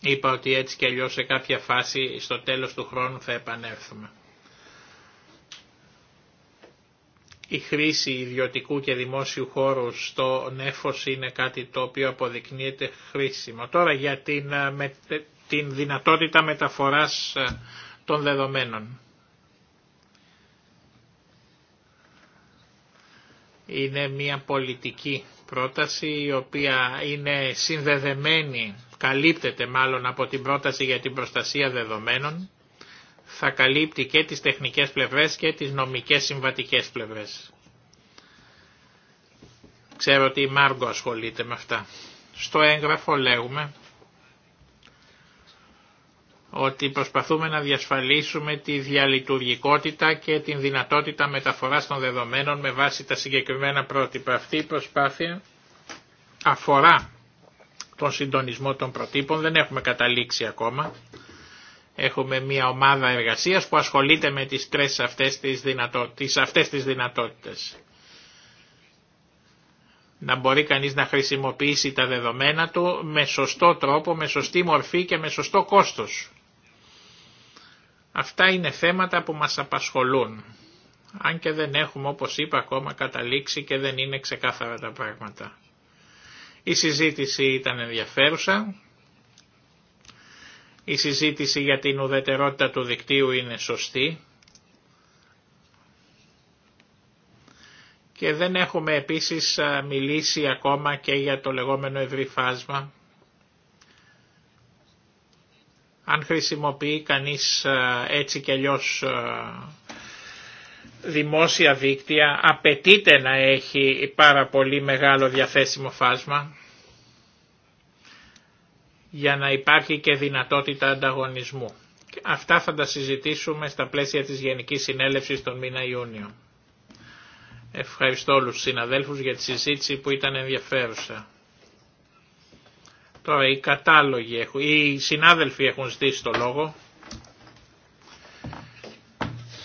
Είπα ότι έτσι και αλλιώς σε κάποια φάση στο τέλος του χρόνου θα επανέλθουμε. Η χρήση ιδιωτικού και δημόσιου χώρου στο νέφος είναι κάτι το οποίο αποδεικνύεται χρήσιμο. Τώρα για την, ε, την δυνατότητα μεταφοράς ε, των δεδομένων. Είναι μια πολιτική πρόταση η οποία είναι συνδεδεμένη, καλύπτεται μάλλον από την πρόταση για την προστασία δεδομένων, θα καλύπτει και τις τεχνικές πλευρές και τις νομικές συμβατικές πλευρές. Ξέρω ότι η Μάργκο ασχολείται με αυτά. Στο έγγραφο λέγουμε ότι προσπαθούμε να διασφαλίσουμε τη διαλειτουργικότητα και την δυνατότητα μεταφοράς των δεδομένων με βάση τα συγκεκριμένα πρότυπα. Αυτή η προσπάθεια αφορά τον συντονισμό των προτύπων, δεν έχουμε καταλήξει ακόμα. Έχουμε μια ομάδα εργασίας που ασχολείται με τις τρεις αυτές τις, δυνατό... αυτές τις δυνατότητες. Να μπορεί κανείς να χρησιμοποιήσει τα δεδομένα του με σωστό τρόπο, με σωστή μορφή και με σωστό κόστος. Αυτά είναι θέματα που μας απασχολούν, αν και δεν έχουμε όπως είπα ακόμα καταλήξει και δεν είναι ξεκάθαρα τα πράγματα. Η συζήτηση ήταν ενδιαφέρουσα, η συζήτηση για την ουδετερότητα του δικτύου είναι σωστή και δεν έχουμε επίσης μιλήσει ακόμα και για το λεγόμενο ευρύ φάσμα Αν χρησιμοποιεί κανείς ε, έτσι και αλλιώς ε, δημόσια δίκτυα, απαιτείται να έχει πάρα πολύ μεγάλο διαθέσιμο φάσμα για να υπάρχει και δυνατότητα ανταγωνισμού. Αυτά θα τα συζητήσουμε στα πλαίσια της Γενικής Συνέλευσης τον μήνα Ιούνιο. Ευχαριστώ όλους τους συναδέλφους για τη συζήτηση που ήταν ενδιαφέρουσα. Τώρα οι κατάλογοι έχουν, οι συνάδελφοι έχουν ζητήσει το λόγο.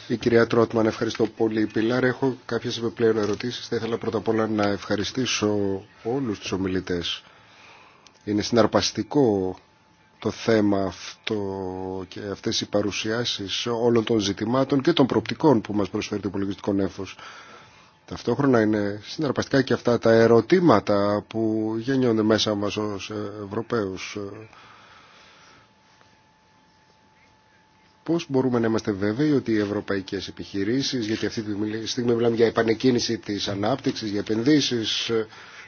Η κυρία Τρότμαν, ευχαριστώ πολύ. Πιλάρ, έχω κάποιες επιπλέον ερωτήσεις. Θα ήθελα πρώτα απ' όλα να ευχαριστήσω όλους τους ομιλητές. Είναι συναρπαστικό το θέμα αυτό και αυτές οι παρουσιάσεις όλων των ζητημάτων και των προπτικών που μας προσφέρει το υπολογιστικό νέφος. Ταυτόχρονα είναι συναρπαστικά και αυτά τα ερωτήματα που γεννιόνται μέσα μας ως Ευρωπαίους. Πώς μπορούμε να είμαστε βέβαιοι ότι οι ευρωπαϊκές επιχειρήσεις, γιατί αυτή τη στιγμή μιλάμε για επανεκκίνηση της ανάπτυξης, για επενδύσεις,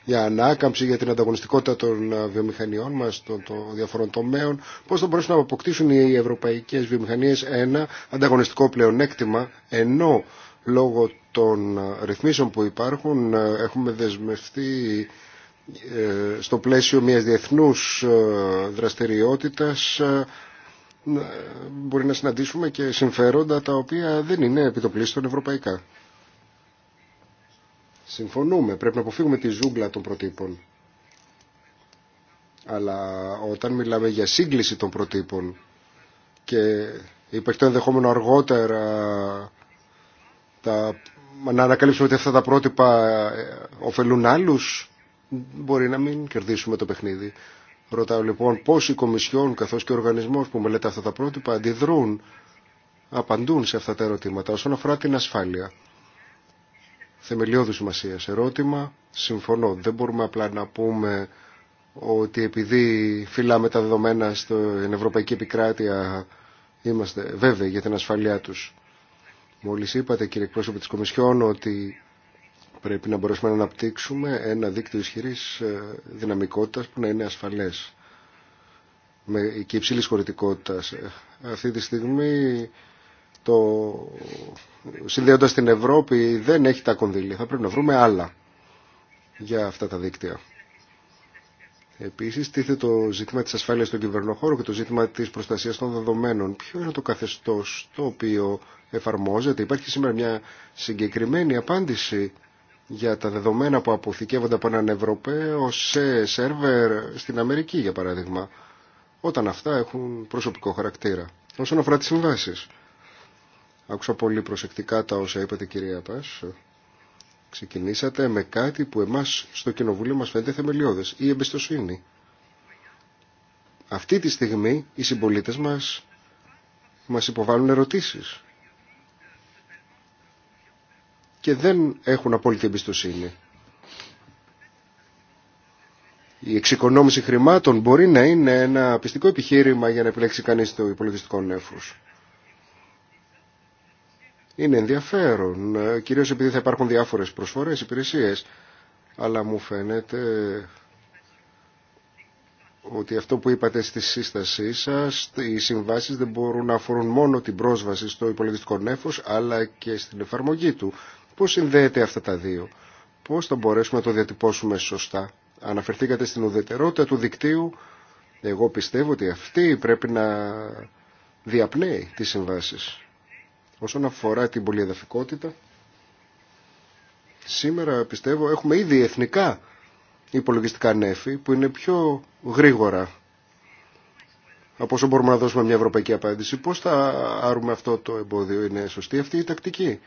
για ανάκαμψη, για την ανταγωνιστικότητα των βιομηχανιών μας, των, των διαφορών τομέων, πώς θα μπορέσουν να αποκτήσουν οι ευρωπαϊκές βιομηχανίες ένα ανταγωνιστικό πλεονέκτημα, ενώ λόγω των ε, ρυθμίσεων που υπάρχουν ε, έχουμε δεσμευτεί ε, στο πλαίσιο μιας διεθνούς δραστηριότητας μπορεί να συναντήσουμε και συμφέροντα τα οποία δεν είναι επιτοπλίστων ευρωπαϊκά. Συμφωνούμε, πρέπει να αποφύγουμε τη ζούγκλα των προτύπων. Αλλά όταν μιλάμε για σύγκληση των προτύπων και υπάρχει το ενδεχόμενο αργότερα τα, να ανακαλύψουμε ότι αυτά τα πρότυπα ε, ωφελούν άλλους, μπορεί να μην κερδίσουμε το παιχνίδι. Ρωτάω λοιπόν πώς οι Κομισιόν καθώς και ο οργανισμός που μελέτα αυτά τα πρότυπα αντιδρούν, απαντούν σε αυτά τα ερωτήματα όσον αφορά την ασφάλεια. Θεμελιώδου σημασία ερώτημα. Συμφωνώ. Δεν μπορούμε απλά να πούμε ότι επειδή φυλάμε τα δεδομένα στην Ευρωπαϊκή Επικράτεια είμαστε βέβαιοι για την ασφαλεία τους. Μόλις είπατε κύριε εκπρόσωπο της Κομισιόν ότι πρέπει να μπορέσουμε να αναπτύξουμε ένα δίκτυο ισχυρή ε, δυναμικότητας που να είναι ασφαλές με, και υψηλής χωρητικότητας. Ε, αυτή τη στιγμή το συνδέοντας την Ευρώπη δεν έχει τα κονδύλια. Θα πρέπει να βρούμε άλλα για αυτά τα δίκτυα. Επίσης, τίθε το ζήτημα της ασφάλειας στον κυβερνοχώρο και το ζήτημα της προστασίας των δεδομένων. Ποιο είναι το καθεστώς το οποίο εφαρμόζεται. Υπάρχει σήμερα μια συγκεκριμένη απάντηση για τα δεδομένα που αποθηκεύονται από έναν Ευρωπαίο σε σερβερ στην Αμερική, για παράδειγμα, όταν αυτά έχουν προσωπικό χαρακτήρα. Όσον αφορά τι συμβάσει. άκουσα πολύ προσεκτικά τα όσα είπατε κυρία Πας Ξεκινήσατε με κάτι που εμάς στο Κοινοβούλιο μας φαίνεται θεμελιώδες, η εμπιστοσύνη. Αυτή τη στιγμή οι συμπολίτες μας μας υποβάλλουν ερωτήσεις και δεν έχουν απόλυτη εμπιστοσύνη. Η εξοικονόμηση χρημάτων μπορεί να είναι ένα πιστικό επιχείρημα για να επιλέξει κανείς το υπολογιστικό νέφος είναι ενδιαφέρον, ε, κυρίως επειδή θα υπάρχουν διάφορες προσφορές, υπηρεσίες, αλλά μου φαίνεται ότι αυτό που είπατε στη σύστασή σας, οι συμβάσεις δεν μπορούν να αφορούν μόνο την πρόσβαση στο υπολογιστικό νέφος, αλλά και στην εφαρμογή του. Πώς συνδέεται αυτά τα δύο, πώς θα μπορέσουμε να το διατυπώσουμε σωστά. Αναφερθήκατε στην ουδετερότητα του δικτύου, εγώ πιστεύω ότι αυτή πρέπει να διαπνέει τις συμβάσεις. Όσον αφορά την πολυεδαφικότητα, σήμερα πιστεύω έχουμε ήδη εθνικά υπολογιστικά νέφη που είναι πιο γρήγορα από όσο μπορούμε να δώσουμε μια ευρωπαϊκή απάντηση. Πώς θα άρουμε αυτό το εμπόδιο, είναι σωστή αυτή η τακτική.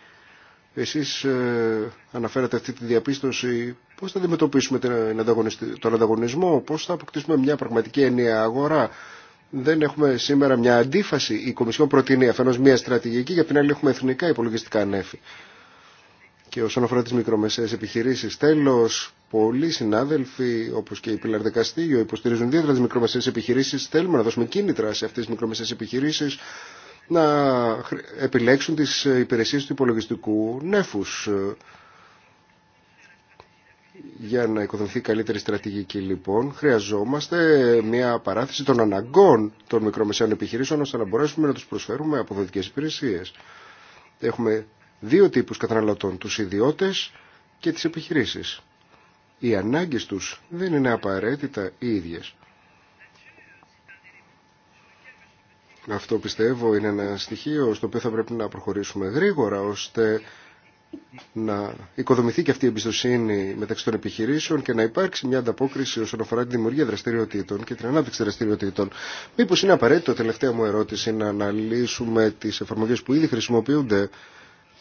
Εσείς ε, αναφέρατε αυτή τη διαπίστωση, πώς θα αντιμετωπίσουμε τον ανταγωνισμό, πώς θα αποκτήσουμε μια πραγματική ενιαία αγορά, δεν έχουμε σήμερα μια αντίφαση. Η Κομισιόν προτείνει αφενός μια στρατηγική, για την άλλη έχουμε εθνικά υπολογιστικά ανέφη. Και όσον αφορά τις μικρομεσαίες επιχειρήσεις, τέλος, πολλοί συνάδελφοι, όπως και η Πιλαρ υποστηρίζουν ιδιαίτερα τις μικρομεσαίες επιχειρήσεις. Θέλουμε να δώσουμε κίνητρα σε αυτές τις μικρομεσαίες επιχειρήσεις να επιλέξουν τις υπηρεσίες του υπολογιστικού νέφους. Για να οικοδοθεί καλύτερη στρατηγική λοιπόν χρειαζόμαστε μια παράθεση των αναγκών των μικρομεσαίων επιχειρήσεων ώστε να μπορέσουμε να τους προσφέρουμε αποδοτικές υπηρεσίες. Έχουμε δύο τύπους καταναλωτών, τους ιδιώτες και τις επιχειρήσεις. Οι ανάγκες τους δεν είναι απαραίτητα οι ίδιες. Αυτό πιστεύω είναι ένα στοιχείο στο οποίο θα πρέπει να προχωρήσουμε γρήγορα ώστε να οικοδομηθεί και αυτή η εμπιστοσύνη μεταξύ των επιχειρήσεων και να υπάρξει μια ανταπόκριση όσον αφορά τη δημιουργία δραστηριοτήτων και την ανάπτυξη δραστηριοτήτων. Μήπω είναι απαραίτητο, τελευταία μου ερώτηση, να αναλύσουμε τι εφαρμογέ που ήδη χρησιμοποιούνται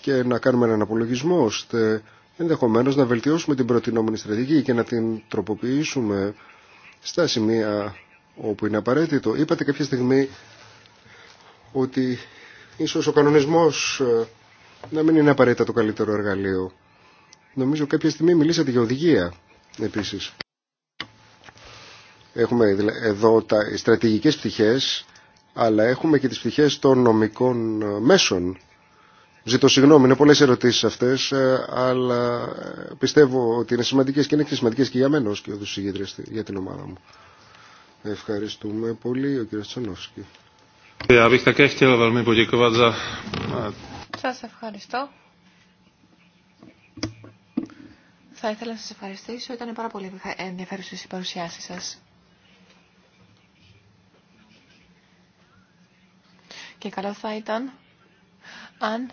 και να κάνουμε έναν απολογισμό ώστε ενδεχομένω να βελτιώσουμε την προτινόμενη στρατηγική και να την τροποποιήσουμε στα σημεία όπου είναι απαραίτητο. Είπατε κάποια στιγμή ότι ίσως ο κανονισμός ε, να μην είναι απαραίτητα το καλύτερο εργαλείο. Νομίζω κάποια στιγμή μιλήσατε για οδηγία επίσης. Έχουμε εδώ τα στρατηγικές πτυχές, αλλά έχουμε και τις πτυχές των νομικών ε, μέσων. Ζητώ συγγνώμη, είναι πολλές ερωτήσεις αυτές, ε, αλλά ε, πιστεύω ότι είναι σημαντικές και είναι και σημαντικές και για μένα ως και για την ομάδα μου. Ευχαριστούμε πολύ, ο κ. Τσανόφσκι. Σας ευχαριστώ. Θα ήθελα να σας ευχαριστήσω. Ήταν πάρα πολύ ενδιαφέρουσες οι παρουσιάσεις σας. Και καλό θα ήταν αν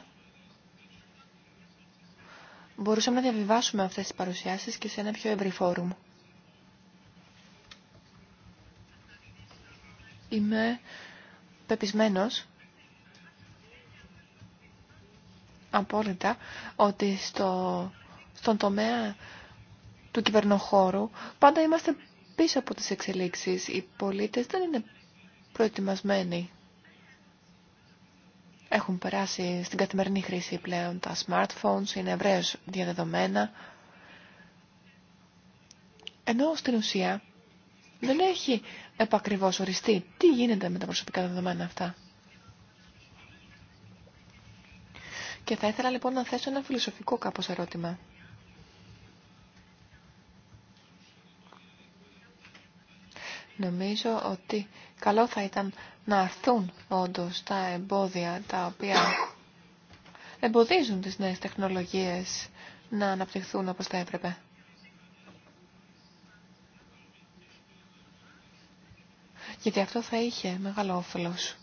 μπορούσαμε να διαβιβάσουμε αυτές τις παρουσιάσεις και σε ένα πιο ευρύ φόρουμ. Είμαι πεπισμένος απόλυτα ότι στο, στον τομέα του κυβερνοχώρου πάντα είμαστε πίσω από τις εξελίξεις. Οι πολίτες δεν είναι προετοιμασμένοι. Έχουν περάσει στην καθημερινή χρήση πλέον τα smartphones, είναι ευρέως διαδεδομένα. Ενώ στην ουσία δεν έχει επακριβώς οριστεί τι γίνεται με τα προσωπικά δεδομένα αυτά. Και θα ήθελα λοιπόν να θέσω ένα φιλοσοφικό κάπως ερώτημα. Νομίζω ότι καλό θα ήταν να αρθούν όντως τα εμπόδια τα οποία εμποδίζουν τις νέες τεχνολογίες να αναπτυχθούν όπως τα έπρεπε. Γιατί αυτό θα είχε μεγάλο όφελος.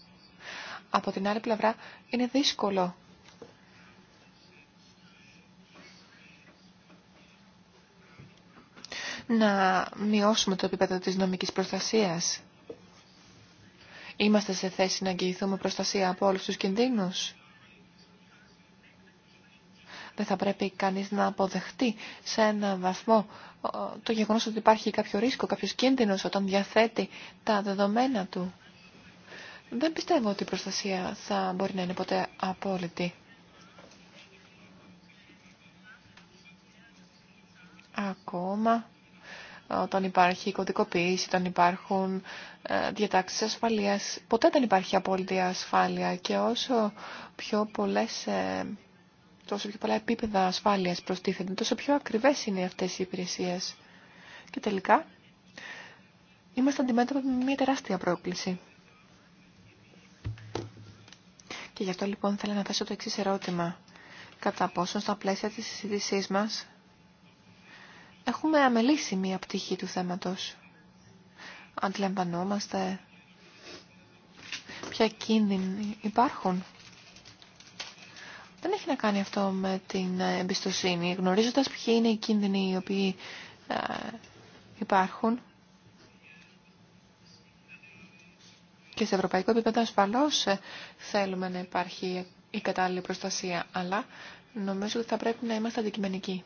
Από την άλλη πλευρά είναι δύσκολο να μειώσουμε το επίπεδο της νομικής προστασίας. Είμαστε σε θέση να αγγιηθούμε προστασία από όλους τους κινδύνους. Δεν θα πρέπει κανείς να αποδεχτεί σε ένα βαθμό το γεγονός ότι υπάρχει κάποιο ρίσκο, κάποιος κίνδυνος όταν διαθέτει τα δεδομένα του. Δεν πιστεύω ότι η προστασία θα μπορεί να είναι ποτέ απόλυτη. Ακόμα ε, όταν υπάρχει κωδικοποίηση, όταν υπάρχουν ε, διατάξεις ασφαλείας. Ποτέ δεν υπάρχει απόλυτη ασφάλεια και όσο πιο πολλές ε, τόσο πιο πολλά επίπεδα ασφάλειας προστίθενται, τόσο πιο ακριβές είναι αυτές οι υπηρεσίες. Και τελικά, είμαστε αντιμέτωποι με μια τεράστια πρόκληση. Και γι' αυτό λοιπόν θέλω να θέσω το εξή ερώτημα. Κατά πόσο στα πλαίσια της συζήτησή μας έχουμε αμελήσει μία πτυχή του θέματος. Αντιλαμβανόμαστε ποια κίνδυνοι υπάρχουν. Δεν έχει να κάνει αυτό με την ε, εμπιστοσύνη. Γνωρίζοντας ποιοι είναι οι κίνδυνοι οι οποίοι ε, υπάρχουν και σε ευρωπαϊκό επίπεδο ασφαλώς ε, θέλουμε να υπάρχει η κατάλληλη προστασία, αλλά νομίζω ότι θα πρέπει να είμαστε αντικειμενικοί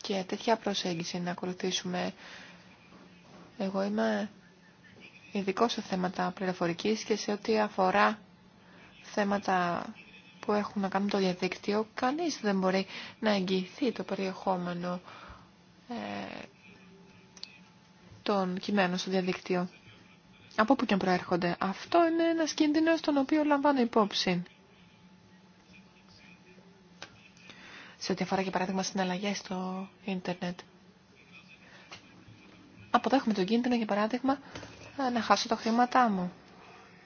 και τέτοια προσέγγιση να ακολουθήσουμε. Εγώ είμαι ειδικό σε θέματα πληροφορικής και σε ό,τι αφορά θέματα που έχουν να κάνουν το διαδίκτυο, κανείς δεν μπορεί να εγγυηθεί το περιεχόμενο ε, των κειμένων στο διαδίκτυο. Από πού και προέρχονται. Αυτό είναι ένας κίνδυνος τον οποίο λαμβάνω υπόψη. σε ό,τι αφορά για παράδειγμα συναλλαγές στο ίντερνετ. Αποδέχομαι τον κίνδυνο για παράδειγμα να χάσω τα χρήματά μου.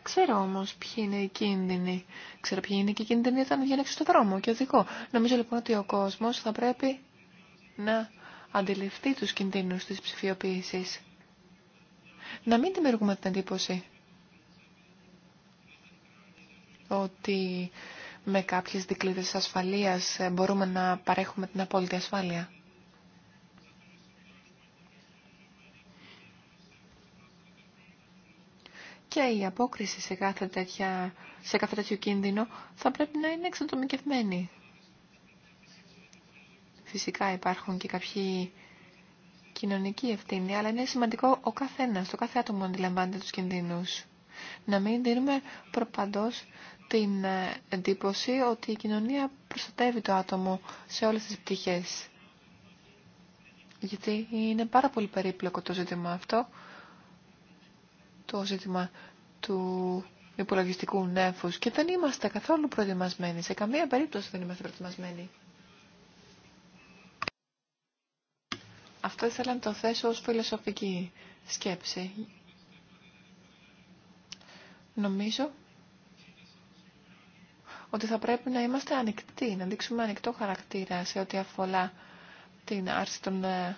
Ξέρω όμω ποιοι είναι οι κίνδυνοι. Ξέρω ποιοι είναι και οι κίνδυνοι όταν βγαίνω στον δρόμο και οδηγώ. Νομίζω λοιπόν ότι ο κόσμο θα πρέπει να αντιληφθεί του κινδύνου τη ψηφιοποίηση. Να μην δημιουργούμε την εντύπωση ότι με κάποιες δικλείδες ασφαλείας ε, μπορούμε να παρέχουμε την απόλυτη ασφάλεια. Και η απόκριση σε κάθε, τέτοια, σε κάθε τέτοιο κίνδυνο θα πρέπει να είναι εξατομικευμένη. Φυσικά υπάρχουν και κάποιοι κοινωνικοί ευθύνοι, αλλά είναι σημαντικό ο καθένας, το κάθε άτομο αντιλαμβάνεται τους κινδύνους. Να μην δίνουμε προπαντός την ε, εντύπωση ότι η κοινωνία προστατεύει το άτομο σε όλες τις πτυχές. Γιατί είναι πάρα πολύ περίπλοκο το ζήτημα αυτό, το ζήτημα του υπολογιστικού νέφους και δεν είμαστε καθόλου προετοιμασμένοι, σε καμία περίπτωση δεν είμαστε προετοιμασμένοι. Αυτό ήθελα να το θέσω ως φιλοσοφική σκέψη. Νομίζω ότι θα πρέπει να είμαστε ανοιχτοί, να δείξουμε ανοιχτό χαρακτήρα σε ό,τι αφορά την άρση των ε,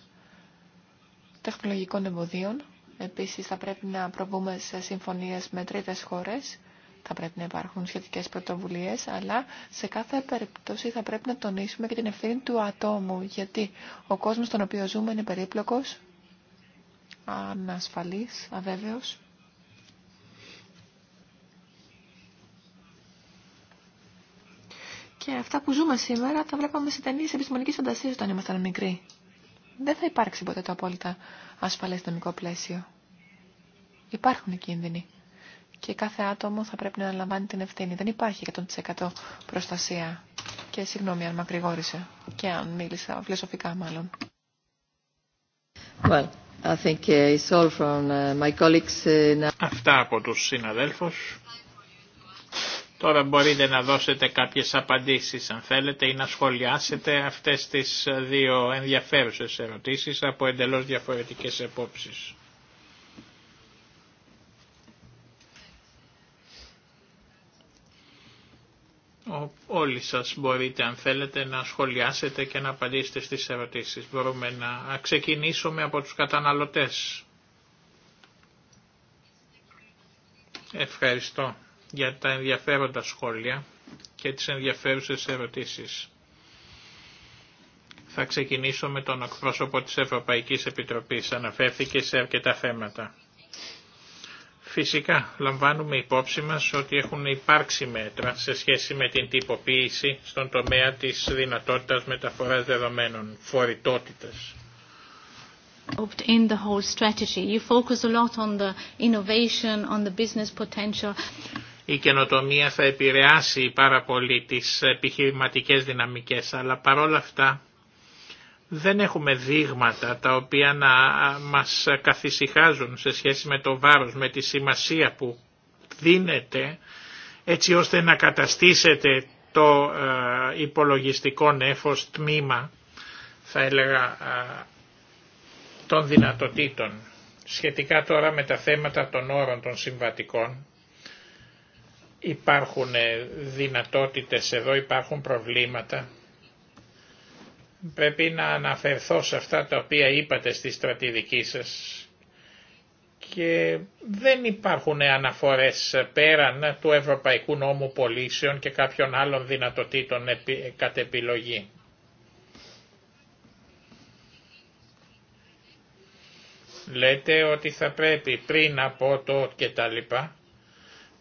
τεχνολογικών εμποδίων. Επίσης θα πρέπει να προβούμε σε συμφωνίες με τρίτες χώρες. Θα πρέπει να υπάρχουν σχετικές πρωτοβουλίες, αλλά σε κάθε περίπτωση θα πρέπει να τονίσουμε και την ευθύνη του ατόμου, γιατί ο κόσμος στον οποίο ζούμε είναι περίπλοκος, ανασφαλής, αβέβαιος. Και αυτά που ζούμε σήμερα τα βλέπαμε σε ταινίε επιστημονική φαντασία όταν ήμασταν μικροί. Δεν θα υπάρξει ποτέ το απόλυτα ασφαλέ νομικό πλαίσιο. Υπάρχουν κίνδυνοι. Και κάθε άτομο θα πρέπει να αναλαμβάνει την ευθύνη. Δεν υπάρχει 100% προστασία. Και συγγνώμη αν μακρηγόρησε και αν μίλησα φιλοσοφικά μάλλον. Well, I think uh, it's all from uh, my colleagues uh, Αυτά από τους συναδέλφους. Τώρα μπορείτε να δώσετε κάποιες απαντήσεις αν θέλετε ή να σχολιάσετε αυτές τις δύο ενδιαφέρουσες ερωτήσεις από εντελώς διαφορετικές επόψεις. όλοι σας μπορείτε αν θέλετε να σχολιάσετε και να απαντήσετε στις ερωτήσεις. Μπορούμε να ξεκινήσουμε από τους καταναλωτές. Ευχαριστώ για τα ενδιαφέροντα σχόλια και τις ενδιαφέρουσες ερωτήσεις. Θα ξεκινήσω με τον εκπρόσωπο της Ευρωπαϊκής Επιτροπής. Αναφέρθηκε σε αρκετά θέματα. Φυσικά λαμβάνουμε υπόψη μας ότι έχουν υπάρξει μέτρα σε σχέση με την τυποποίηση στον τομέα της δυνατότητας μεταφοράς δεδομένων, φορητότητας. the on the innovation, on the η καινοτομία θα επηρεάσει πάρα πολύ τις επιχειρηματικές δυναμικές, αλλά παρόλα αυτά δεν έχουμε δείγματα τα οποία να μας καθησυχάζουν σε σχέση με το βάρος, με τη σημασία που δίνεται έτσι ώστε να καταστήσετε το υπολογιστικό νέφος τμήμα, θα έλεγα, των δυνατοτήτων. Σχετικά τώρα με τα θέματα των όρων των συμβατικών, Υπάρχουν ε, δυνατότητες εδώ, υπάρχουν προβλήματα. Πρέπει να αναφερθώ σε αυτά τα οποία είπατε στη στρατηγική σας και δεν υπάρχουν αναφορές πέραν του Ευρωπαϊκού Νόμου Πολίσεων και κάποιων άλλων δυνατοτήτων κατ' επιλογή. Λέτε ότι θα πρέπει πριν από το και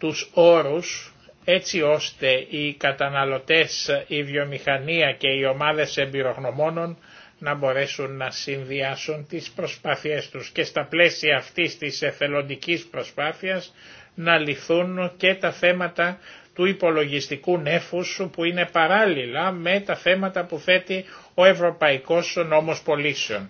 τους όρους έτσι ώστε οι καταναλωτές, η βιομηχανία και οι ομάδες εμπειρογνωμόνων να μπορέσουν να συνδυάσουν τις προσπάθειές τους και στα πλαίσια αυτής της εθελοντικής προσπάθειας να λυθούν και τα θέματα του υπολογιστικού νέφους που είναι παράλληλα με τα θέματα που θέτει ο Ευρωπαϊκός Νόμος Πολίσεων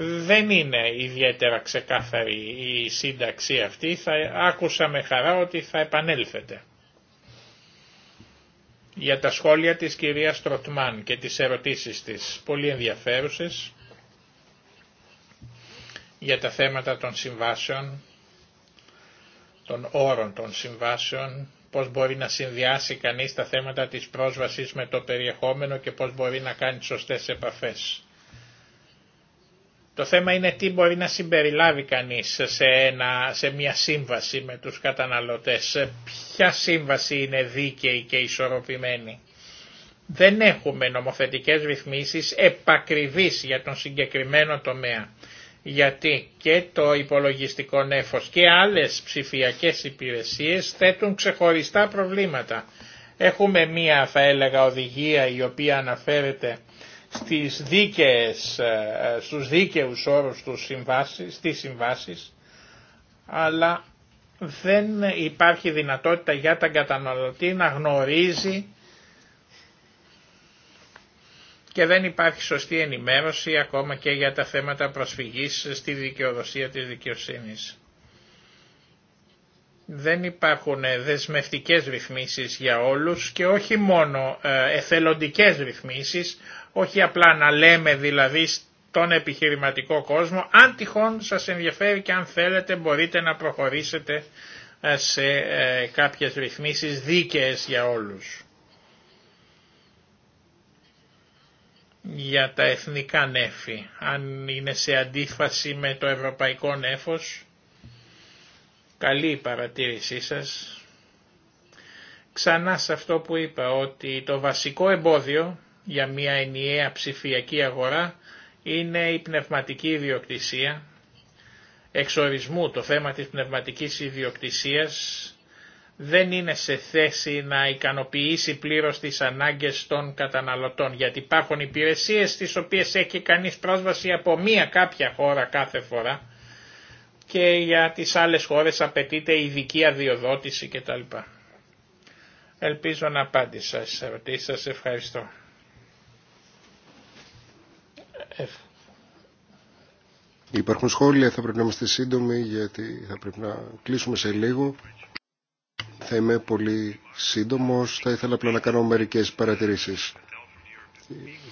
δεν είναι ιδιαίτερα ξεκάθαρη η σύνταξη αυτή, θα άκουσα με χαρά ότι θα επανέλθετε. Για τα σχόλια της κυρίας Τροτμάν και τις ερωτήσεις της, πολύ ενδιαφέρουσες, για τα θέματα των συμβάσεων, των όρων των συμβάσεων, πώς μπορεί να συνδυάσει κανείς τα θέματα της πρόσβασης με το περιεχόμενο και πώς μπορεί να κάνει σωστές επαφές. Το θέμα είναι τι μπορεί να συμπεριλάβει κανείς σε, ένα, σε μια σύμβαση με τους καταναλωτές. Ποια σύμβαση είναι δίκαιη και ισορροπημένη. Δεν έχουμε νομοθετικές ρυθμίσεις επακριβής για τον συγκεκριμένο τομέα. Γιατί και το υπολογιστικό νέφος και άλλες ψηφιακές υπηρεσίες θέτουν ξεχωριστά προβλήματα. Έχουμε μία θα έλεγα οδηγία η οποία αναφέρεται στις δίκες, ε, ε, στους δίκαιους όρους του συμβάσεις, στις συμβάσεις, αλλά δεν υπάρχει δυνατότητα για τα καταναλωτή να γνωρίζει και δεν υπάρχει σωστή ενημέρωση ακόμα και για τα θέματα προσφυγής στη δικαιοδοσία της δικαιοσύνης. Δεν υπάρχουν ε, δεσμευτικές ρυθμίσεις για όλους και όχι μόνο εθελοντικές ρυθμίσεις όχι απλά να λέμε δηλαδή στον επιχειρηματικό κόσμο, αν τυχόν σας ενδιαφέρει και αν θέλετε μπορείτε να προχωρήσετε ε, σε ε, κάποιες ρυθμίσεις δίκαιες για όλους. για τα εθνικά νέφη, αν είναι σε αντίφαση με το ευρωπαϊκό νέφος. Καλή η παρατήρησή σας. Ξανά σε αυτό που είπα, ότι το βασικό εμπόδιο για μια ενιαία ψηφιακή αγορά είναι η πνευματική ιδιοκτησία. Εξορισμού το θέμα της πνευματικής ιδιοκτησίας δεν είναι σε θέση να ικανοποιήσει πλήρως τις ανάγκες των καταναλωτών, γιατί υπάρχουν υπηρεσίες στις οποίες έχει κανείς πρόσβαση από μία κάποια χώρα κάθε φορά και για τις άλλες χώρες απαιτείται ειδική αδειοδότηση κτλ. Ελπίζω να απάντησα στις ερωτήσεις σας. Ευχαριστώ. Υπάρχουν σχόλια, θα πρέπει να είμαστε σύντομοι γιατί θα πρέπει να κλείσουμε σε λίγο. Θα είμαι πολύ σύντομος, θα ήθελα απλά να κάνω μερικές παρατηρήσεις.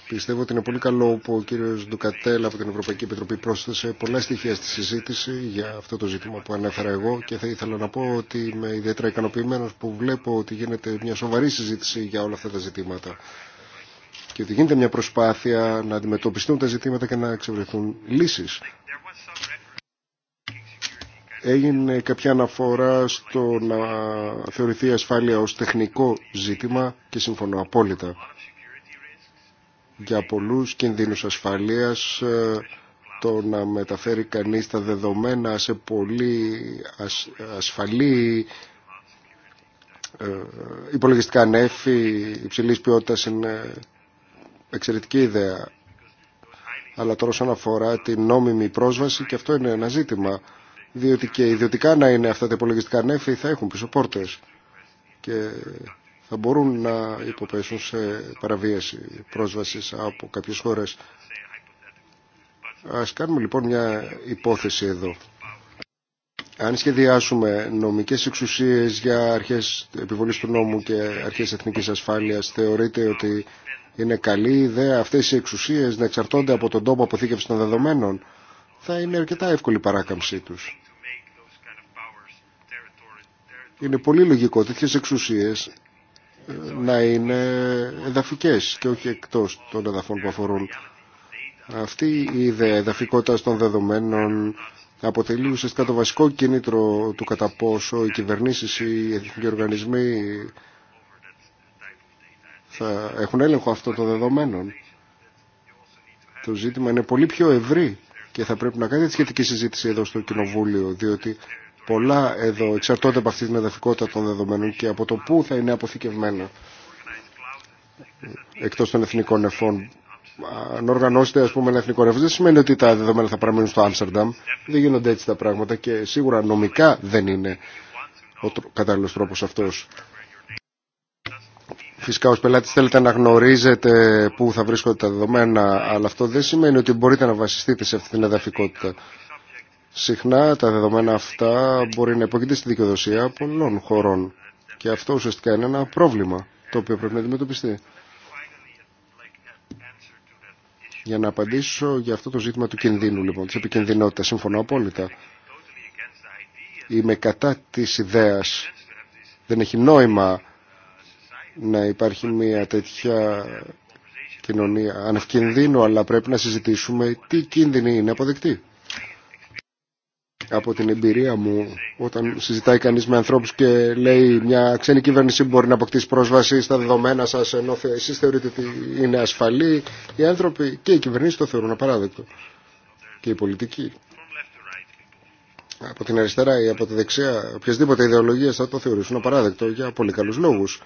Πιστεύω ότι είναι πολύ καλό που ο κύριος Ντουκατέλα από την Ευρωπαϊκή Επιτροπή πρόσθεσε πολλά στοιχεία στη συζήτηση για αυτό το ζήτημα που ανέφερα εγώ και θα ήθελα να πω ότι είμαι ιδιαίτερα ικανοποιημένος που βλέπω ότι γίνεται μια σοβαρή συζήτηση για όλα αυτά τα ζητήματα και ότι γίνεται μια προσπάθεια να αντιμετωπιστούν τα ζητήματα και να εξευρεθούν λύσεις. Έγινε κάποια αναφορά στο να θεωρηθεί η ασφάλεια ως τεχνικό ζήτημα και συμφωνώ απόλυτα. Για πολλούς κινδύνους ασφαλείας ε, το να μεταφέρει κανείς τα δεδομένα σε πολύ ασφαλή ε, ε, υπολογιστικά νέφη υψηλής ποιότητας είναι Εξαιρετική ιδέα. Αλλά τώρα όσον αφορά την νόμιμη πρόσβαση και αυτό είναι ένα ζήτημα. Διότι και ιδιωτικά να είναι αυτά τα υπολογιστικά νέφη θα έχουν πίσω πόρτες και θα μπορούν να υποπέσουν σε παραβίαση πρόσβασης από κάποιες χώρες. Ας κάνουμε λοιπόν μια υπόθεση εδώ. Αν σχεδιάσουμε νομικές εξουσίες για αρχές επιβολής του νόμου και αρχές εθνικής ασφάλειας, θεωρείτε ότι είναι καλή ιδέα αυτές οι εξουσίες να εξαρτώνται από τον τόπο αποθήκευση των δεδομένων, θα είναι αρκετά εύκολη η παράκαμψή τους. Είναι πολύ λογικό τέτοιες εξουσίες ε, να είναι εδαφικές και όχι εκτός των εδαφών που αφορούν. Αυτή η ιδέα εδαφικότητας των δεδομένων αποτελεί ουσιαστικά το βασικό κίνητρο του κατά πόσο οι κυβερνήσεις, οι εθνικοί οργανισμοί θα έχουν έλεγχο αυτό το δεδομένο. Το ζήτημα είναι πολύ πιο ευρύ και θα πρέπει να κάνετε σχετική συζήτηση εδώ στο Κοινοβούλιο, διότι πολλά εδώ εξαρτώνται από αυτή την εδαφικότητα των δεδομένων και από το πού θα είναι αποθηκευμένα εκτός των εθνικών εφών. Αν οργανώσετε ας πούμε, ένα εθνικό ρεύμα, δεν σημαίνει ότι τα δεδομένα θα παραμείνουν στο Άμστερνταμ. Δεν γίνονται έτσι τα πράγματα και σίγουρα νομικά δεν είναι ο κατάλληλο τρόπο αυτό. Φυσικά ως πελάτης θέλετε να γνωρίζετε πού θα βρίσκονται τα δεδομένα, αλλά αυτό δεν σημαίνει ότι μπορείτε να βασιστείτε σε αυτή την εδαφικότητα. Συχνά τα δεδομένα αυτά μπορεί να υπόκειται στη δικαιοδοσία πολλών χωρών και αυτό ουσιαστικά είναι ένα πρόβλημα το οποίο πρέπει να αντιμετωπιστεί. Για να απαντήσω για αυτό το ζήτημα του κινδύνου λοιπόν, της επικινδυνότητας, συμφωνώ απόλυτα. Είμαι κατά της ιδέας, δεν έχει νόημα να υπάρχει μια τέτοια κοινωνία ανευκινδύνου, αλλά πρέπει να συζητήσουμε τι κίνδυνοι είναι αποδεκτοί. Από την εμπειρία μου, όταν συζητάει κανείς με ανθρώπους και λέει μια ξένη κυβέρνηση μπορεί να αποκτήσει πρόσβαση στα δεδομένα σας, ενώ εσείς θεωρείτε ότι είναι ασφαλή, οι άνθρωποι και οι κυβερνήσεις το θεωρούν απαράδεκτο. Και οι πολιτικοί. Από την αριστερά ή από τη δεξιά, οποιασδήποτε ιδεολογία θα το θεωρήσουν απαράδεκτο για πολύ καλούς λόγους.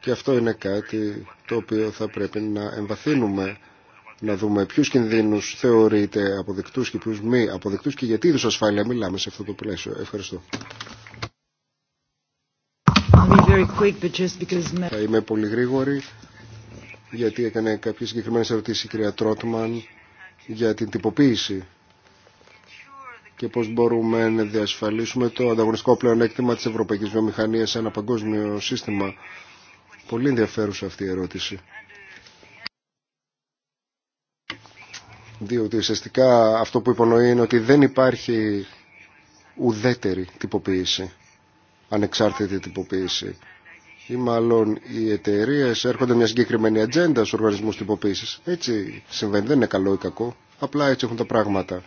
Και αυτό είναι κάτι το οποίο θα πρέπει να εμβαθύνουμε, να δούμε ποιους κινδύνους θεωρείται αποδεκτού και ποιους μη αποδεκτούς και γιατί είδους ασφάλεια μιλάμε σε αυτό το πλαίσιο. Ευχαριστώ. Θα είμαι πολύ γρήγορη γιατί έκανε κάποιε συγκεκριμένε ερωτήσει η κυρία Τρότμαν για την τυποποίηση και πώς μπορούμε να διασφαλίσουμε το ανταγωνιστικό πλεονέκτημα της ευρωπαϊκής βιομηχανίας σε ένα παγκόσμιο σύστημα. Πολύ ενδιαφέρουσα αυτή η ερώτηση. Διότι ουσιαστικά αυτό που υπονοεί είναι ότι δεν υπάρχει ουδέτερη τυποποίηση, ανεξάρτητη τυποποίηση. Ή μάλλον οι εταιρείε έρχονται μια συγκεκριμένη ατζέντα στου οργανισμού τυποποίηση. Έτσι συμβαίνει, δεν είναι καλό ή κακό. Απλά έτσι έχουν τα πράγματα.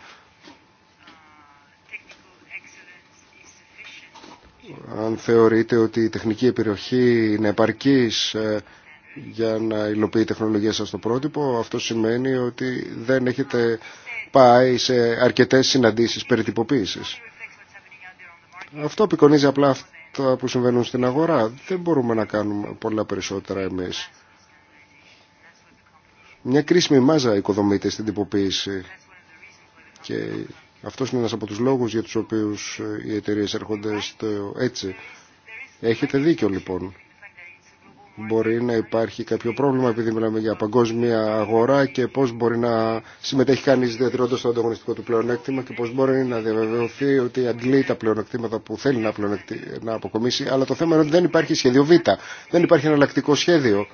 αν θεωρείτε ότι η τεχνική επιρροχή είναι επαρκής ε, για να υλοποιεί η τεχνολογία σας το πρότυπο, αυτό σημαίνει ότι δεν έχετε πάει σε αρκετές συναντήσεις περιτυποποίησης. Αυτό απεικονίζει απλά αυτά που συμβαίνουν στην αγορά. Δεν μπορούμε να κάνουμε πολλά περισσότερα εμείς. Μια κρίσιμη μάζα οικοδομείται στην τυποποίηση και αυτό είναι ένα από του λόγου για του οποίου ε, οι εταιρείε έρχονται στο έτσι. Έχετε δίκιο λοιπόν. Μπορεί να υπάρχει κάποιο πρόβλημα επειδή μιλάμε για παγκόσμια αγορά και πώ μπορεί να συμμετέχει κανεί διατηρώντα το ανταγωνιστικό του πλεονέκτημα και πώ μπορεί να διαβεβαιωθεί ότι αντλεί τα πλεονεκτήματα που θέλει να, να αποκομίσει. Αλλά το θέμα είναι ότι δεν υπάρχει σχέδιο Β, δεν υπάρχει εναλλακτικό σχέδιο.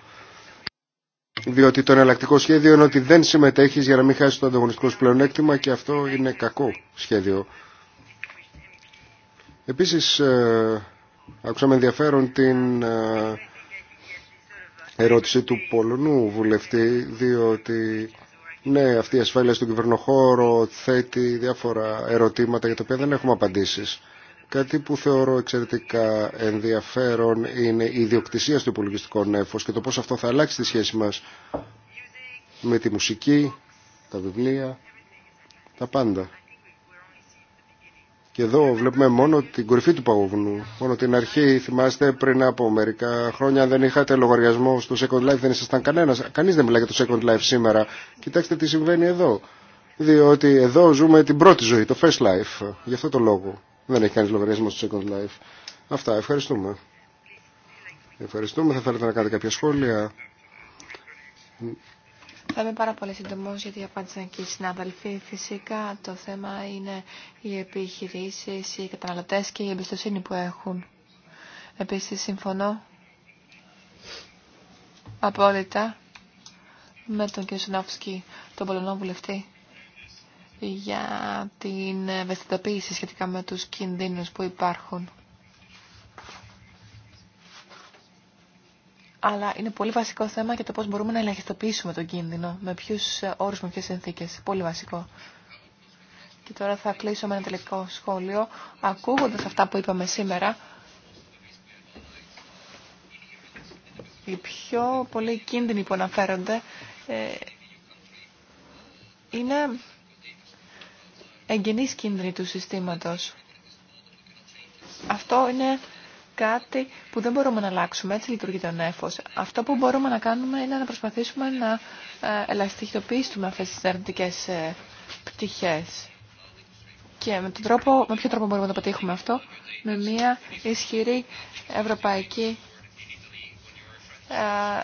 Διότι το εναλλακτικό σχέδιο είναι ότι δεν συμμετέχει για να μην χάσει το ανταγωνιστικό σου πλεονέκτημα και αυτό είναι κακό σχέδιο. Επίση, ε, άκουσα με ενδιαφέρον την ε, ερώτηση του Πολωνού βουλευτή, διότι ναι, αυτή η ασφάλεια στον κυβερνοχώρο θέτει διάφορα ερωτήματα για τα οποία δεν έχουμε απαντήσεις. Κάτι που θεωρώ εξαιρετικά ενδιαφέρον είναι η ιδιοκτησία στο υπολογιστικό νέφος και το πώς αυτό θα αλλάξει τη σχέση μας με τη μουσική, τα βιβλία, τα πάντα. Και εδώ βλέπουμε μόνο την κορυφή του παγόβουνου, μόνο την αρχή. Θυμάστε πριν από μερικά χρόνια δεν είχατε λογαριασμό στο Second Life, δεν ήσασταν κανένας, κανείς δεν μιλάει για το Second Life σήμερα. Κοιτάξτε τι συμβαίνει εδώ. Διότι εδώ ζούμε την πρώτη ζωή, το First Life. Γι' αυτό το λόγο. Δεν έχει κανεί λογαριασμό στο Second Life. Αυτά. Ευχαριστούμε. Ευχαριστούμε. Θα θέλετε να κάνετε κάποια σχόλια. Θα είμαι πάρα πολύ σύντομο γιατί απάντησαν και οι συνάδελφοι. Φυσικά το θέμα είναι οι επιχειρήσει, οι καταναλωτέ και η εμπιστοσύνη που έχουν. Επίση συμφωνώ απόλυτα με τον κ. Σουνάφσκι, τον Πολωνό βουλευτή, για την ευαισθητοποίηση σχετικά με τους κινδύνους που υπάρχουν. Αλλά είναι πολύ βασικό θέμα και το πώς μπορούμε να ελαχιστοποιήσουμε τον κίνδυνο, με ποιους όρους, με ποιες συνθήκες. Πολύ βασικό. Και τώρα θα κλείσω με ένα τελικό σχόλιο, ακούγοντας αυτά που είπαμε σήμερα. Οι πιο πολλοί κίνδυνοι που αναφέρονται ε, είναι εγγενείς κίνδυνοι του συστήματος. Αυτό είναι κάτι που δεν μπορούμε να αλλάξουμε, έτσι λειτουργεί το νέφος. Αυτό που μπορούμε να κάνουμε είναι να προσπαθήσουμε να ε, ελαστικοποιήσουμε αυτές τις αρνητικές ε, πτυχές. Και με, τον τρόπο, με ποιο τρόπο μπορούμε να το πετύχουμε αυτό, με μια ισχυρή ευρωπαϊκή ε,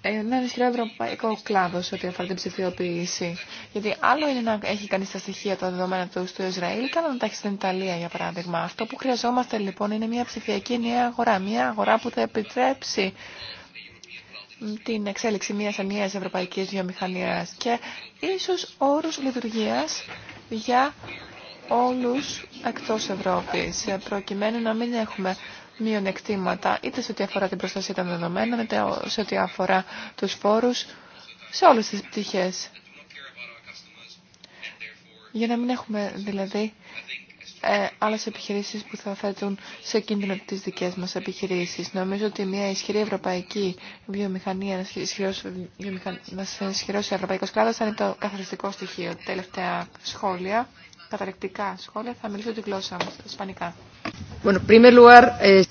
ένα ισχυρό ευρωπαϊκό κλάδο σε ό,τι αφορά την ψηφιοποίηση. Γιατί άλλο είναι να έχει κανεί τα στοιχεία, τα δεδομένα του στο Ισραήλ, και άλλο να τα έχει στην Ιταλία, για παράδειγμα. Αυτό που χρειαζόμαστε λοιπόν είναι μια ψηφιακή νέα αγορά. Μια αγορά που θα επιτρέψει την εξέλιξη μια ενιαία ευρωπαϊκή βιομηχανία και ίσω όρου λειτουργία για όλους εκτός Ευρώπης, προκειμένου να μην έχουμε μειονεκτήματα είτε σε ό,τι αφορά την προστασία των δεδομένων είτε σε ό,τι αφορά τους φόρους σε όλες τις πτυχές. Για να μην έχουμε δηλαδή ε, άλλες επιχειρήσεις που θα θέτουν σε κίνδυνο τις δικές μας επιχειρήσεις. Νομίζω ότι μια ισχυρή ευρωπαϊκή βιομηχανία, ένας ισχυρός, βιομηχαν... ένας ευρωπαϊκός κλάδος θα είναι το καθαριστικό στοιχείο. Τελευταία σχόλια, καταρρεκτικά σχόλια, θα μιλήσω τη γλώσσα μου, στα ισπανικά. Eh,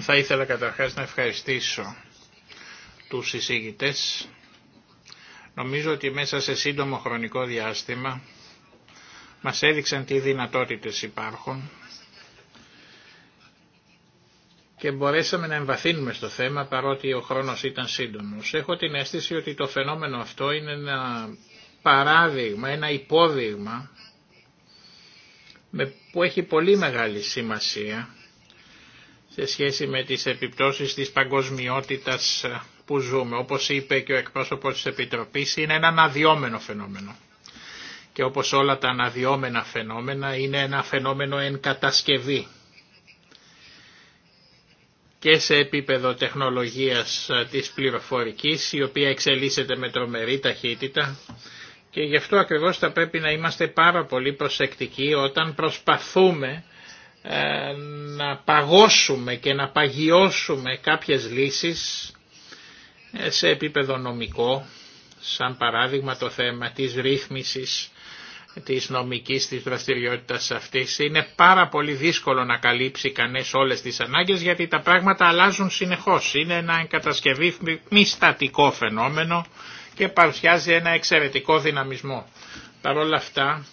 Θα ήθελα καταρχάς να ευχαριστήσω τους συζήτητες. Νομίζω ότι μέσα σε σύντομο χρονικό διάστημα μας έδειξαν τι δυνατότητες υπάρχουν και μπορέσαμε να εμβαθύνουμε στο θέμα παρότι ο χρόνος ήταν σύντομος. Έχω την αίσθηση ότι το φαινόμενο αυτό είναι ένα παράδειγμα, ένα υπόδειγμα που έχει πολύ μεγάλη σημασία σε σχέση με τις επιπτώσεις της παγκοσμιότητας ε, που ζούμε. Όπως είπε και ο εκπρόσωπος της Επιτροπής, είναι ένα αναδυόμενο φαινόμενο. Και όπως όλα τα αναδυόμενα φαινόμενα, είναι ένα φαινόμενο εν κατασκευή. Και σε επίπεδο τεχνολογίας ε, της πληροφορικής, η οποία εξελίσσεται με τρομερή ταχύτητα, και γι' αυτό ακριβώς θα πρέπει να είμαστε πάρα πολύ προσεκτικοί όταν προσπαθούμε ε, να παγώσουμε και να παγιώσουμε κάποιες λύσεις ε, σε επίπεδο νομικό, σαν παράδειγμα το θέμα της ρύθμισης της νομικής της δραστηριότητας αυτής. Είναι πάρα πολύ δύσκολο να καλύψει κανείς όλες τις ανάγκες γιατί τα πράγματα αλλάζουν συνεχώς. Είναι ένα εγκατασκευή μη στατικό φαινόμενο και παρουσιάζει ένα εξαιρετικό δυναμισμό. Παρ' όλα αυτά,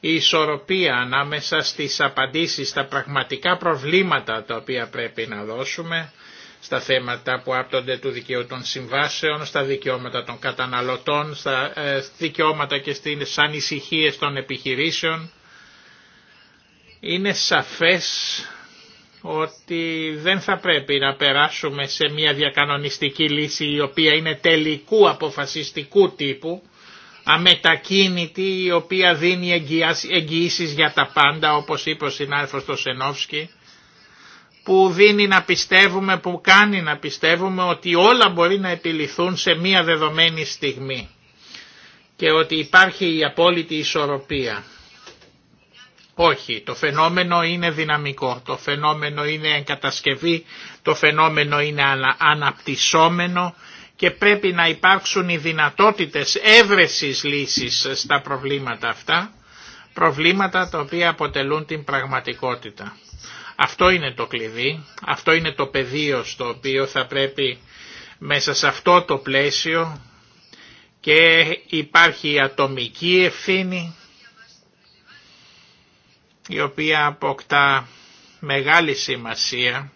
η ισορροπία ανάμεσα στις απαντήσεις στα πραγματικά προβλήματα τα οποία πρέπει να δώσουμε, στα θέματα που άπτονται του δικαίου των συμβάσεων, στα δικαιώματα των καταναλωτών, στα ε, δικαιώματα και στις ανησυχίες των επιχειρήσεων, είναι σαφές ότι δεν θα πρέπει να περάσουμε σε μια διακανονιστική λύση η οποία είναι τελικού αποφασιστικού τύπου, αμετακίνητη η οποία δίνει εγγυήσει για τα πάντα όπως είπε ο συνάδελφος το Σενόφσκι, που δίνει να πιστεύουμε, που κάνει να πιστεύουμε ότι όλα μπορεί να επιληθούν σε μια δεδομένη στιγμή και ότι υπάρχει η απόλυτη ισορροπία. Όχι, το φαινόμενο είναι δυναμικό, το φαινόμενο είναι εγκατασκευή, το φαινόμενο είναι αναπτυσσόμενο και πρέπει να υπάρξουν οι δυνατότητες έβρεσης λύσης στα προβλήματα αυτά, προβλήματα τα οποία αποτελούν την πραγματικότητα. Αυτό είναι το κλειδί, αυτό είναι το πεδίο στο οποίο θα πρέπει μέσα σε αυτό το πλαίσιο και υπάρχει η ατομική ευθύνη, η οποία αποκτά μεγάλη σημασία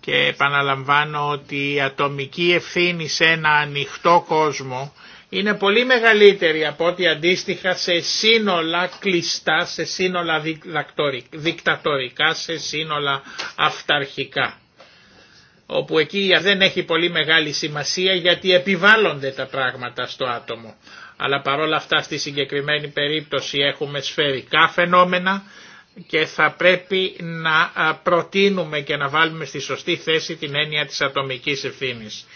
και επαναλαμβάνω ότι η ατομική ευθύνη σε ένα ανοιχτό κόσμο είναι πολύ μεγαλύτερη από ό,τι αντίστοιχα σε σύνολα κλειστά, σε σύνολα δικτατορικά, σε σύνολα αυταρχικά. Όπου εκεί δεν έχει πολύ μεγάλη σημασία γιατί επιβάλλονται τα πράγματα στο άτομο αλλά παρόλα αυτά στη συγκεκριμένη περίπτωση έχουμε σφαιρικά φαινόμενα και θα πρέπει να προτείνουμε και να βάλουμε στη σωστή θέση την έννοια της ατομικής ευθύνης.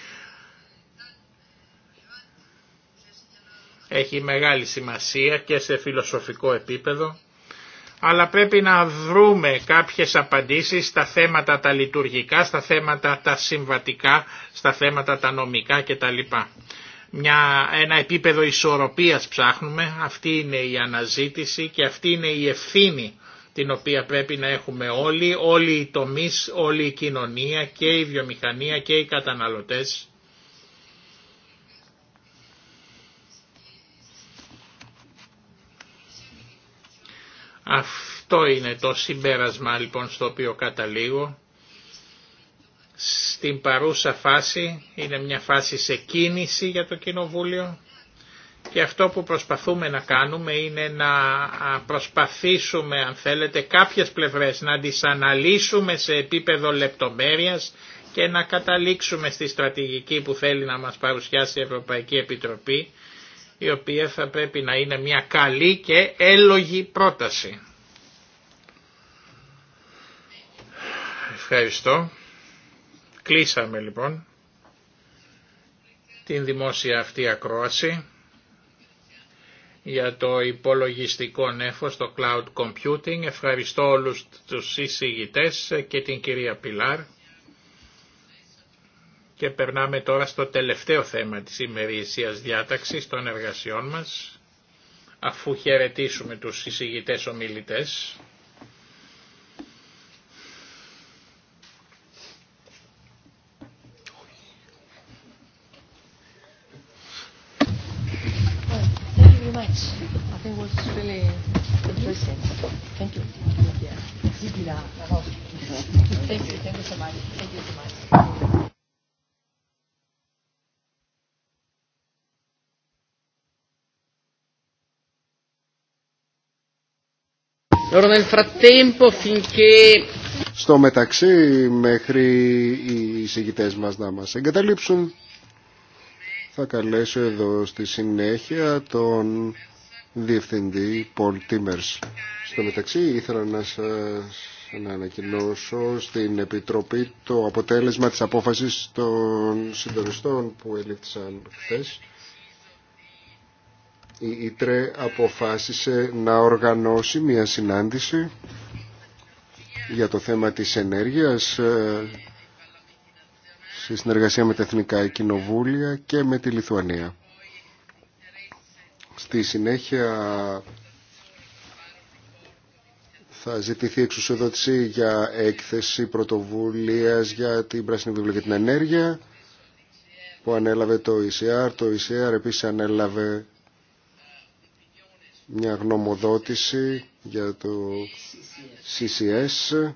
Έχει μεγάλη σημασία και σε φιλοσοφικό επίπεδο, αλλά πρέπει να βρούμε κάποιες απαντήσεις στα θέματα τα λειτουργικά, στα θέματα τα συμβατικά, στα θέματα τα νομικά κτλ μια, ένα επίπεδο ισορροπίας ψάχνουμε, αυτή είναι η αναζήτηση και αυτή είναι η ευθύνη την οποία πρέπει να έχουμε όλοι, όλοι οι τομείς, όλη η κοινωνία και η βιομηχανία και οι καταναλωτές. Αυτό είναι το συμπέρασμα λοιπόν στο οποίο καταλήγω στην παρούσα φάση, είναι μια φάση σε κίνηση για το Κοινοβούλιο και αυτό που προσπαθούμε να κάνουμε είναι να προσπαθήσουμε αν θέλετε κάποιες πλευρές να τις αναλύσουμε σε επίπεδο λεπτομέρειας και να καταλήξουμε στη στρατηγική που θέλει να μας παρουσιάσει η Ευρωπαϊκή Επιτροπή η οποία θα πρέπει να είναι μια καλή και έλογη πρόταση. Ευχαριστώ. Κλείσαμε λοιπόν την δημόσια αυτή ακρόαση για το υπολογιστικό νέφος, το cloud computing. Ευχαριστώ όλους τους εισηγητές και την κυρία Πιλάρ. Και περνάμε τώρα στο τελευταίο θέμα της ημερησίας διάταξης των εργασιών μας, αφού χαιρετήσουμε τους εισηγητές ομιλητές. much. I think it was really interesting. Thank you. Thank you. Thank you Thank you so much. Thank you so much. Στο μεταξύ, μέχρι οι συγκητές μας να μας εγκαταλείψουν, θα καλέσω εδώ στη συνέχεια τον Διευθυντή Πολ Τίμερς. Στο μεταξύ ήθελα να σας να ανακοινώσω στην Επιτροπή το αποτέλεσμα της απόφασης των συντονιστών που ελήφθησαν χθε. Η ΙΤΡΕ αποφάσισε να οργανώσει μια συνάντηση για το θέμα της ενέργειας σε συνεργασία με τα Εθνικά Κοινοβούλια και με τη Λιθουανία. Στη συνέχεια θα ζητηθεί εξουσιοδότηση για έκθεση πρωτοβουλίας για την Πράσινη Βιβλία και την Ενέργεια που ανέλαβε το ECR. Το ECR επίσης ανέλαβε μια γνωμοδότηση για το CCS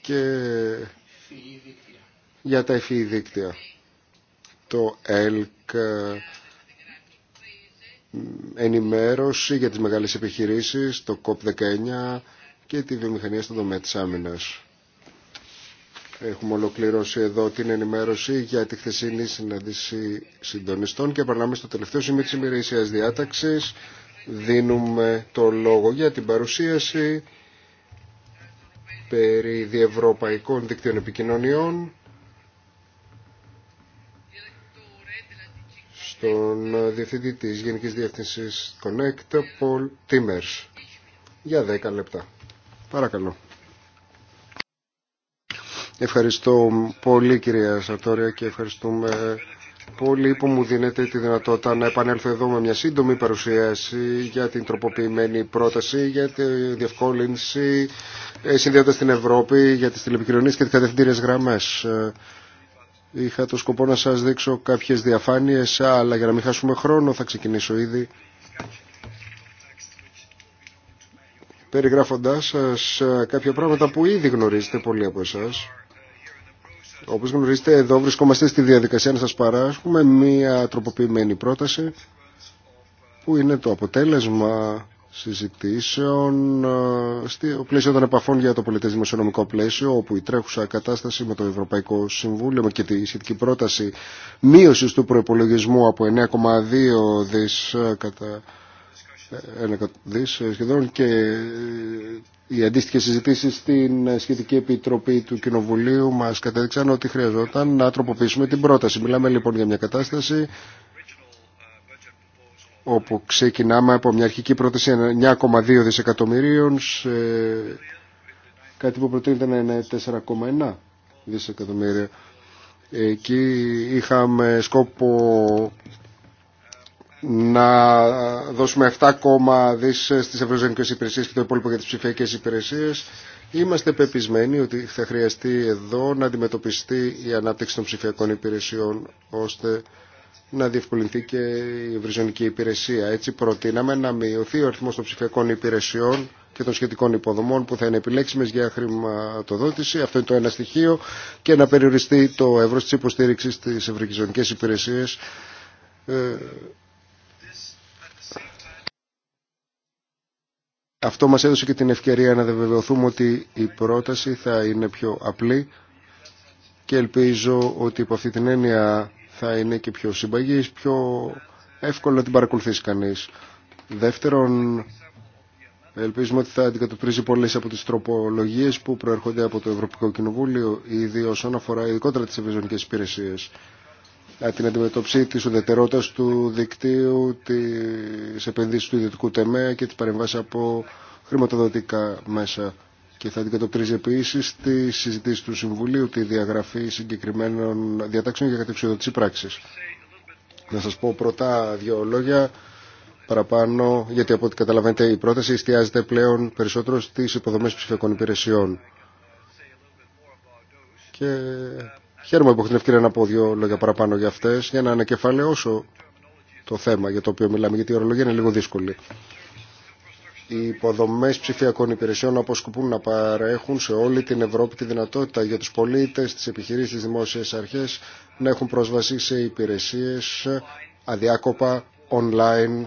και για τα FEE δίκτυα. Το ΕΛΚ ενημέρωση για τις μεγάλες επιχειρήσεις, το COP19 και τη βιομηχανία στο δομέα της άμυνας. Έχουμε ολοκληρώσει εδώ την ενημέρωση για τη χθεσινή συνάντηση συντονιστών και περνάμε στο τελευταίο σημείο της ημερήσιας διάταξης. Δίνουμε το λόγο για την παρουσίαση περί διευρωπαϊκών δικτύων επικοινωνιών στον διευθυντή της Γενικής Διεύθυνσης Connect, Paul Timmers, για 10 λεπτά. Παρακαλώ. Ευχαριστώ πολύ κυρία Σαρτόρια και ευχαριστούμε πολύ που μου δίνετε τη δυνατότητα να επανέλθω εδώ με μια σύντομη παρουσίαση για την τροποποιημένη πρόταση για τη διευκόλυνση ε, συνδέοντα την Ευρώπη για τις τηλεπικοινωνίες και τις κατευθυντήριες γραμμές. Ε, είχα το σκοπό να σας δείξω κάποιες διαφάνειες, αλλά για να μην χάσουμε χρόνο θα ξεκινήσω ήδη. Περιγράφοντάς σας ε, κάποια πράγματα που ήδη γνωρίζετε πολλοί από εσάς. Όπως γνωρίζετε εδώ βρισκόμαστε στη διαδικασία να σας παράσχουμε μία τροποποιημένη πρόταση που είναι το αποτέλεσμα συζητήσεων ε, στο πλαίσιο των επαφών για το πολιτές δημοσιονομικό πλαίσιο όπου η τρέχουσα κατάσταση με το Ευρωπαϊκό Συμβούλιο και τη σχετική πρόταση μείωσης του προϋπολογισμού από 9,2 δις ε, κατά ε, δις σχεδόν και οι αντίστοιχε συζητήσει στην ε, σχετική επιτροπή του Κοινοβουλίου μα κατέδειξαν ότι χρειαζόταν να τροποποιήσουμε την πρόταση. Μιλάμε λοιπόν για μια κατάσταση όπου ξεκινάμε από μια αρχική πρόταση 9,2 δισεκατομμυρίων σε κάτι που προτείνεται να είναι 4,1 δισεκατομμύρια. Εκεί είχαμε σκόπο να δώσουμε 7, δις στις ευρωζωνικές υπηρεσίες και το υπόλοιπο για τις ψηφιακές υπηρεσίες. Είμαστε πεπισμένοι ότι θα χρειαστεί εδώ να αντιμετωπιστεί η ανάπτυξη των ψηφιακών υπηρεσιών ώστε να διευκολυνθεί και η ευρυζωνική υπηρεσία. Έτσι προτείναμε να μειωθεί ο αριθμός των ψηφιακών υπηρεσιών και των σχετικών υποδομών που θα είναι επιλέξιμες για χρηματοδότηση. Αυτό είναι το ένα στοιχείο και να περιοριστεί το ευρώ τη υποστήριξη στις υπηρεσίες ε, Αυτό μας έδωσε και την ευκαιρία να βεβαιωθούμε ότι η πρόταση θα είναι πιο απλή και ελπίζω ότι υπό αυτή την έννοια θα είναι και πιο συμπαγής, πιο εύκολο να την παρακολουθήσει κανείς. Δεύτερον, ελπίζουμε ότι θα αντικατοπτρίζει πολλές από τις τροπολογίες που προέρχονται από το Ευρωπαϊκό Κοινοβούλιο, ήδη όσον αφορά ειδικότερα τις ευρωπαϊκές υπηρεσίες. Ε, την αντιμετώπιση τη ουδετερότητας του δικτύου, τη επενδύση του ιδιωτικού τομέα και τη παρεμβάση από χρηματοδοτικά μέσα. Και θα αντικατοπτρίζει επίση τη συζητήση του Συμβουλίου τη διαγραφή συγκεκριμένων διατάξεων για κατεξοδότηση πράξη. Να σα πω πρώτα δύο λόγια παραπάνω, γιατί από ό,τι καταλαβαίνετε η πρόταση εστιάζεται πλέον περισσότερο στι υποδομέ ψηφιακών υπηρεσιών. Και Χαίρομαι που έχω την ευκαιρία να πω δύο λόγια παραπάνω για αυτέ, για να ανακεφαλαιώσω το θέμα για το οποίο μιλάμε, γιατί η ορολογία είναι λίγο δύσκολη. Οι υποδομέ ψηφιακών υπηρεσιών αποσκοπούν να παρέχουν σε όλη την Ευρώπη τη δυνατότητα για του πολίτε, τι επιχειρήσει, τι δημόσιε αρχέ να έχουν πρόσβαση σε υπηρεσίε αδιάκοπα, online.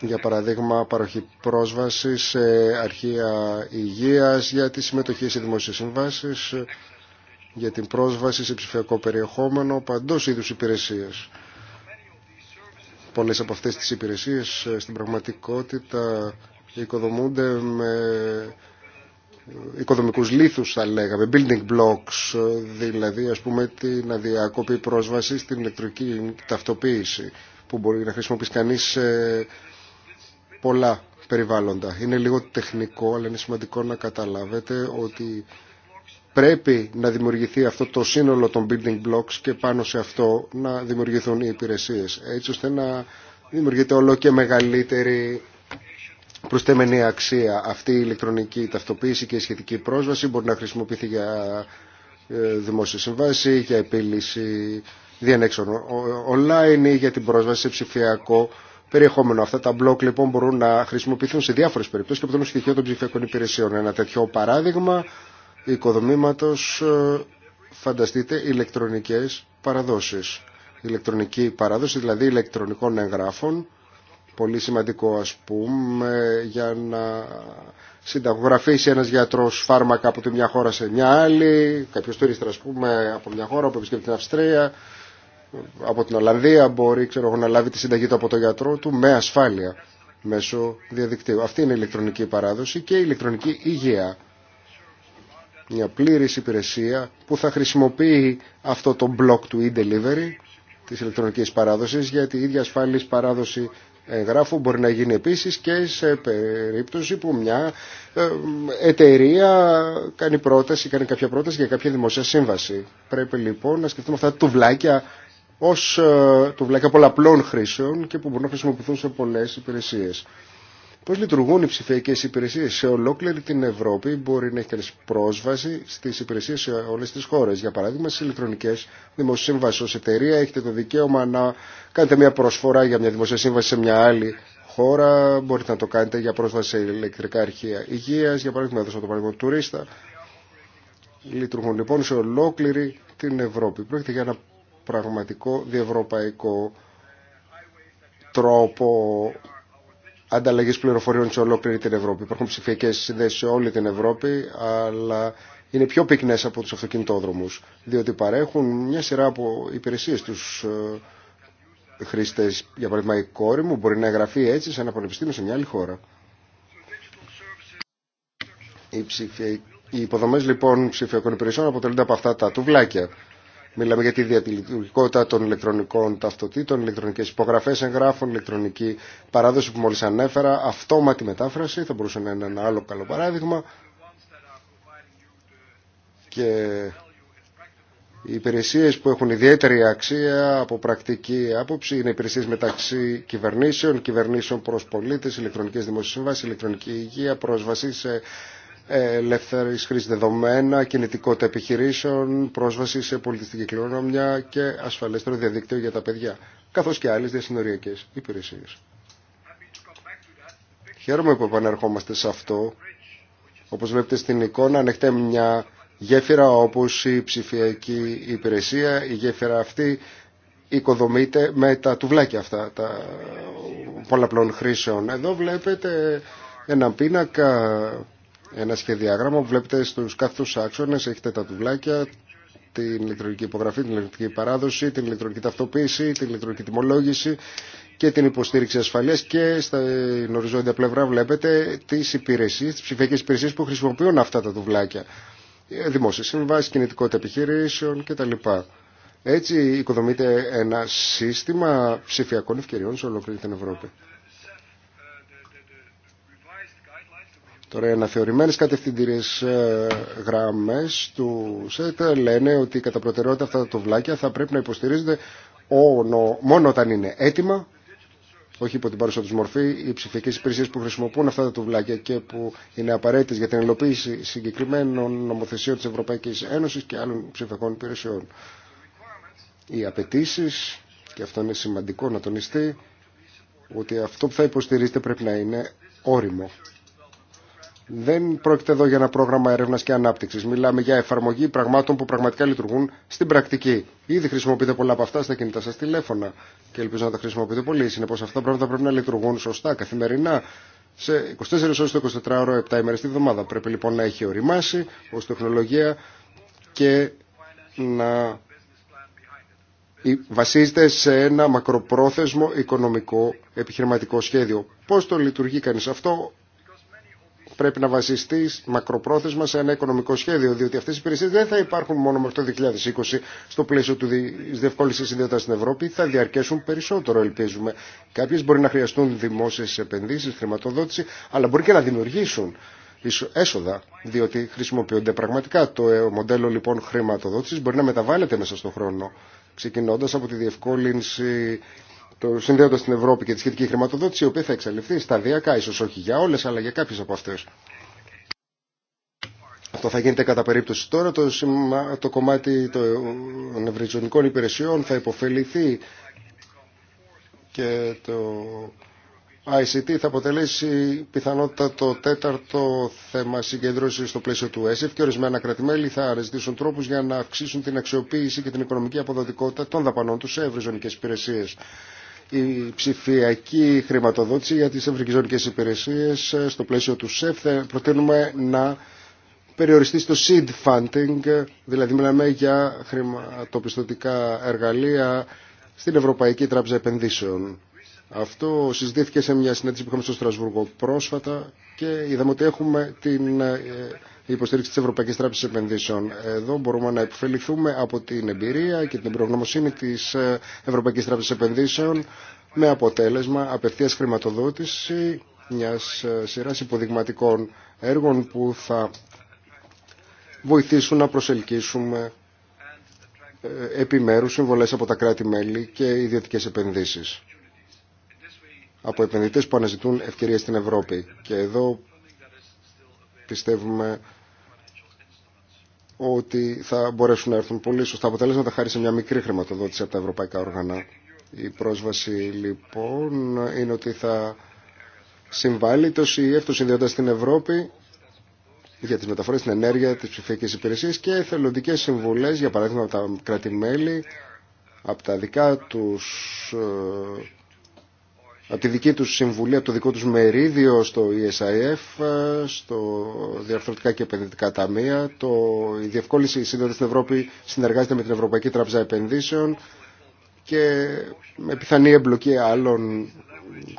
Για παραδείγμα, παροχή πρόσβαση σε αρχεία υγεία για τη συμμετοχή σε δημόσιε συμβάσει για την πρόσβαση σε ψηφιακό περιεχόμενο παντός είδους υπηρεσίες. Πολλές από αυτές τις υπηρεσίες ε, στην πραγματικότητα οικοδομούνται με ε, οικοδομικούς λίθους θα λέγαμε, building blocks, ε, δηλαδή ας πούμε την αδιακόπη πρόσβαση στην ηλεκτρική ταυτοποίηση που μπορεί να χρησιμοποιήσει κανείς σε πολλά περιβάλλοντα. Είναι λίγο τεχνικό αλλά είναι σημαντικό να καταλάβετε ότι πρέπει να δημιουργηθεί αυτό το σύνολο των building blocks και πάνω σε αυτό να δημιουργηθούν οι υπηρεσίες έτσι ώστε να δημιουργείται όλο και μεγαλύτερη προστέμενη αξία αυτή η ηλεκτρονική ταυτοποίηση και η σχετική πρόσβαση μπορεί να χρησιμοποιηθεί για ε, δημόσια συμβάση, για επίλυση διανέξεων online ή για την πρόσβαση σε ψηφιακό περιεχόμενο. Αυτά τα μπλοκ λοιπόν μπορούν να χρησιμοποιηθούν σε διάφορες περιπτώσεις και αποτελούν στοιχείο των ψηφιακών υπηρεσιών. Ένα τέτοιο παράδειγμα οικοδομήματος ε, φανταστείτε ηλεκτρονικές παραδόσεις. Ηλεκτρονική παράδοση, δηλαδή ηλεκτρονικών εγγράφων, πολύ σημαντικό ας πούμε για να συνταγογραφήσει ένας γιατρός φάρμακα από τη μια χώρα σε μια άλλη, κάποιος τουρίστρα ας πούμε από μια χώρα που επισκέπτει την Αυστρία, από την Ολλανδία μπορεί ξέρω, να λάβει τη συνταγή του από τον γιατρό του με ασφάλεια μέσω διαδικτύου. Αυτή είναι η ηλεκτρονική παράδοση και η ηλεκτρονική υγεία μια πλήρης υπηρεσία που θα χρησιμοποιεί αυτό το block του e-delivery της ηλεκτρονικής παράδοσης γιατί η ίδια ασφάλιση παράδοση ε, γράφου μπορεί να γίνει επίσης και σε περίπτωση που μια ε, εταιρεία κάνει πρόταση, κάνει κάποια πρόταση για κάποια δημοσία σύμβαση. Πρέπει λοιπόν να σκεφτούμε αυτά τα τουβλάκια ως ε, τουβλάκια πολλαπλών χρήσεων και που μπορούν να χρησιμοποιηθούν σε πολλές υπηρεσίες. Πώς λειτουργούν οι ψηφιακές υπηρεσίες σε ολόκληρη την Ευρώπη, μπορεί να έχει πρόσβαση στις υπηρεσίες σε όλες τις χώρες. Για παράδειγμα, στις ηλεκτρονικές δημοσίες ω ως εταιρεία έχετε το δικαίωμα να κάνετε μια προσφορά για μια δημοσία σύμβαση σε μια άλλη χώρα, μπορείτε να το κάνετε για πρόσβαση σε ηλεκτρικά αρχεία υγείας, για παράδειγμα εδώ στο το παράδειγμα τουρίστα. Λειτουργούν λοιπόν σε ολόκληρη την Ευρώπη. Πρόκειται για ένα πραγματικό διευρωπαϊκό τρόπο ανταλλαγή πληροφοριών σε ολόκληρη την Ευρώπη. Υπάρχουν ψηφιακέ συνδέσει σε όλη την Ευρώπη, αλλά είναι πιο πυκνέ από του αυτοκινητόδρομου, διότι παρέχουν μια σειρά από υπηρεσίε στου ε, χρήστε. Για παράδειγμα, η κόρη μου μπορεί να εγγραφεί έτσι σε ένα πανεπιστήμιο σε μια άλλη χώρα. Οι, Οι υποδομέ λοιπόν ψηφιακών υπηρεσιών αποτελούνται από αυτά τα τουβλάκια Μιλάμε για τη διατηρητικότητα των ηλεκτρονικών ταυτοτήτων, ηλεκτρονικέ υπογραφέ εγγράφων, ηλεκτρονική παράδοση που μόλι ανέφερα, αυτόματη μετάφραση, θα μπορούσε να είναι ένα άλλο καλό παράδειγμα. Και οι υπηρεσίε που έχουν ιδιαίτερη αξία από πρακτική άποψη είναι υπηρεσίε μεταξύ κυβερνήσεων, κυβερνήσεων προ πολίτε, ηλεκτρονικέ δημόσιε συμβάσει, ηλεκτρονική υγεία, πρόσβαση σε ελεύθερης χρήσης δεδομένα, κινητικότητα επιχειρήσεων, πρόσβαση σε πολιτιστική κληρονομιά και ασφαλέστερο διαδίκτυο για τα παιδιά, καθώς και άλλες διασυνοριακές υπηρεσίες. Χαίρομαι που επαναρχόμαστε σε αυτό. Όπως βλέπετε στην εικόνα, ανεχτέ μια γέφυρα όπως η ψηφιακή υπηρεσία. Η γέφυρα αυτή οικοδομείται με τα τουβλάκια αυτά, τα πολλαπλών χρήσεων. Εδώ βλέπετε έναν πίνακα ένα σχεδιάγραμμα που βλέπετε στους καθούς άξονες, έχετε τα τουβλάκια, την ηλεκτρονική υπογραφή, την ηλεκτρονική παράδοση, την ηλεκτρονική ταυτοποίηση, την ηλεκτρονική τιμολόγηση και την υποστήριξη ασφαλείας και στην οριζόντια πλευρά βλέπετε τις υπηρεσίες, τις ψηφιακές υπηρεσίες που χρησιμοποιούν αυτά τα τουβλάκια. Δημόσια συμβάσεις, κινητικότητα επιχειρήσεων κτλ. Έτσι οικοδομείται ένα σύστημα ψηφιακών ευκαιριών σε ολόκληρη την Ευρώπη. Τώρα, οι αναθεωρημένε κατευθυντήριε ε, γραμμέ του ΣΕΤ λένε ότι κατά προτεραιότητα αυτά τα τοβλάκια θα πρέπει να υποστηρίζονται μόνο όταν είναι έτοιμα, όχι υπό την παρουσία του μορφή, οι ψηφιακέ υπηρεσίε που χρησιμοποιούν αυτά τα τουβλάκια και που είναι απαραίτητε για την υλοποίηση συγκεκριμένων νομοθεσιών τη Ευρωπαϊκή Ένωση και άλλων ψηφιακών υπηρεσιών. Οι απαιτήσει, και αυτό είναι σημαντικό να τονιστεί, ότι αυτό που θα υποστηρίζεται πρέπει να είναι όριμο δεν πρόκειται εδώ για ένα πρόγραμμα έρευνα και ανάπτυξη. Μιλάμε για εφαρμογή πραγμάτων που πραγματικά λειτουργούν στην πρακτική. Ήδη χρησιμοποιείτε πολλά από αυτά στα κινητά σα τηλέφωνα και ελπίζω να τα χρησιμοποιείτε πολύ. Συνεπώ αυτά πράγματα πρέπει να λειτουργούν σωστά καθημερινά σε 24 ώρε το 24 ώρο, 7 ημέρε τη βδομάδα. Πρέπει λοιπόν να έχει οριμάσει ω τεχνολογία και να βασίζεται σε ένα μακροπρόθεσμο οικονομικό επιχειρηματικό σχέδιο. Πώς το λειτουργεί κανείς αυτό πρέπει να βασιστεί μακροπρόθεσμα σε ένα οικονομικό σχέδιο, διότι αυτέ οι υπηρεσίε δεν θα υπάρχουν μόνο μέχρι το 2020 στο πλαίσιο τη διευκόλυνση ιδιότητα στην Ευρώπη, θα διαρκέσουν περισσότερο, ελπίζουμε. Κάποιε μπορεί να χρειαστούν δημόσιε επενδύσει, χρηματοδότηση, αλλά μπορεί και να δημιουργήσουν έσοδα, διότι χρησιμοποιούνται πραγματικά. Το ε, μοντέλο λοιπόν χρηματοδότηση μπορεί να μεταβάλλεται μέσα στον χρόνο, ξεκινώντα από τη διευκόλυνση το συνδέοντα την Ευρώπη και τη σχετική χρηματοδότηση, η οποία θα εξαλειφθεί σταδιακά, ίσως όχι για όλε αλλά για κάποιε από αυτέ. Αυτό θα γίνεται κατά περίπτωση τώρα. Το, το κομμάτι των ευρυζωνικών υπηρεσιών θα υποφεληθεί και το ICT θα αποτελέσει πιθανότητα το τέταρτο θέμα συγκέντρωση στο πλαίσιο του ΕΣΕΦ και ορισμένα κρατημέλη θα αναζητήσουν τρόπου για να αυξήσουν την αξιοποίηση και την οικονομική αποδοτικότητα των δαπανών του σε ευρυζωνικέ υπηρεσίε η ψηφιακή χρηματοδότηση για τις ευρυγιζονικές υπηρεσίες ε, στο πλαίσιο του ΣΕΦ προτείνουμε να περιοριστεί στο seed funding, ε, δηλαδή μιλάμε για χρηματοπιστωτικά εργαλεία στην Ευρωπαϊκή Τράπεζα Επενδύσεων. Αυτό συζητήθηκε σε μια συνέντευξη που είχαμε στο Στρασβούργο πρόσφατα και είδαμε ότι έχουμε την ε, η υποστήριξη της Ευρωπαϊκής Τράπεζας Επενδύσεων. Εδώ μπορούμε να επιφεληθούμε από την εμπειρία και την προγνωμοσύνη της ε, Ευρωπαϊκής Τράπεζας Επενδύσεων με αποτέλεσμα απευθείας χρηματοδότηση μιας ε, σειράς υποδειγματικών έργων που θα βοηθήσουν να προσελκύσουμε ε, επιμέρους συμβολές από τα κράτη-μέλη και ιδιωτικές επενδύσεις από επενδυτές που αναζητούν ευκαιρίες στην Ευρώπη. Και εδώ πιστεύουμε ότι θα μπορέσουν να έρθουν πολύ σωστά αποτελέσματα χάρη σε μια μικρή χρηματοδότηση από τα ευρωπαϊκά όργανα. Η πρόσβαση λοιπόν είναι ότι θα συμβάλλει το ΣΥΕΦ το στην Ευρώπη για τις μεταφορές στην ενέργεια, τις ψηφιακές υπηρεσίες και θελοντικές συμβουλές, για παράδειγμα από τα κράτη-μέλη, από τα δικά τους ε, από τη δική τους συμβουλή, από το δικό τους μερίδιο στο ESIF, ε, στο Διαρθρωτικά και Επενδυτικά Ταμεία. Το, η διευκόλυνση σύνδεση στην Ευρώπη συνεργάζεται με την Ευρωπαϊκή Τράπεζα Επενδύσεων και με πιθανή εμπλοκή άλλων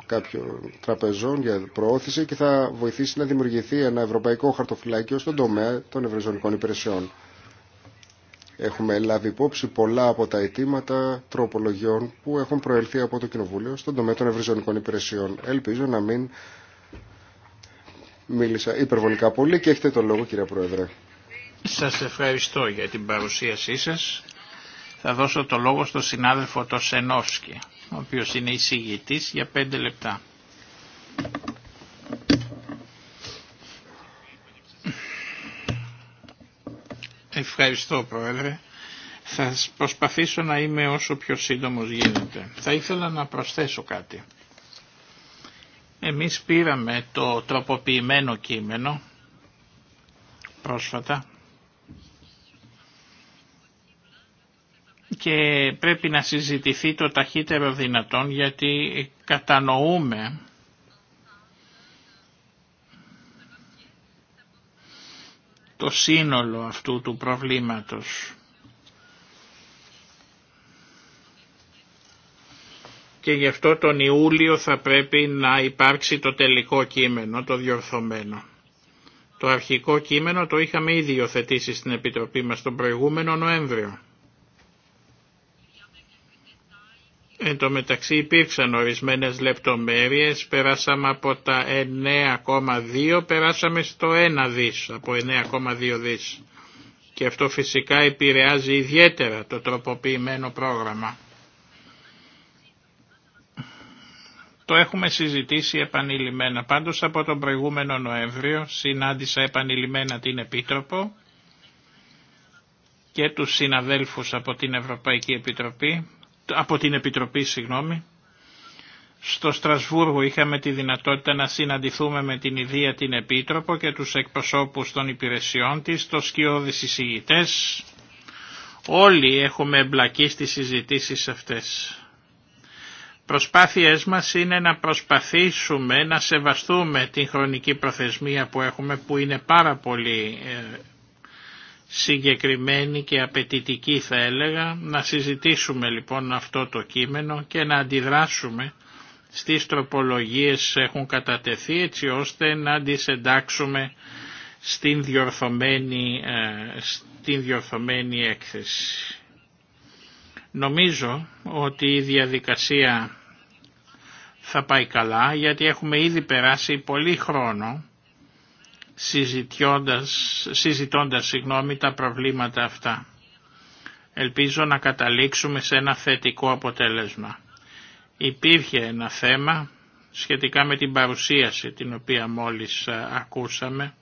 κάποιων τραπεζών για προώθηση και θα βοηθήσει να δημιουργηθεί ένα ευρωπαϊκό χαρτοφυλάκιο στον τομέα των ευρυζωνικών υπηρεσιών. Έχουμε λάβει υπόψη πολλά από τα αιτήματα τροπολογιών που έχουν προελθεί από το Κοινοβούλιο στον τομέα των ευρυζωνικών υπηρεσιών. Ελπίζω να μην μίλησα υπερβολικά πολύ και έχετε το λόγο κύριε Πρόεδρε. Σας ευχαριστώ για την παρουσίασή σας. Θα δώσω το λόγο στον συνάδελφο Τοσενόφσκι, ο οποίος είναι εισηγητής για πέντε λεπτά. Ευχαριστώ Πρόεδρε. Θα προσπαθήσω να είμαι όσο πιο σύντομος γίνεται. Θα ήθελα να προσθέσω κάτι. Εμείς πήραμε το τροποποιημένο κείμενο πρόσφατα και πρέπει να συζητηθεί το ταχύτερο δυνατόν γιατί κατανοούμε το σύνολο αυτού του προβλήματος. Και γι' αυτό τον Ιούλιο θα πρέπει να υπάρξει το τελικό κείμενο, το διορθωμένο. Το αρχικό κείμενο το είχαμε ήδη υιοθετήσει στην Επιτροπή μας τον προηγούμενο Νοέμβριο. Εν τω μεταξύ υπήρξαν ορισμένες λεπτομέρειες, περάσαμε από τα 9,2, περάσαμε στο 1 δις, από 9,2 δις. Και αυτό φυσικά επηρεάζει ιδιαίτερα το τροποποιημένο πρόγραμμα. Το έχουμε συζητήσει επανειλημμένα. Πάντως από τον προηγούμενο Νοέμβριο συνάντησα επανειλημμένα την Επίτροπο και τους συναδέλφους από την Ευρωπαϊκή Επιτροπή από την Επιτροπή, συγγνώμη. Στο Στρασβούργο είχαμε τη δυνατότητα να συναντηθούμε με την Ιδία την Επίτροπο και τους εκπροσώπους των υπηρεσιών της, το σκιώδης εισηγητές. Όλοι έχουμε εμπλακεί στις συζητήσεις αυτές. Προσπάθειές μας είναι να προσπαθήσουμε να σεβαστούμε την χρονική προθεσμία που έχουμε που είναι πάρα πολύ ε, συγκεκριμένη και απαιτητική θα έλεγα, να συζητήσουμε λοιπόν αυτό το κείμενο και να αντιδράσουμε στις τροπολογίες έχουν κατατεθεί έτσι ώστε να τις εντάξουμε στην διορθωμένη, ε, στην διορθωμένη έκθεση. Νομίζω ότι η διαδικασία θα πάει καλά γιατί έχουμε ήδη περάσει πολύ χρόνο συζητώντας, συζητώντας συγγνώμη, τα προβλήματα αυτά. Ελπίζω να καταλήξουμε σε ένα θετικό αποτέλεσμα. Υπήρχε ένα θέμα σχετικά με την παρουσίαση την οποία μόλις ε, ακούσαμε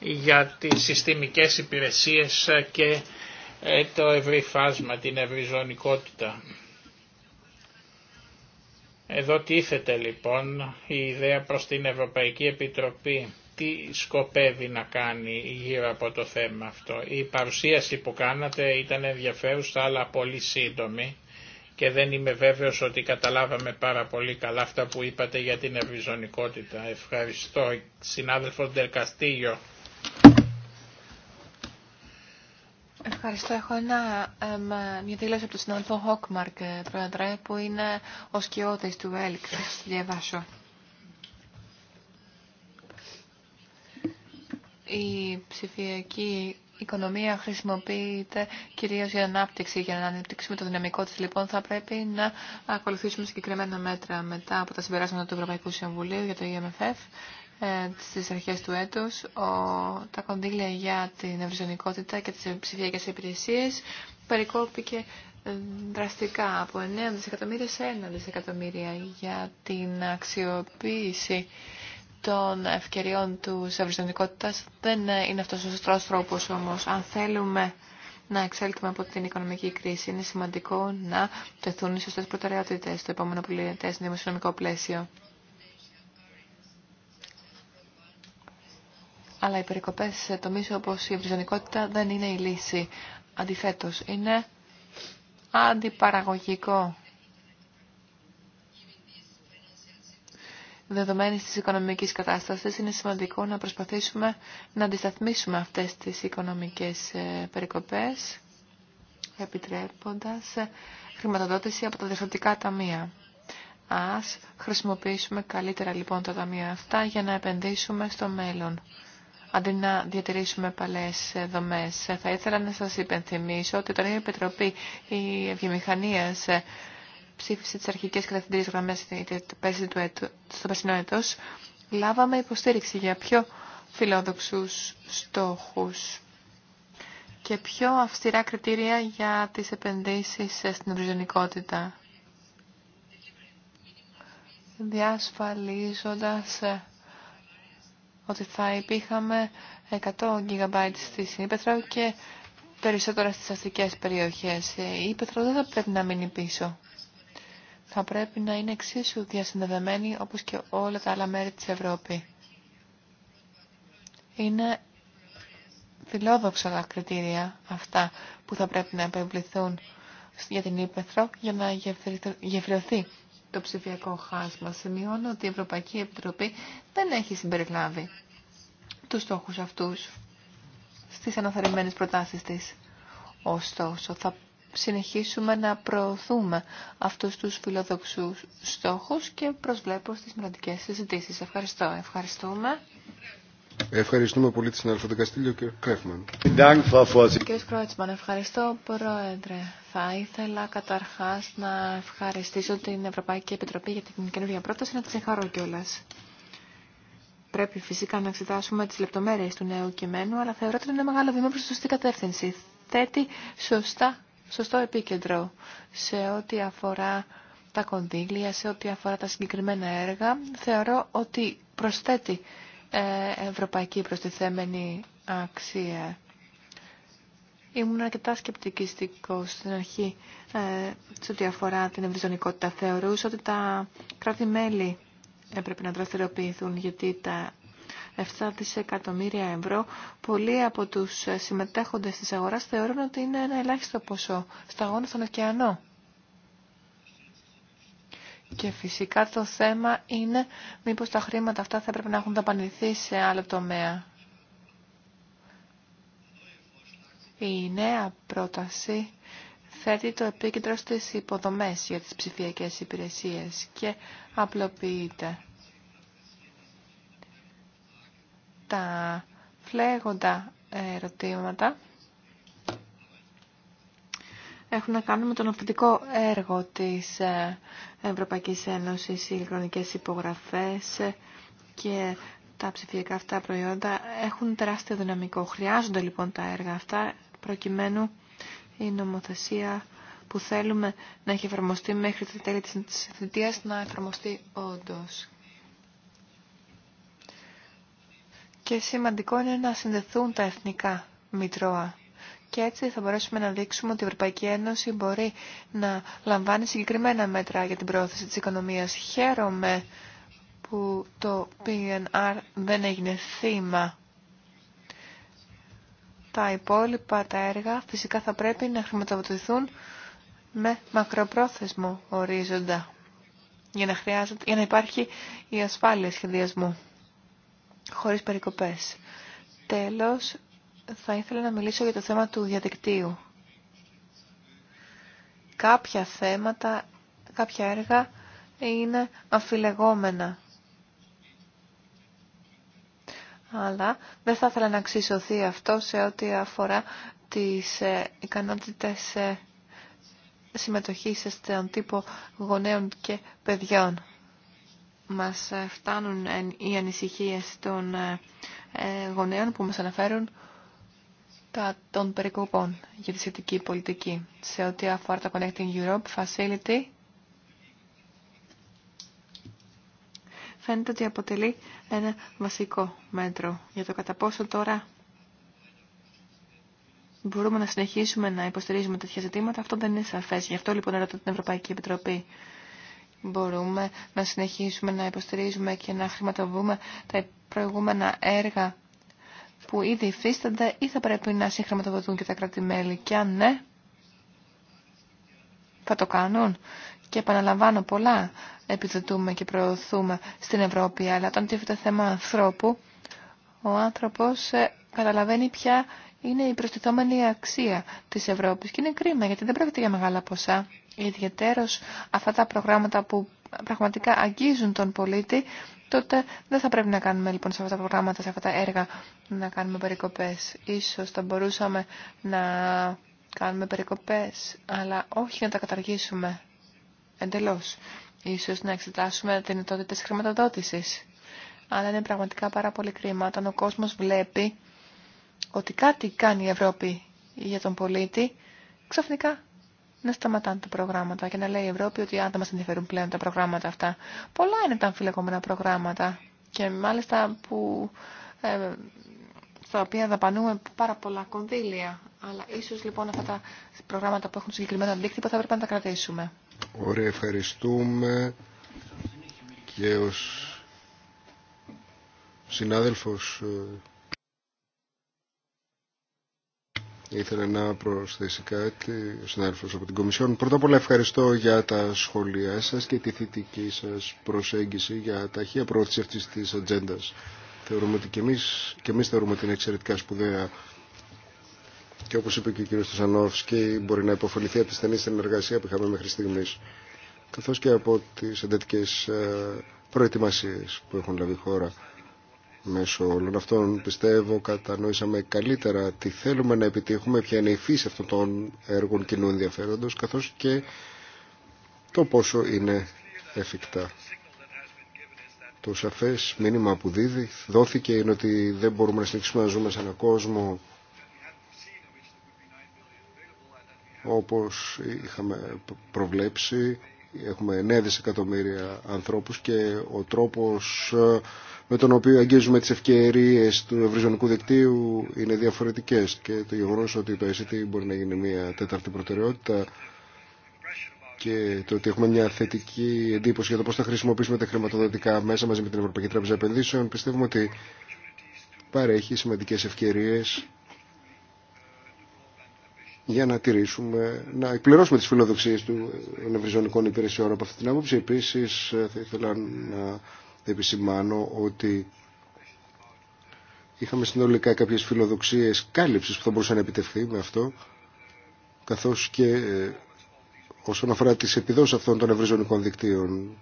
για τις συστημικές υπηρεσίες ε, και ε, το ευρύ φάσμα, την ευρυζωνικότητα. Εδώ τίθεται λοιπόν η ιδέα προς την Ευρωπαϊκή Επιτροπή τι σκοπεύει να κάνει γύρω από το θέμα αυτό. Η παρουσίαση που κάνατε ήταν ενδιαφέρουσα αλλά πολύ σύντομη και δεν είμαι βέβαιος ότι καταλάβαμε πάρα πολύ καλά αυτά που είπατε για την ευρυζωνικότητα. Ευχαριστώ συνάδελφο Ντερκαστήγιο. Ευχαριστώ. Έχω ένα, μια δήλωση από τον συνάδελφο Χόκμαρκ, ε, πρόεδρε, που είναι ο σκιώτης του ΕΛΚ. διαβάσω. Η ψηφιακή οικονομία χρησιμοποιείται κυρίως για ανάπτυξη. Για να αναπτύξουμε το δυναμικό της, λοιπόν, θα πρέπει να ακολουθήσουμε συγκεκριμένα μέτρα μετά από τα συμπεράσματα του Ευρωπαϊκού Συμβουλίου για το EMFF ε, στις αρχές του έτους ο, τα κονδύλια για την ευρυζωνικότητα και τις ψηφιακές υπηρεσίες περικόπηκε ε, δραστικά από 9 δισεκατομμύρια σε 1 δισεκατομμύρια για την αξιοποίηση των ευκαιριών του ευρυζωνικότητας. Δεν ε, είναι αυτός ο σωστός τρόπος όμως. Αν θέλουμε να εξέλθουμε από την οικονομική κρίση, είναι σημαντικό να τεθούν οι σωστές προτεραιότητες στο επόμενο πολιετές δημοσιονομικό πλαίσιο. αλλά οι περικοπές σε τομείς όπως η ευρυζωνικότητα δεν είναι η λύση. αντιθέτω. είναι αντιπαραγωγικό. Δεδομένη της οικονομικής κατάστασης, είναι σημαντικό να προσπαθήσουμε να αντισταθμίσουμε αυτές τις οικονομικές ε, περικοπές, επιτρέποντας ε, χρηματοδότηση από τα διευθυντικά ταμεία. Ας χρησιμοποιήσουμε καλύτερα λοιπόν τα ταμεία αυτά για να επενδύσουμε στο μέλλον αντί να διατηρήσουμε παλές δομές. Θα ήθελα να σας υπενθυμίσω ότι το η Επιτροπή η βιομηχανία ε, ψήφισε τις αρχικές κατευθυντήριες γραμμές στο περσινό έτος, λάβαμε υποστήριξη για πιο φιλόδοξους στόχους και πιο αυστηρά κριτήρια για τις επενδύσεις στην ευρυζωνικότητα. διασφαλίζοντας ε, ότι θα υπήρχαμε 100 GB στη Συνήπεθρο και περισσότερα στις αστικές περιοχές. Η Ήπεθρο δεν θα πρέπει να μείνει πίσω. Θα πρέπει να είναι εξίσου διασυνδεδεμένη όπως και όλα τα άλλα μέρη της Ευρώπη. Είναι φιλόδοξα τα κριτήρια αυτά που θα πρέπει να επιβληθούν για την Ήπεθρο για να γεφυρωθεί το ψηφιακό χάσμα. Σημειώνω ότι η Ευρωπαϊκή Επιτροπή δεν έχει συμπεριλάβει τους στόχους αυτούς στις αναθαρρυμένες προτάσεις της. Ωστόσο, θα συνεχίσουμε να προωθούμε αυτούς τους φιλοδοξούς στόχους και προσβλέπω στις μελλοντικές συζητήσεις. Ευχαριστώ. Ευχαριστούμε. Ευχαριστούμε πολύ τη συνάδελφα Καστήλιο και Κρέφμαν. Κύριε Κρότσμαν, ευχαριστώ Πρόεδρε. Θα ήθελα καταρχά να ευχαριστήσω την Ευρωπαϊκή Επιτροπή για την καινούργια πρόταση, να τη συγχαρώ κιόλα. Πρέπει φυσικά να εξετάσουμε τι λεπτομέρειε του νέου κειμένου, αλλά θεωρώ ότι είναι ένα μεγάλο βήμα προς σωστή κατεύθυνση. Θέτει σωστά, σωστό επίκεντρο σε ό,τι αφορά τα κονδύλια, σε ό,τι αφορά τα συγκεκριμένα έργα. Θεωρώ ότι προσθέτει ε, ευρωπαϊκή προστιθέμενη αξία. Ήμουν αρκετά σκεπτικιστικό στην αρχή ε, σε ό,τι αφορά την ευρυζωνικότητα. Θεωρούσα ότι τα κράτη-μέλη έπρεπε να δραστηριοποιηθούν γιατί τα 7 δισεκατομμύρια ευρώ πολλοί από τους συμμετέχοντες της αγοράς θεωρούν ότι είναι ένα ελάχιστο ποσό σταγόνα στον ωκεανό. Και φυσικά το θέμα είναι μήπως τα χρήματα αυτά θα έπρεπε να έχουν δαπανηθεί σε άλλο τομέα. Η νέα πρόταση θέτει το επίκεντρο στις υποδομές για τις ψηφιακές υπηρεσίες και απλοποιείται. Τα φλέγοντα ερωτήματα έχουν να κάνουν με το νομοθετικό έργο της ε, Ευρωπαϊκής Ένωσης, οι ηλεκτρονικές υπογραφές ε, και τα ψηφιακά αυτά προϊόντα έχουν τεράστιο δυναμικό. Χρειάζονται λοιπόν τα έργα αυτά προκειμένου η νομοθεσία που θέλουμε να έχει εφαρμοστεί μέχρι τη τέλη της θητείας να εφαρμοστεί όντως. Και σημαντικό είναι να συνδεθούν τα εθνικά μητρώα και έτσι θα μπορέσουμε να δείξουμε ότι η Ευρωπαϊκή Ένωση μπορεί να λαμβάνει συγκεκριμένα μέτρα για την πρόθεση της οικονομίας. Χαίρομαι που το PNR δεν έγινε θύμα. Τα υπόλοιπα τα έργα φυσικά θα πρέπει να χρηματοδοτηθούν με μακροπρόθεσμο ορίζοντα για να, χρειάζεται, για να υπάρχει η ασφάλεια σχεδιασμού χωρίς περικοπές. Τέλος, θα ήθελα να μιλήσω για το θέμα του διαδικτύου. Κάποια θέματα, κάποια έργα είναι αφιλεγόμενα. Αλλά δεν θα ήθελα να ξισωθεί αυτό σε ό,τι αφορά τις ε, ικανότητες ε, συμμετοχής στον τύπο γονέων και παιδιών. Μας ε, φτάνουν οι ανησυχίες των γονέων που μας αναφέρουν τα των περικοπών για τη σχετική πολιτική σε ό,τι αφορά το Connecting Europe Facility. Φαίνεται ότι αποτελεί ένα βασικό μέτρο για το κατά πόσο τώρα μπορούμε να συνεχίσουμε να υποστηρίζουμε τέτοια ζητήματα. Αυτό δεν είναι σαφές. Γι' αυτό λοιπόν ρωτώ την Ευρωπαϊκή Επιτροπή. Μπορούμε να συνεχίσουμε να υποστηρίζουμε και να χρηματοβούμε τα προηγούμενα έργα που ήδη υφίστανται ή θα πρέπει να συγχρηματοδοτούν και τα κρατη Και αν ναι, θα το κάνουν. Και επαναλαμβάνω πολλά επιδοτούμε και προωθούμε στην Ευρώπη, αλλά όταν τίθεται θέμα ανθρώπου, ο άνθρωπος ε, καταλαβαίνει ποια είναι η προστιθόμενη αξία της Ευρώπης. Και είναι κρίμα, γιατί δεν πρόκειται για μεγάλα ποσά. Ιδιαιτέρως αυτά τα προγράμματα που πραγματικά αγγίζουν τον πολίτη τότε δεν θα πρέπει να κάνουμε λοιπόν σε αυτά τα προγράμματα, σε αυτά τα έργα, να κάνουμε περικοπές. Ίσως θα μπορούσαμε να κάνουμε περικοπές, αλλά όχι να τα καταργήσουμε εντελώς. Ίσως να εξετάσουμε την δυνατότητα της χρηματοδότησης. Αλλά είναι πραγματικά πάρα πολύ κρίμα όταν ο κόσμος βλέπει ότι κάτι κάνει η Ευρώπη για τον πολίτη, ξαφνικά να σταματάνε τα προγράμματα και να λέει η Ευρώπη ότι αν δεν μας ενδιαφέρουν πλέον τα προγράμματα αυτά. Πολλά είναι τα αμφιλεγόμενα προγράμματα και μάλιστα που, ε, στα οποία δαπανούμε πάρα πολλά κονδύλια. Αλλά ίσως λοιπόν αυτά τα προγράμματα που έχουν συγκεκριμένο αντίκτυπο θα πρέπει να τα κρατήσουμε. Ωραία, ευχαριστούμε και ως συνάδελφος ε, Ήθελα να προσθέσει κάτι ο συνάδελφος από την Κομισιόν. Πρώτα απ' όλα ευχαριστώ για τα σχόλιά σας και τη θετική σας προσέγγιση για ταχεία προώθηση αυτής της ατζέντα. Θεωρούμε ότι και εμείς, και εμείς θεωρούμε ότι είναι εξαιρετικά σπουδαία και όπως είπε και ο κ. Στουσανόφσκι μπορεί να υποφεληθεί από τη στενή συνεργασία που είχαμε μέχρι στιγμής καθώς και από τις εντατικές ε, προετοιμασίες που έχουν λάβει χώρα. Μέσω όλων αυτών πιστεύω κατανοήσαμε καλύτερα τι θέλουμε να επιτύχουμε, ποια είναι η φύση αυτών των έργων κοινού ενδιαφέροντος, καθώς και το πόσο είναι εφικτά. Το σαφές μήνυμα που δίδει, δόθηκε είναι ότι δεν μπορούμε να συνεχίσουμε να ζούμε σε έναν κόσμο όπως είχαμε προβλέψει Έχουμε 9 δισεκατομμύρια ανθρώπους και ο τρόπος ε, με τον οποίο αγγίζουμε τις ευκαιρίες του ευρυζωνικού δικτύου είναι διαφορετικές και το γεγονός ότι το ICT μπορεί να γίνει μια τέταρτη προτεραιότητα και το ότι έχουμε μια θετική εντύπωση για το πώς θα χρησιμοποιήσουμε τα χρηματοδοτικά μέσα μαζί με την Ευρωπαϊκή Τράπεζα Επενδύσεων πιστεύουμε ότι παρέχει σημαντικές ευκαιρίες για να τηρήσουμε, να εκπληρώσουμε τις φιλοδοξίες του ευρυζωνικών υπηρεσιών. Από αυτή την άποψη επίσης ε, θα ήθελα να επισημάνω ότι είχαμε συνολικά κάποιες φιλοδοξίες κάλυψης που θα μπορούσαν να επιτευχθεί με αυτό, καθώς και ε, όσον αφορά τις επιδόσεις αυτών των ευρυζωνικών δικτύων,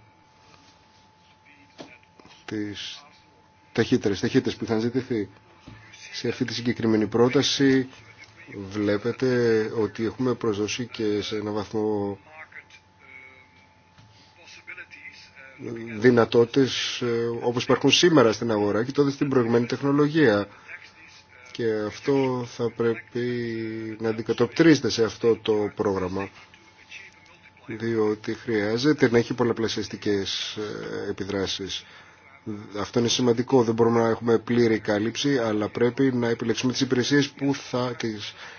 τις ταχύτερες, ταχύτερες που είχαν ζητηθεί σε αυτή τη συγκεκριμένη πρόταση, Βλέπετε ότι έχουμε προσδώσει και σε ένα βαθμό δυνατότητες ε, όπως υπάρχουν σήμερα στην αγορά και τότε στην προηγμένη τεχνολογία. Και αυτό θα πρέπει να αντικατοπτρίζεται σε αυτό το πρόγραμμα διότι χρειάζεται να έχει πολλαπλασιαστικές ε, επιδράσεις. Αυτό είναι σημαντικό. Δεν μπορούμε να έχουμε πλήρη κάλυψη, αλλά πρέπει να επιλέξουμε τις υπηρεσίες που θα,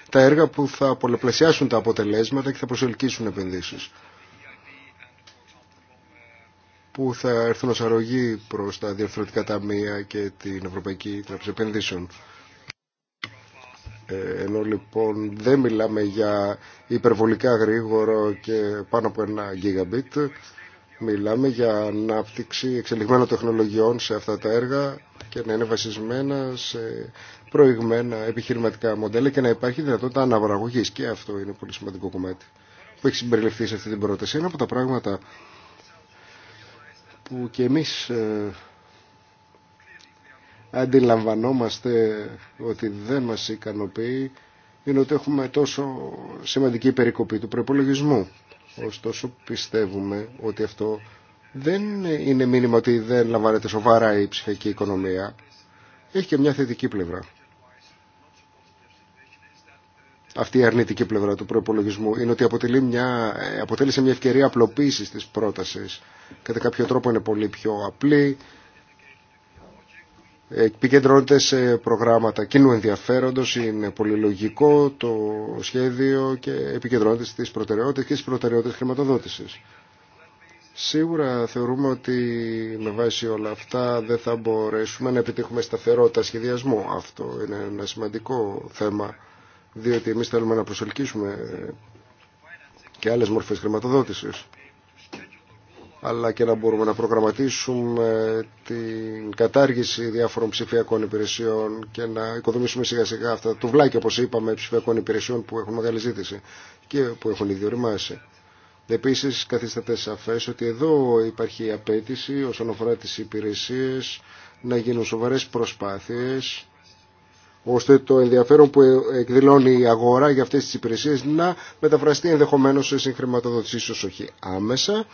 τα έργα που θα πολλαπλασιάσουν τα αποτελέσματα και θα προσελκύσουν επενδύσεις που θα έρθουν ως αρρωγή προς τα διευθυντικά ταμεία και την Ευρωπαϊκή Τράπεζα Επενδύσεων. Ε, ενώ λοιπόν δεν μιλάμε για υπερβολικά γρήγορο και πάνω από ένα γίγαμπιτ, Μιλάμε για ανάπτυξη εξελιγμένων τεχνολογιών σε αυτά τα έργα και να είναι βασισμένα σε προηγμένα επιχειρηματικά μοντέλα και να υπάρχει δυνατότητα αναπαραγωγής. Και αυτό είναι πολύ σημαντικό κομμάτι που έχει συμπεριληφθεί σε αυτή την πρόταση. Ένα από τα πράγματα που και εμείς ε, αντιλαμβανόμαστε ότι δεν μας ικανοποιεί είναι ότι έχουμε τόσο σημαντική περικοπή του προπολογισμού. Ωστόσο πιστεύουμε ότι αυτό δεν είναι μήνυμα ότι δεν λαμβάνεται σοβαρά η ψυχική οικονομία. Έχει και μια θετική πλευρά. Αυτή η αρνητική πλευρά του προπολογισμού είναι ότι αποτελεί μια, αποτέλεσε μια ευκαιρία απλοποίησης της πρότασης. Κατά κάποιο τρόπο είναι πολύ πιο απλή, επικεντρώνεται σε προγράμματα κοινού ενδιαφέροντος, είναι πολύ το σχέδιο και επικεντρώνεται στις προτεραιότητες και στις προτεραιότητες χρηματοδότησης. Σίγουρα θεωρούμε ότι με βάση όλα αυτά δεν θα μπορέσουμε να επιτύχουμε σταθερότητα σχεδιασμού. Αυτό είναι ένα σημαντικό θέμα, διότι εμείς θέλουμε να προσελκύσουμε και άλλες μορφές χρηματοδότησης αλλά και να μπορούμε να προγραμματίσουμε την κατάργηση διάφορων ψηφιακών υπηρεσιών και να οικοδομήσουμε σιγά σιγά αυτά τα τουβλάκια, όπως είπαμε ψηφιακών υπηρεσιών που έχουν μεγάλη ζήτηση και που έχουν ήδη οριμάσει. Επίσης καθίσταται σαφές ότι εδώ υπάρχει απέτηση όσον αφορά τις υπηρεσίες να γίνουν σοβαρές προσπάθειες ώστε το ενδιαφέρον που εκδηλώνει η αγορά για αυτές τις υπηρεσίες να μεταφραστεί ενδεχομένως σε συγχρηματοδοτήσεις όχι άμεσα,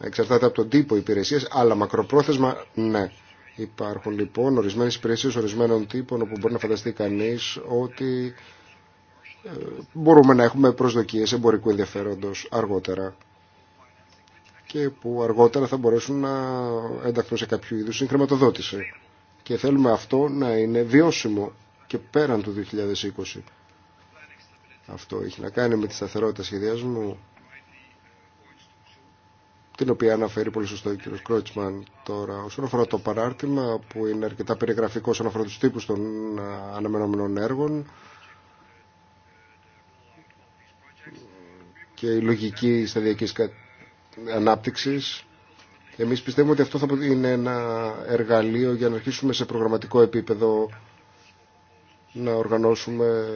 εξαρτάται από τον τύπο υπηρεσίας, αλλά μακροπρόθεσμα ναι. Υπάρχουν λοιπόν ορισμένες υπηρεσίες ορισμένων τύπων όπου μπορεί να φανταστεί κανείς ότι ε, μπορούμε να έχουμε προσδοκίες εμπορικού ενδιαφέροντος αργότερα και που αργότερα θα μπορέσουν να ενταχθούν σε κάποιο είδους συγχρηματοδότηση. Και θέλουμε αυτό να είναι βιώσιμο και πέραν του 2020. Αυτό έχει να κάνει με τη σταθερότητα σχεδιασμού την οποία αναφέρει πολύ σωστά ο κ. Κρότσμαν τώρα. Όσον αφορά το παράρτημα που είναι αρκετά περιγραφικό όσον αφορά του τύπου των αναμενόμενων έργων και η λογική σταδιακή ανάπτυξη. εμείς πιστεύουμε ότι αυτό θα είναι ένα εργαλείο για να αρχίσουμε σε προγραμματικό επίπεδο να οργανώσουμε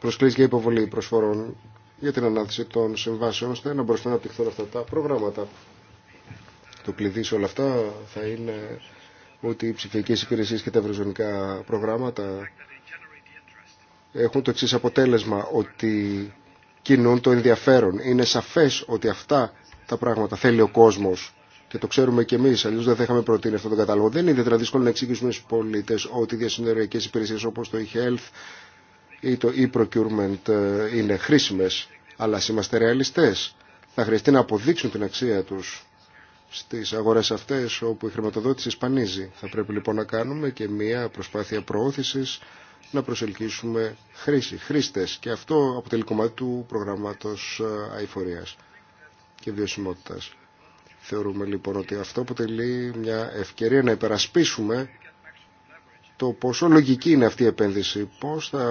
προσκλήσεις για υποβολή προσφορών για την ανάθεση των συμβάσεων ώστε να μπορέσουν να αναπτυχθούν αυτά τα προγράμματα. Το κλειδί σε όλα αυτά θα είναι ότι οι ψηφιακέ υπηρεσίε και τα ευρωζωνικά προγράμματα έχουν το εξή αποτέλεσμα, ότι κινούν το ενδιαφέρον. Είναι σαφέ ότι αυτά τα πράγματα θέλει ο κόσμο και το ξέρουμε και εμεί, αλλιώ δεν θα είχαμε προτείνει αυτόν τον κατάλογο. Δεν είναι ιδιαίτερα δύσκολο να εξηγήσουμε στου πολίτε ότι οι διασυνοριακέ υπηρεσίε όπω το e-health, ή το e-procurement ε, είναι χρήσιμες, αλλά είμαστε ρεαλιστές. Θα χρειαστεί να αποδείξουν την αξία τους στις αγορές αυτές όπου η χρηματοδότηση σπανίζει. Θα πρέπει λοιπόν να κάνουμε και μια προσπάθεια προώθησης να προσελκύσουμε χρήση, χρήστες και αυτό αποτελεί κομμάτι του προγραμμάτος ε, αηφορίας και βιωσιμότητας. Θεωρούμε λοιπόν ότι αυτό αποτελεί μια ευκαιρία να υπερασπίσουμε το πόσο λογική είναι αυτή η επένδυση, πώς θα...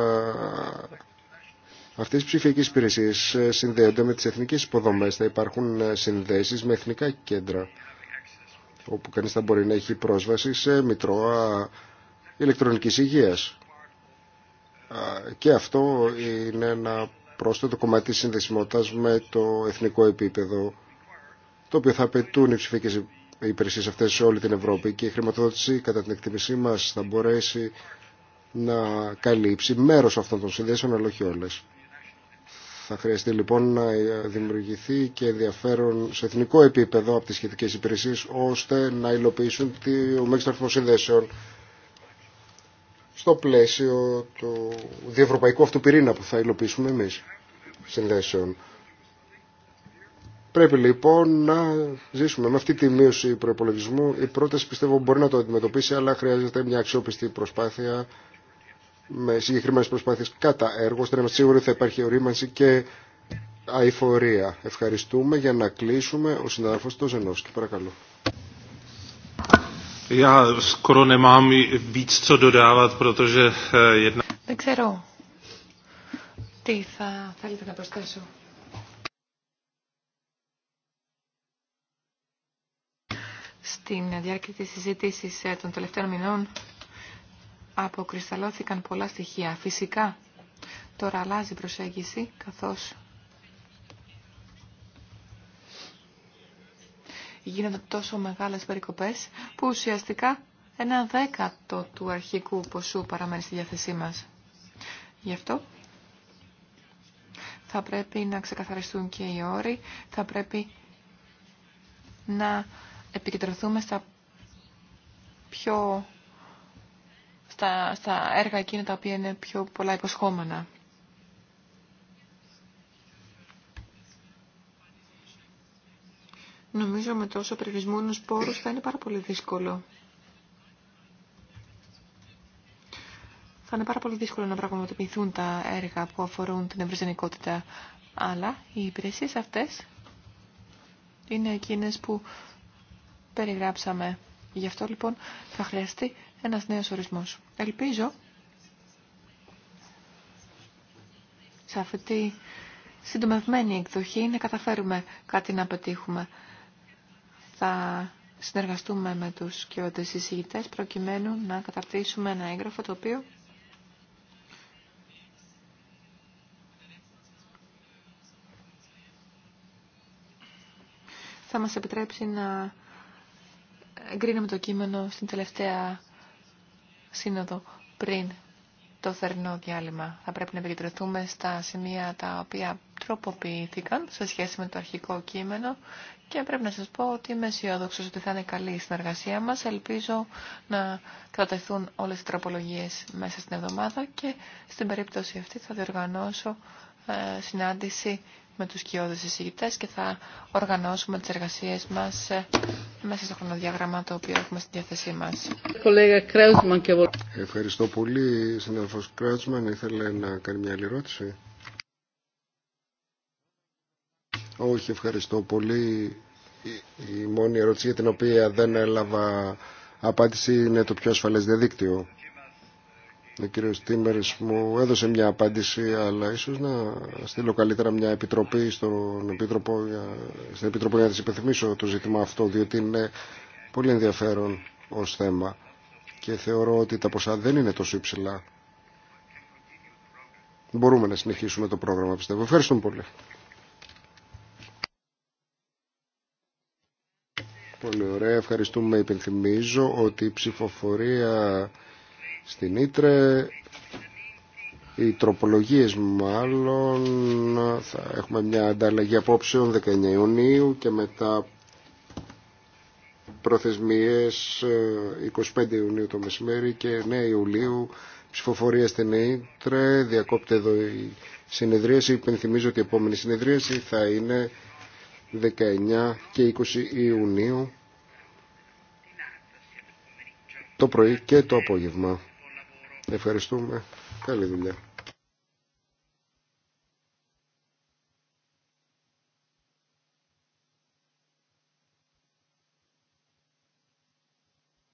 Αυτές οι ψηφιακές υπηρεσίες ε, συνδέονται με τις εθνικές υποδομές, θα υπάρχουν ε, συνδέσεις με εθνικά κέντρα, όπου κανείς θα μπορεί να έχει πρόσβαση σε μητρώα ηλεκτρονικής υγείας. Και αυτό είναι ένα πρόσθετο κομμάτι της με το εθνικό επίπεδο, το οποίο θα απαιτούν οι ψηφιακές υπηρεσίε αυτέ σε όλη την Ευρώπη και η χρηματοδότηση κατά την εκτίμησή μα θα μπορέσει να καλύψει μέρο αυτών των συνδέσεων αλλά όχι όλε. Θα χρειαστεί λοιπόν να δημιουργηθεί και ενδιαφέρον σε εθνικό επίπεδο από τις σχετικέ υπηρεσίες ώστε να υλοποιήσουν το μέγιστο αριθμό συνδέσεων στο πλαίσιο του διευρωπαϊκού αυτού πυρήνα που θα υλοποιήσουμε εμείς συνδέσεων. Πρέπει λοιπόν να ζήσουμε με αυτή τη μείωση προπολογισμού. Η πρόταση πιστεύω μπορεί να το αντιμετωπίσει, αλλά χρειάζεται μια αξιόπιστη προσπάθεια με συγκεκριμένε προσπάθειε κατά έργο, ώστε να είμαστε σίγουροι ότι θα υπάρχει ορίμανση και αηφορία. Ευχαριστούμε για να κλείσουμε. Ο συνάδελφο του Ζενόσκη, παρακαλώ. Eh, Δεν ξέρω τι θα θέλετε να προσθέσω. Στην διάρκεια της συζήτησης ε, των τελευταίων μηνών αποκρισταλώθηκαν πολλά στοιχεία. Φυσικά τώρα αλλάζει η προσέγγιση καθώς γίνονται τόσο μεγάλες περικοπές που ουσιαστικά ένα δέκατο του αρχικού ποσού παραμένει στη διάθεσή μας. Γι' αυτό θα πρέπει να ξεκαθαριστούν και οι όροι, θα πρέπει να επικεντρωθούμε στα πιο στα, στα έργα εκείνα τα οποία είναι πιο πολλά υποσχόμενα. Νομίζω με τόσο περιορισμένους πόρους θα είναι πάρα πολύ δύσκολο. Θα είναι πάρα πολύ δύσκολο να πραγματοποιηθούν τα έργα που αφορούν την ευρυζενικότητα. Αλλά οι υπηρεσίες αυτές είναι εκείνες που περιγράψαμε. Γι' αυτό λοιπόν θα χρειαστεί ένας νέος ορισμός. Ελπίζω σε αυτή τη συντομευμένη εκδοχή να καταφέρουμε κάτι να πετύχουμε. Θα συνεργαστούμε με τους και εισηγητές, προκειμένου να καταρτήσουμε ένα έγγραφο το οποίο θα μας επιτρέψει να εγκρίναμε το κείμενο στην τελευταία σύνοδο πριν το θερινό διάλειμμα. Θα πρέπει να επικεντρωθούμε στα σημεία τα οποία τροποποιήθηκαν σε σχέση με το αρχικό κείμενο και πρέπει να σας πω ότι είμαι αισιόδοξο ότι θα είναι καλή η συνεργασία μας. Ελπίζω να κρατεθούν όλες οι τροπολογίες μέσα στην εβδομάδα και στην περίπτωση αυτή θα διοργανώσω ε, συνάντηση με τους κοιόδες εισηγητές και θα οργανώσουμε τις εργασίες μας ε, μέσα στο χρονοδιάγραμμα το οποίο έχουμε στη διάθεσή μας. Ευχαριστώ πολύ. Συνάδελφος Κράτσμαν ήθελε να κάνει μια άλλη ερώτηση. Όχι, ευχαριστώ πολύ. Η μόνη ερώτηση για την οποία δεν έλαβα απάντηση είναι το πιο ασφαλές διαδίκτυο. Ο κύριο Τίμερς μου έδωσε μια απάντηση, αλλά ίσως να στείλω καλύτερα μια επιτροπή στον Επίτροπο, στην Επιτροπή για να της υπενθυμίσω το ζήτημα αυτό, διότι είναι πολύ ενδιαφέρον ως θέμα και θεωρώ ότι τα ποσά δεν είναι τόσο υψηλά. Μπορούμε να συνεχίσουμε το πρόγραμμα, πιστεύω. Ευχαριστούμε πολύ. Πολύ ωραία. Ευχαριστούμε. Υπενθυμίζω ότι η ψηφοφορία στην Ήτρε. Οι τροπολογίες μάλλον θα έχουμε μια ανταλλαγή απόψεων 19 Ιουνίου και μετά προθεσμίες 25 ε, Ιουνίου το μεσημέρι και 9 Ιουλίου ψηφοφορία στην Ήτρε. Διακόπτε εδώ η συνεδρίαση. Υπενθυμίζω ότι η επόμενη συνεδρίαση θα είναι 19 και 20 Ιουνίου το πρωί και το απόγευμα. Ευχαριστούμε. Καλή δουλειά.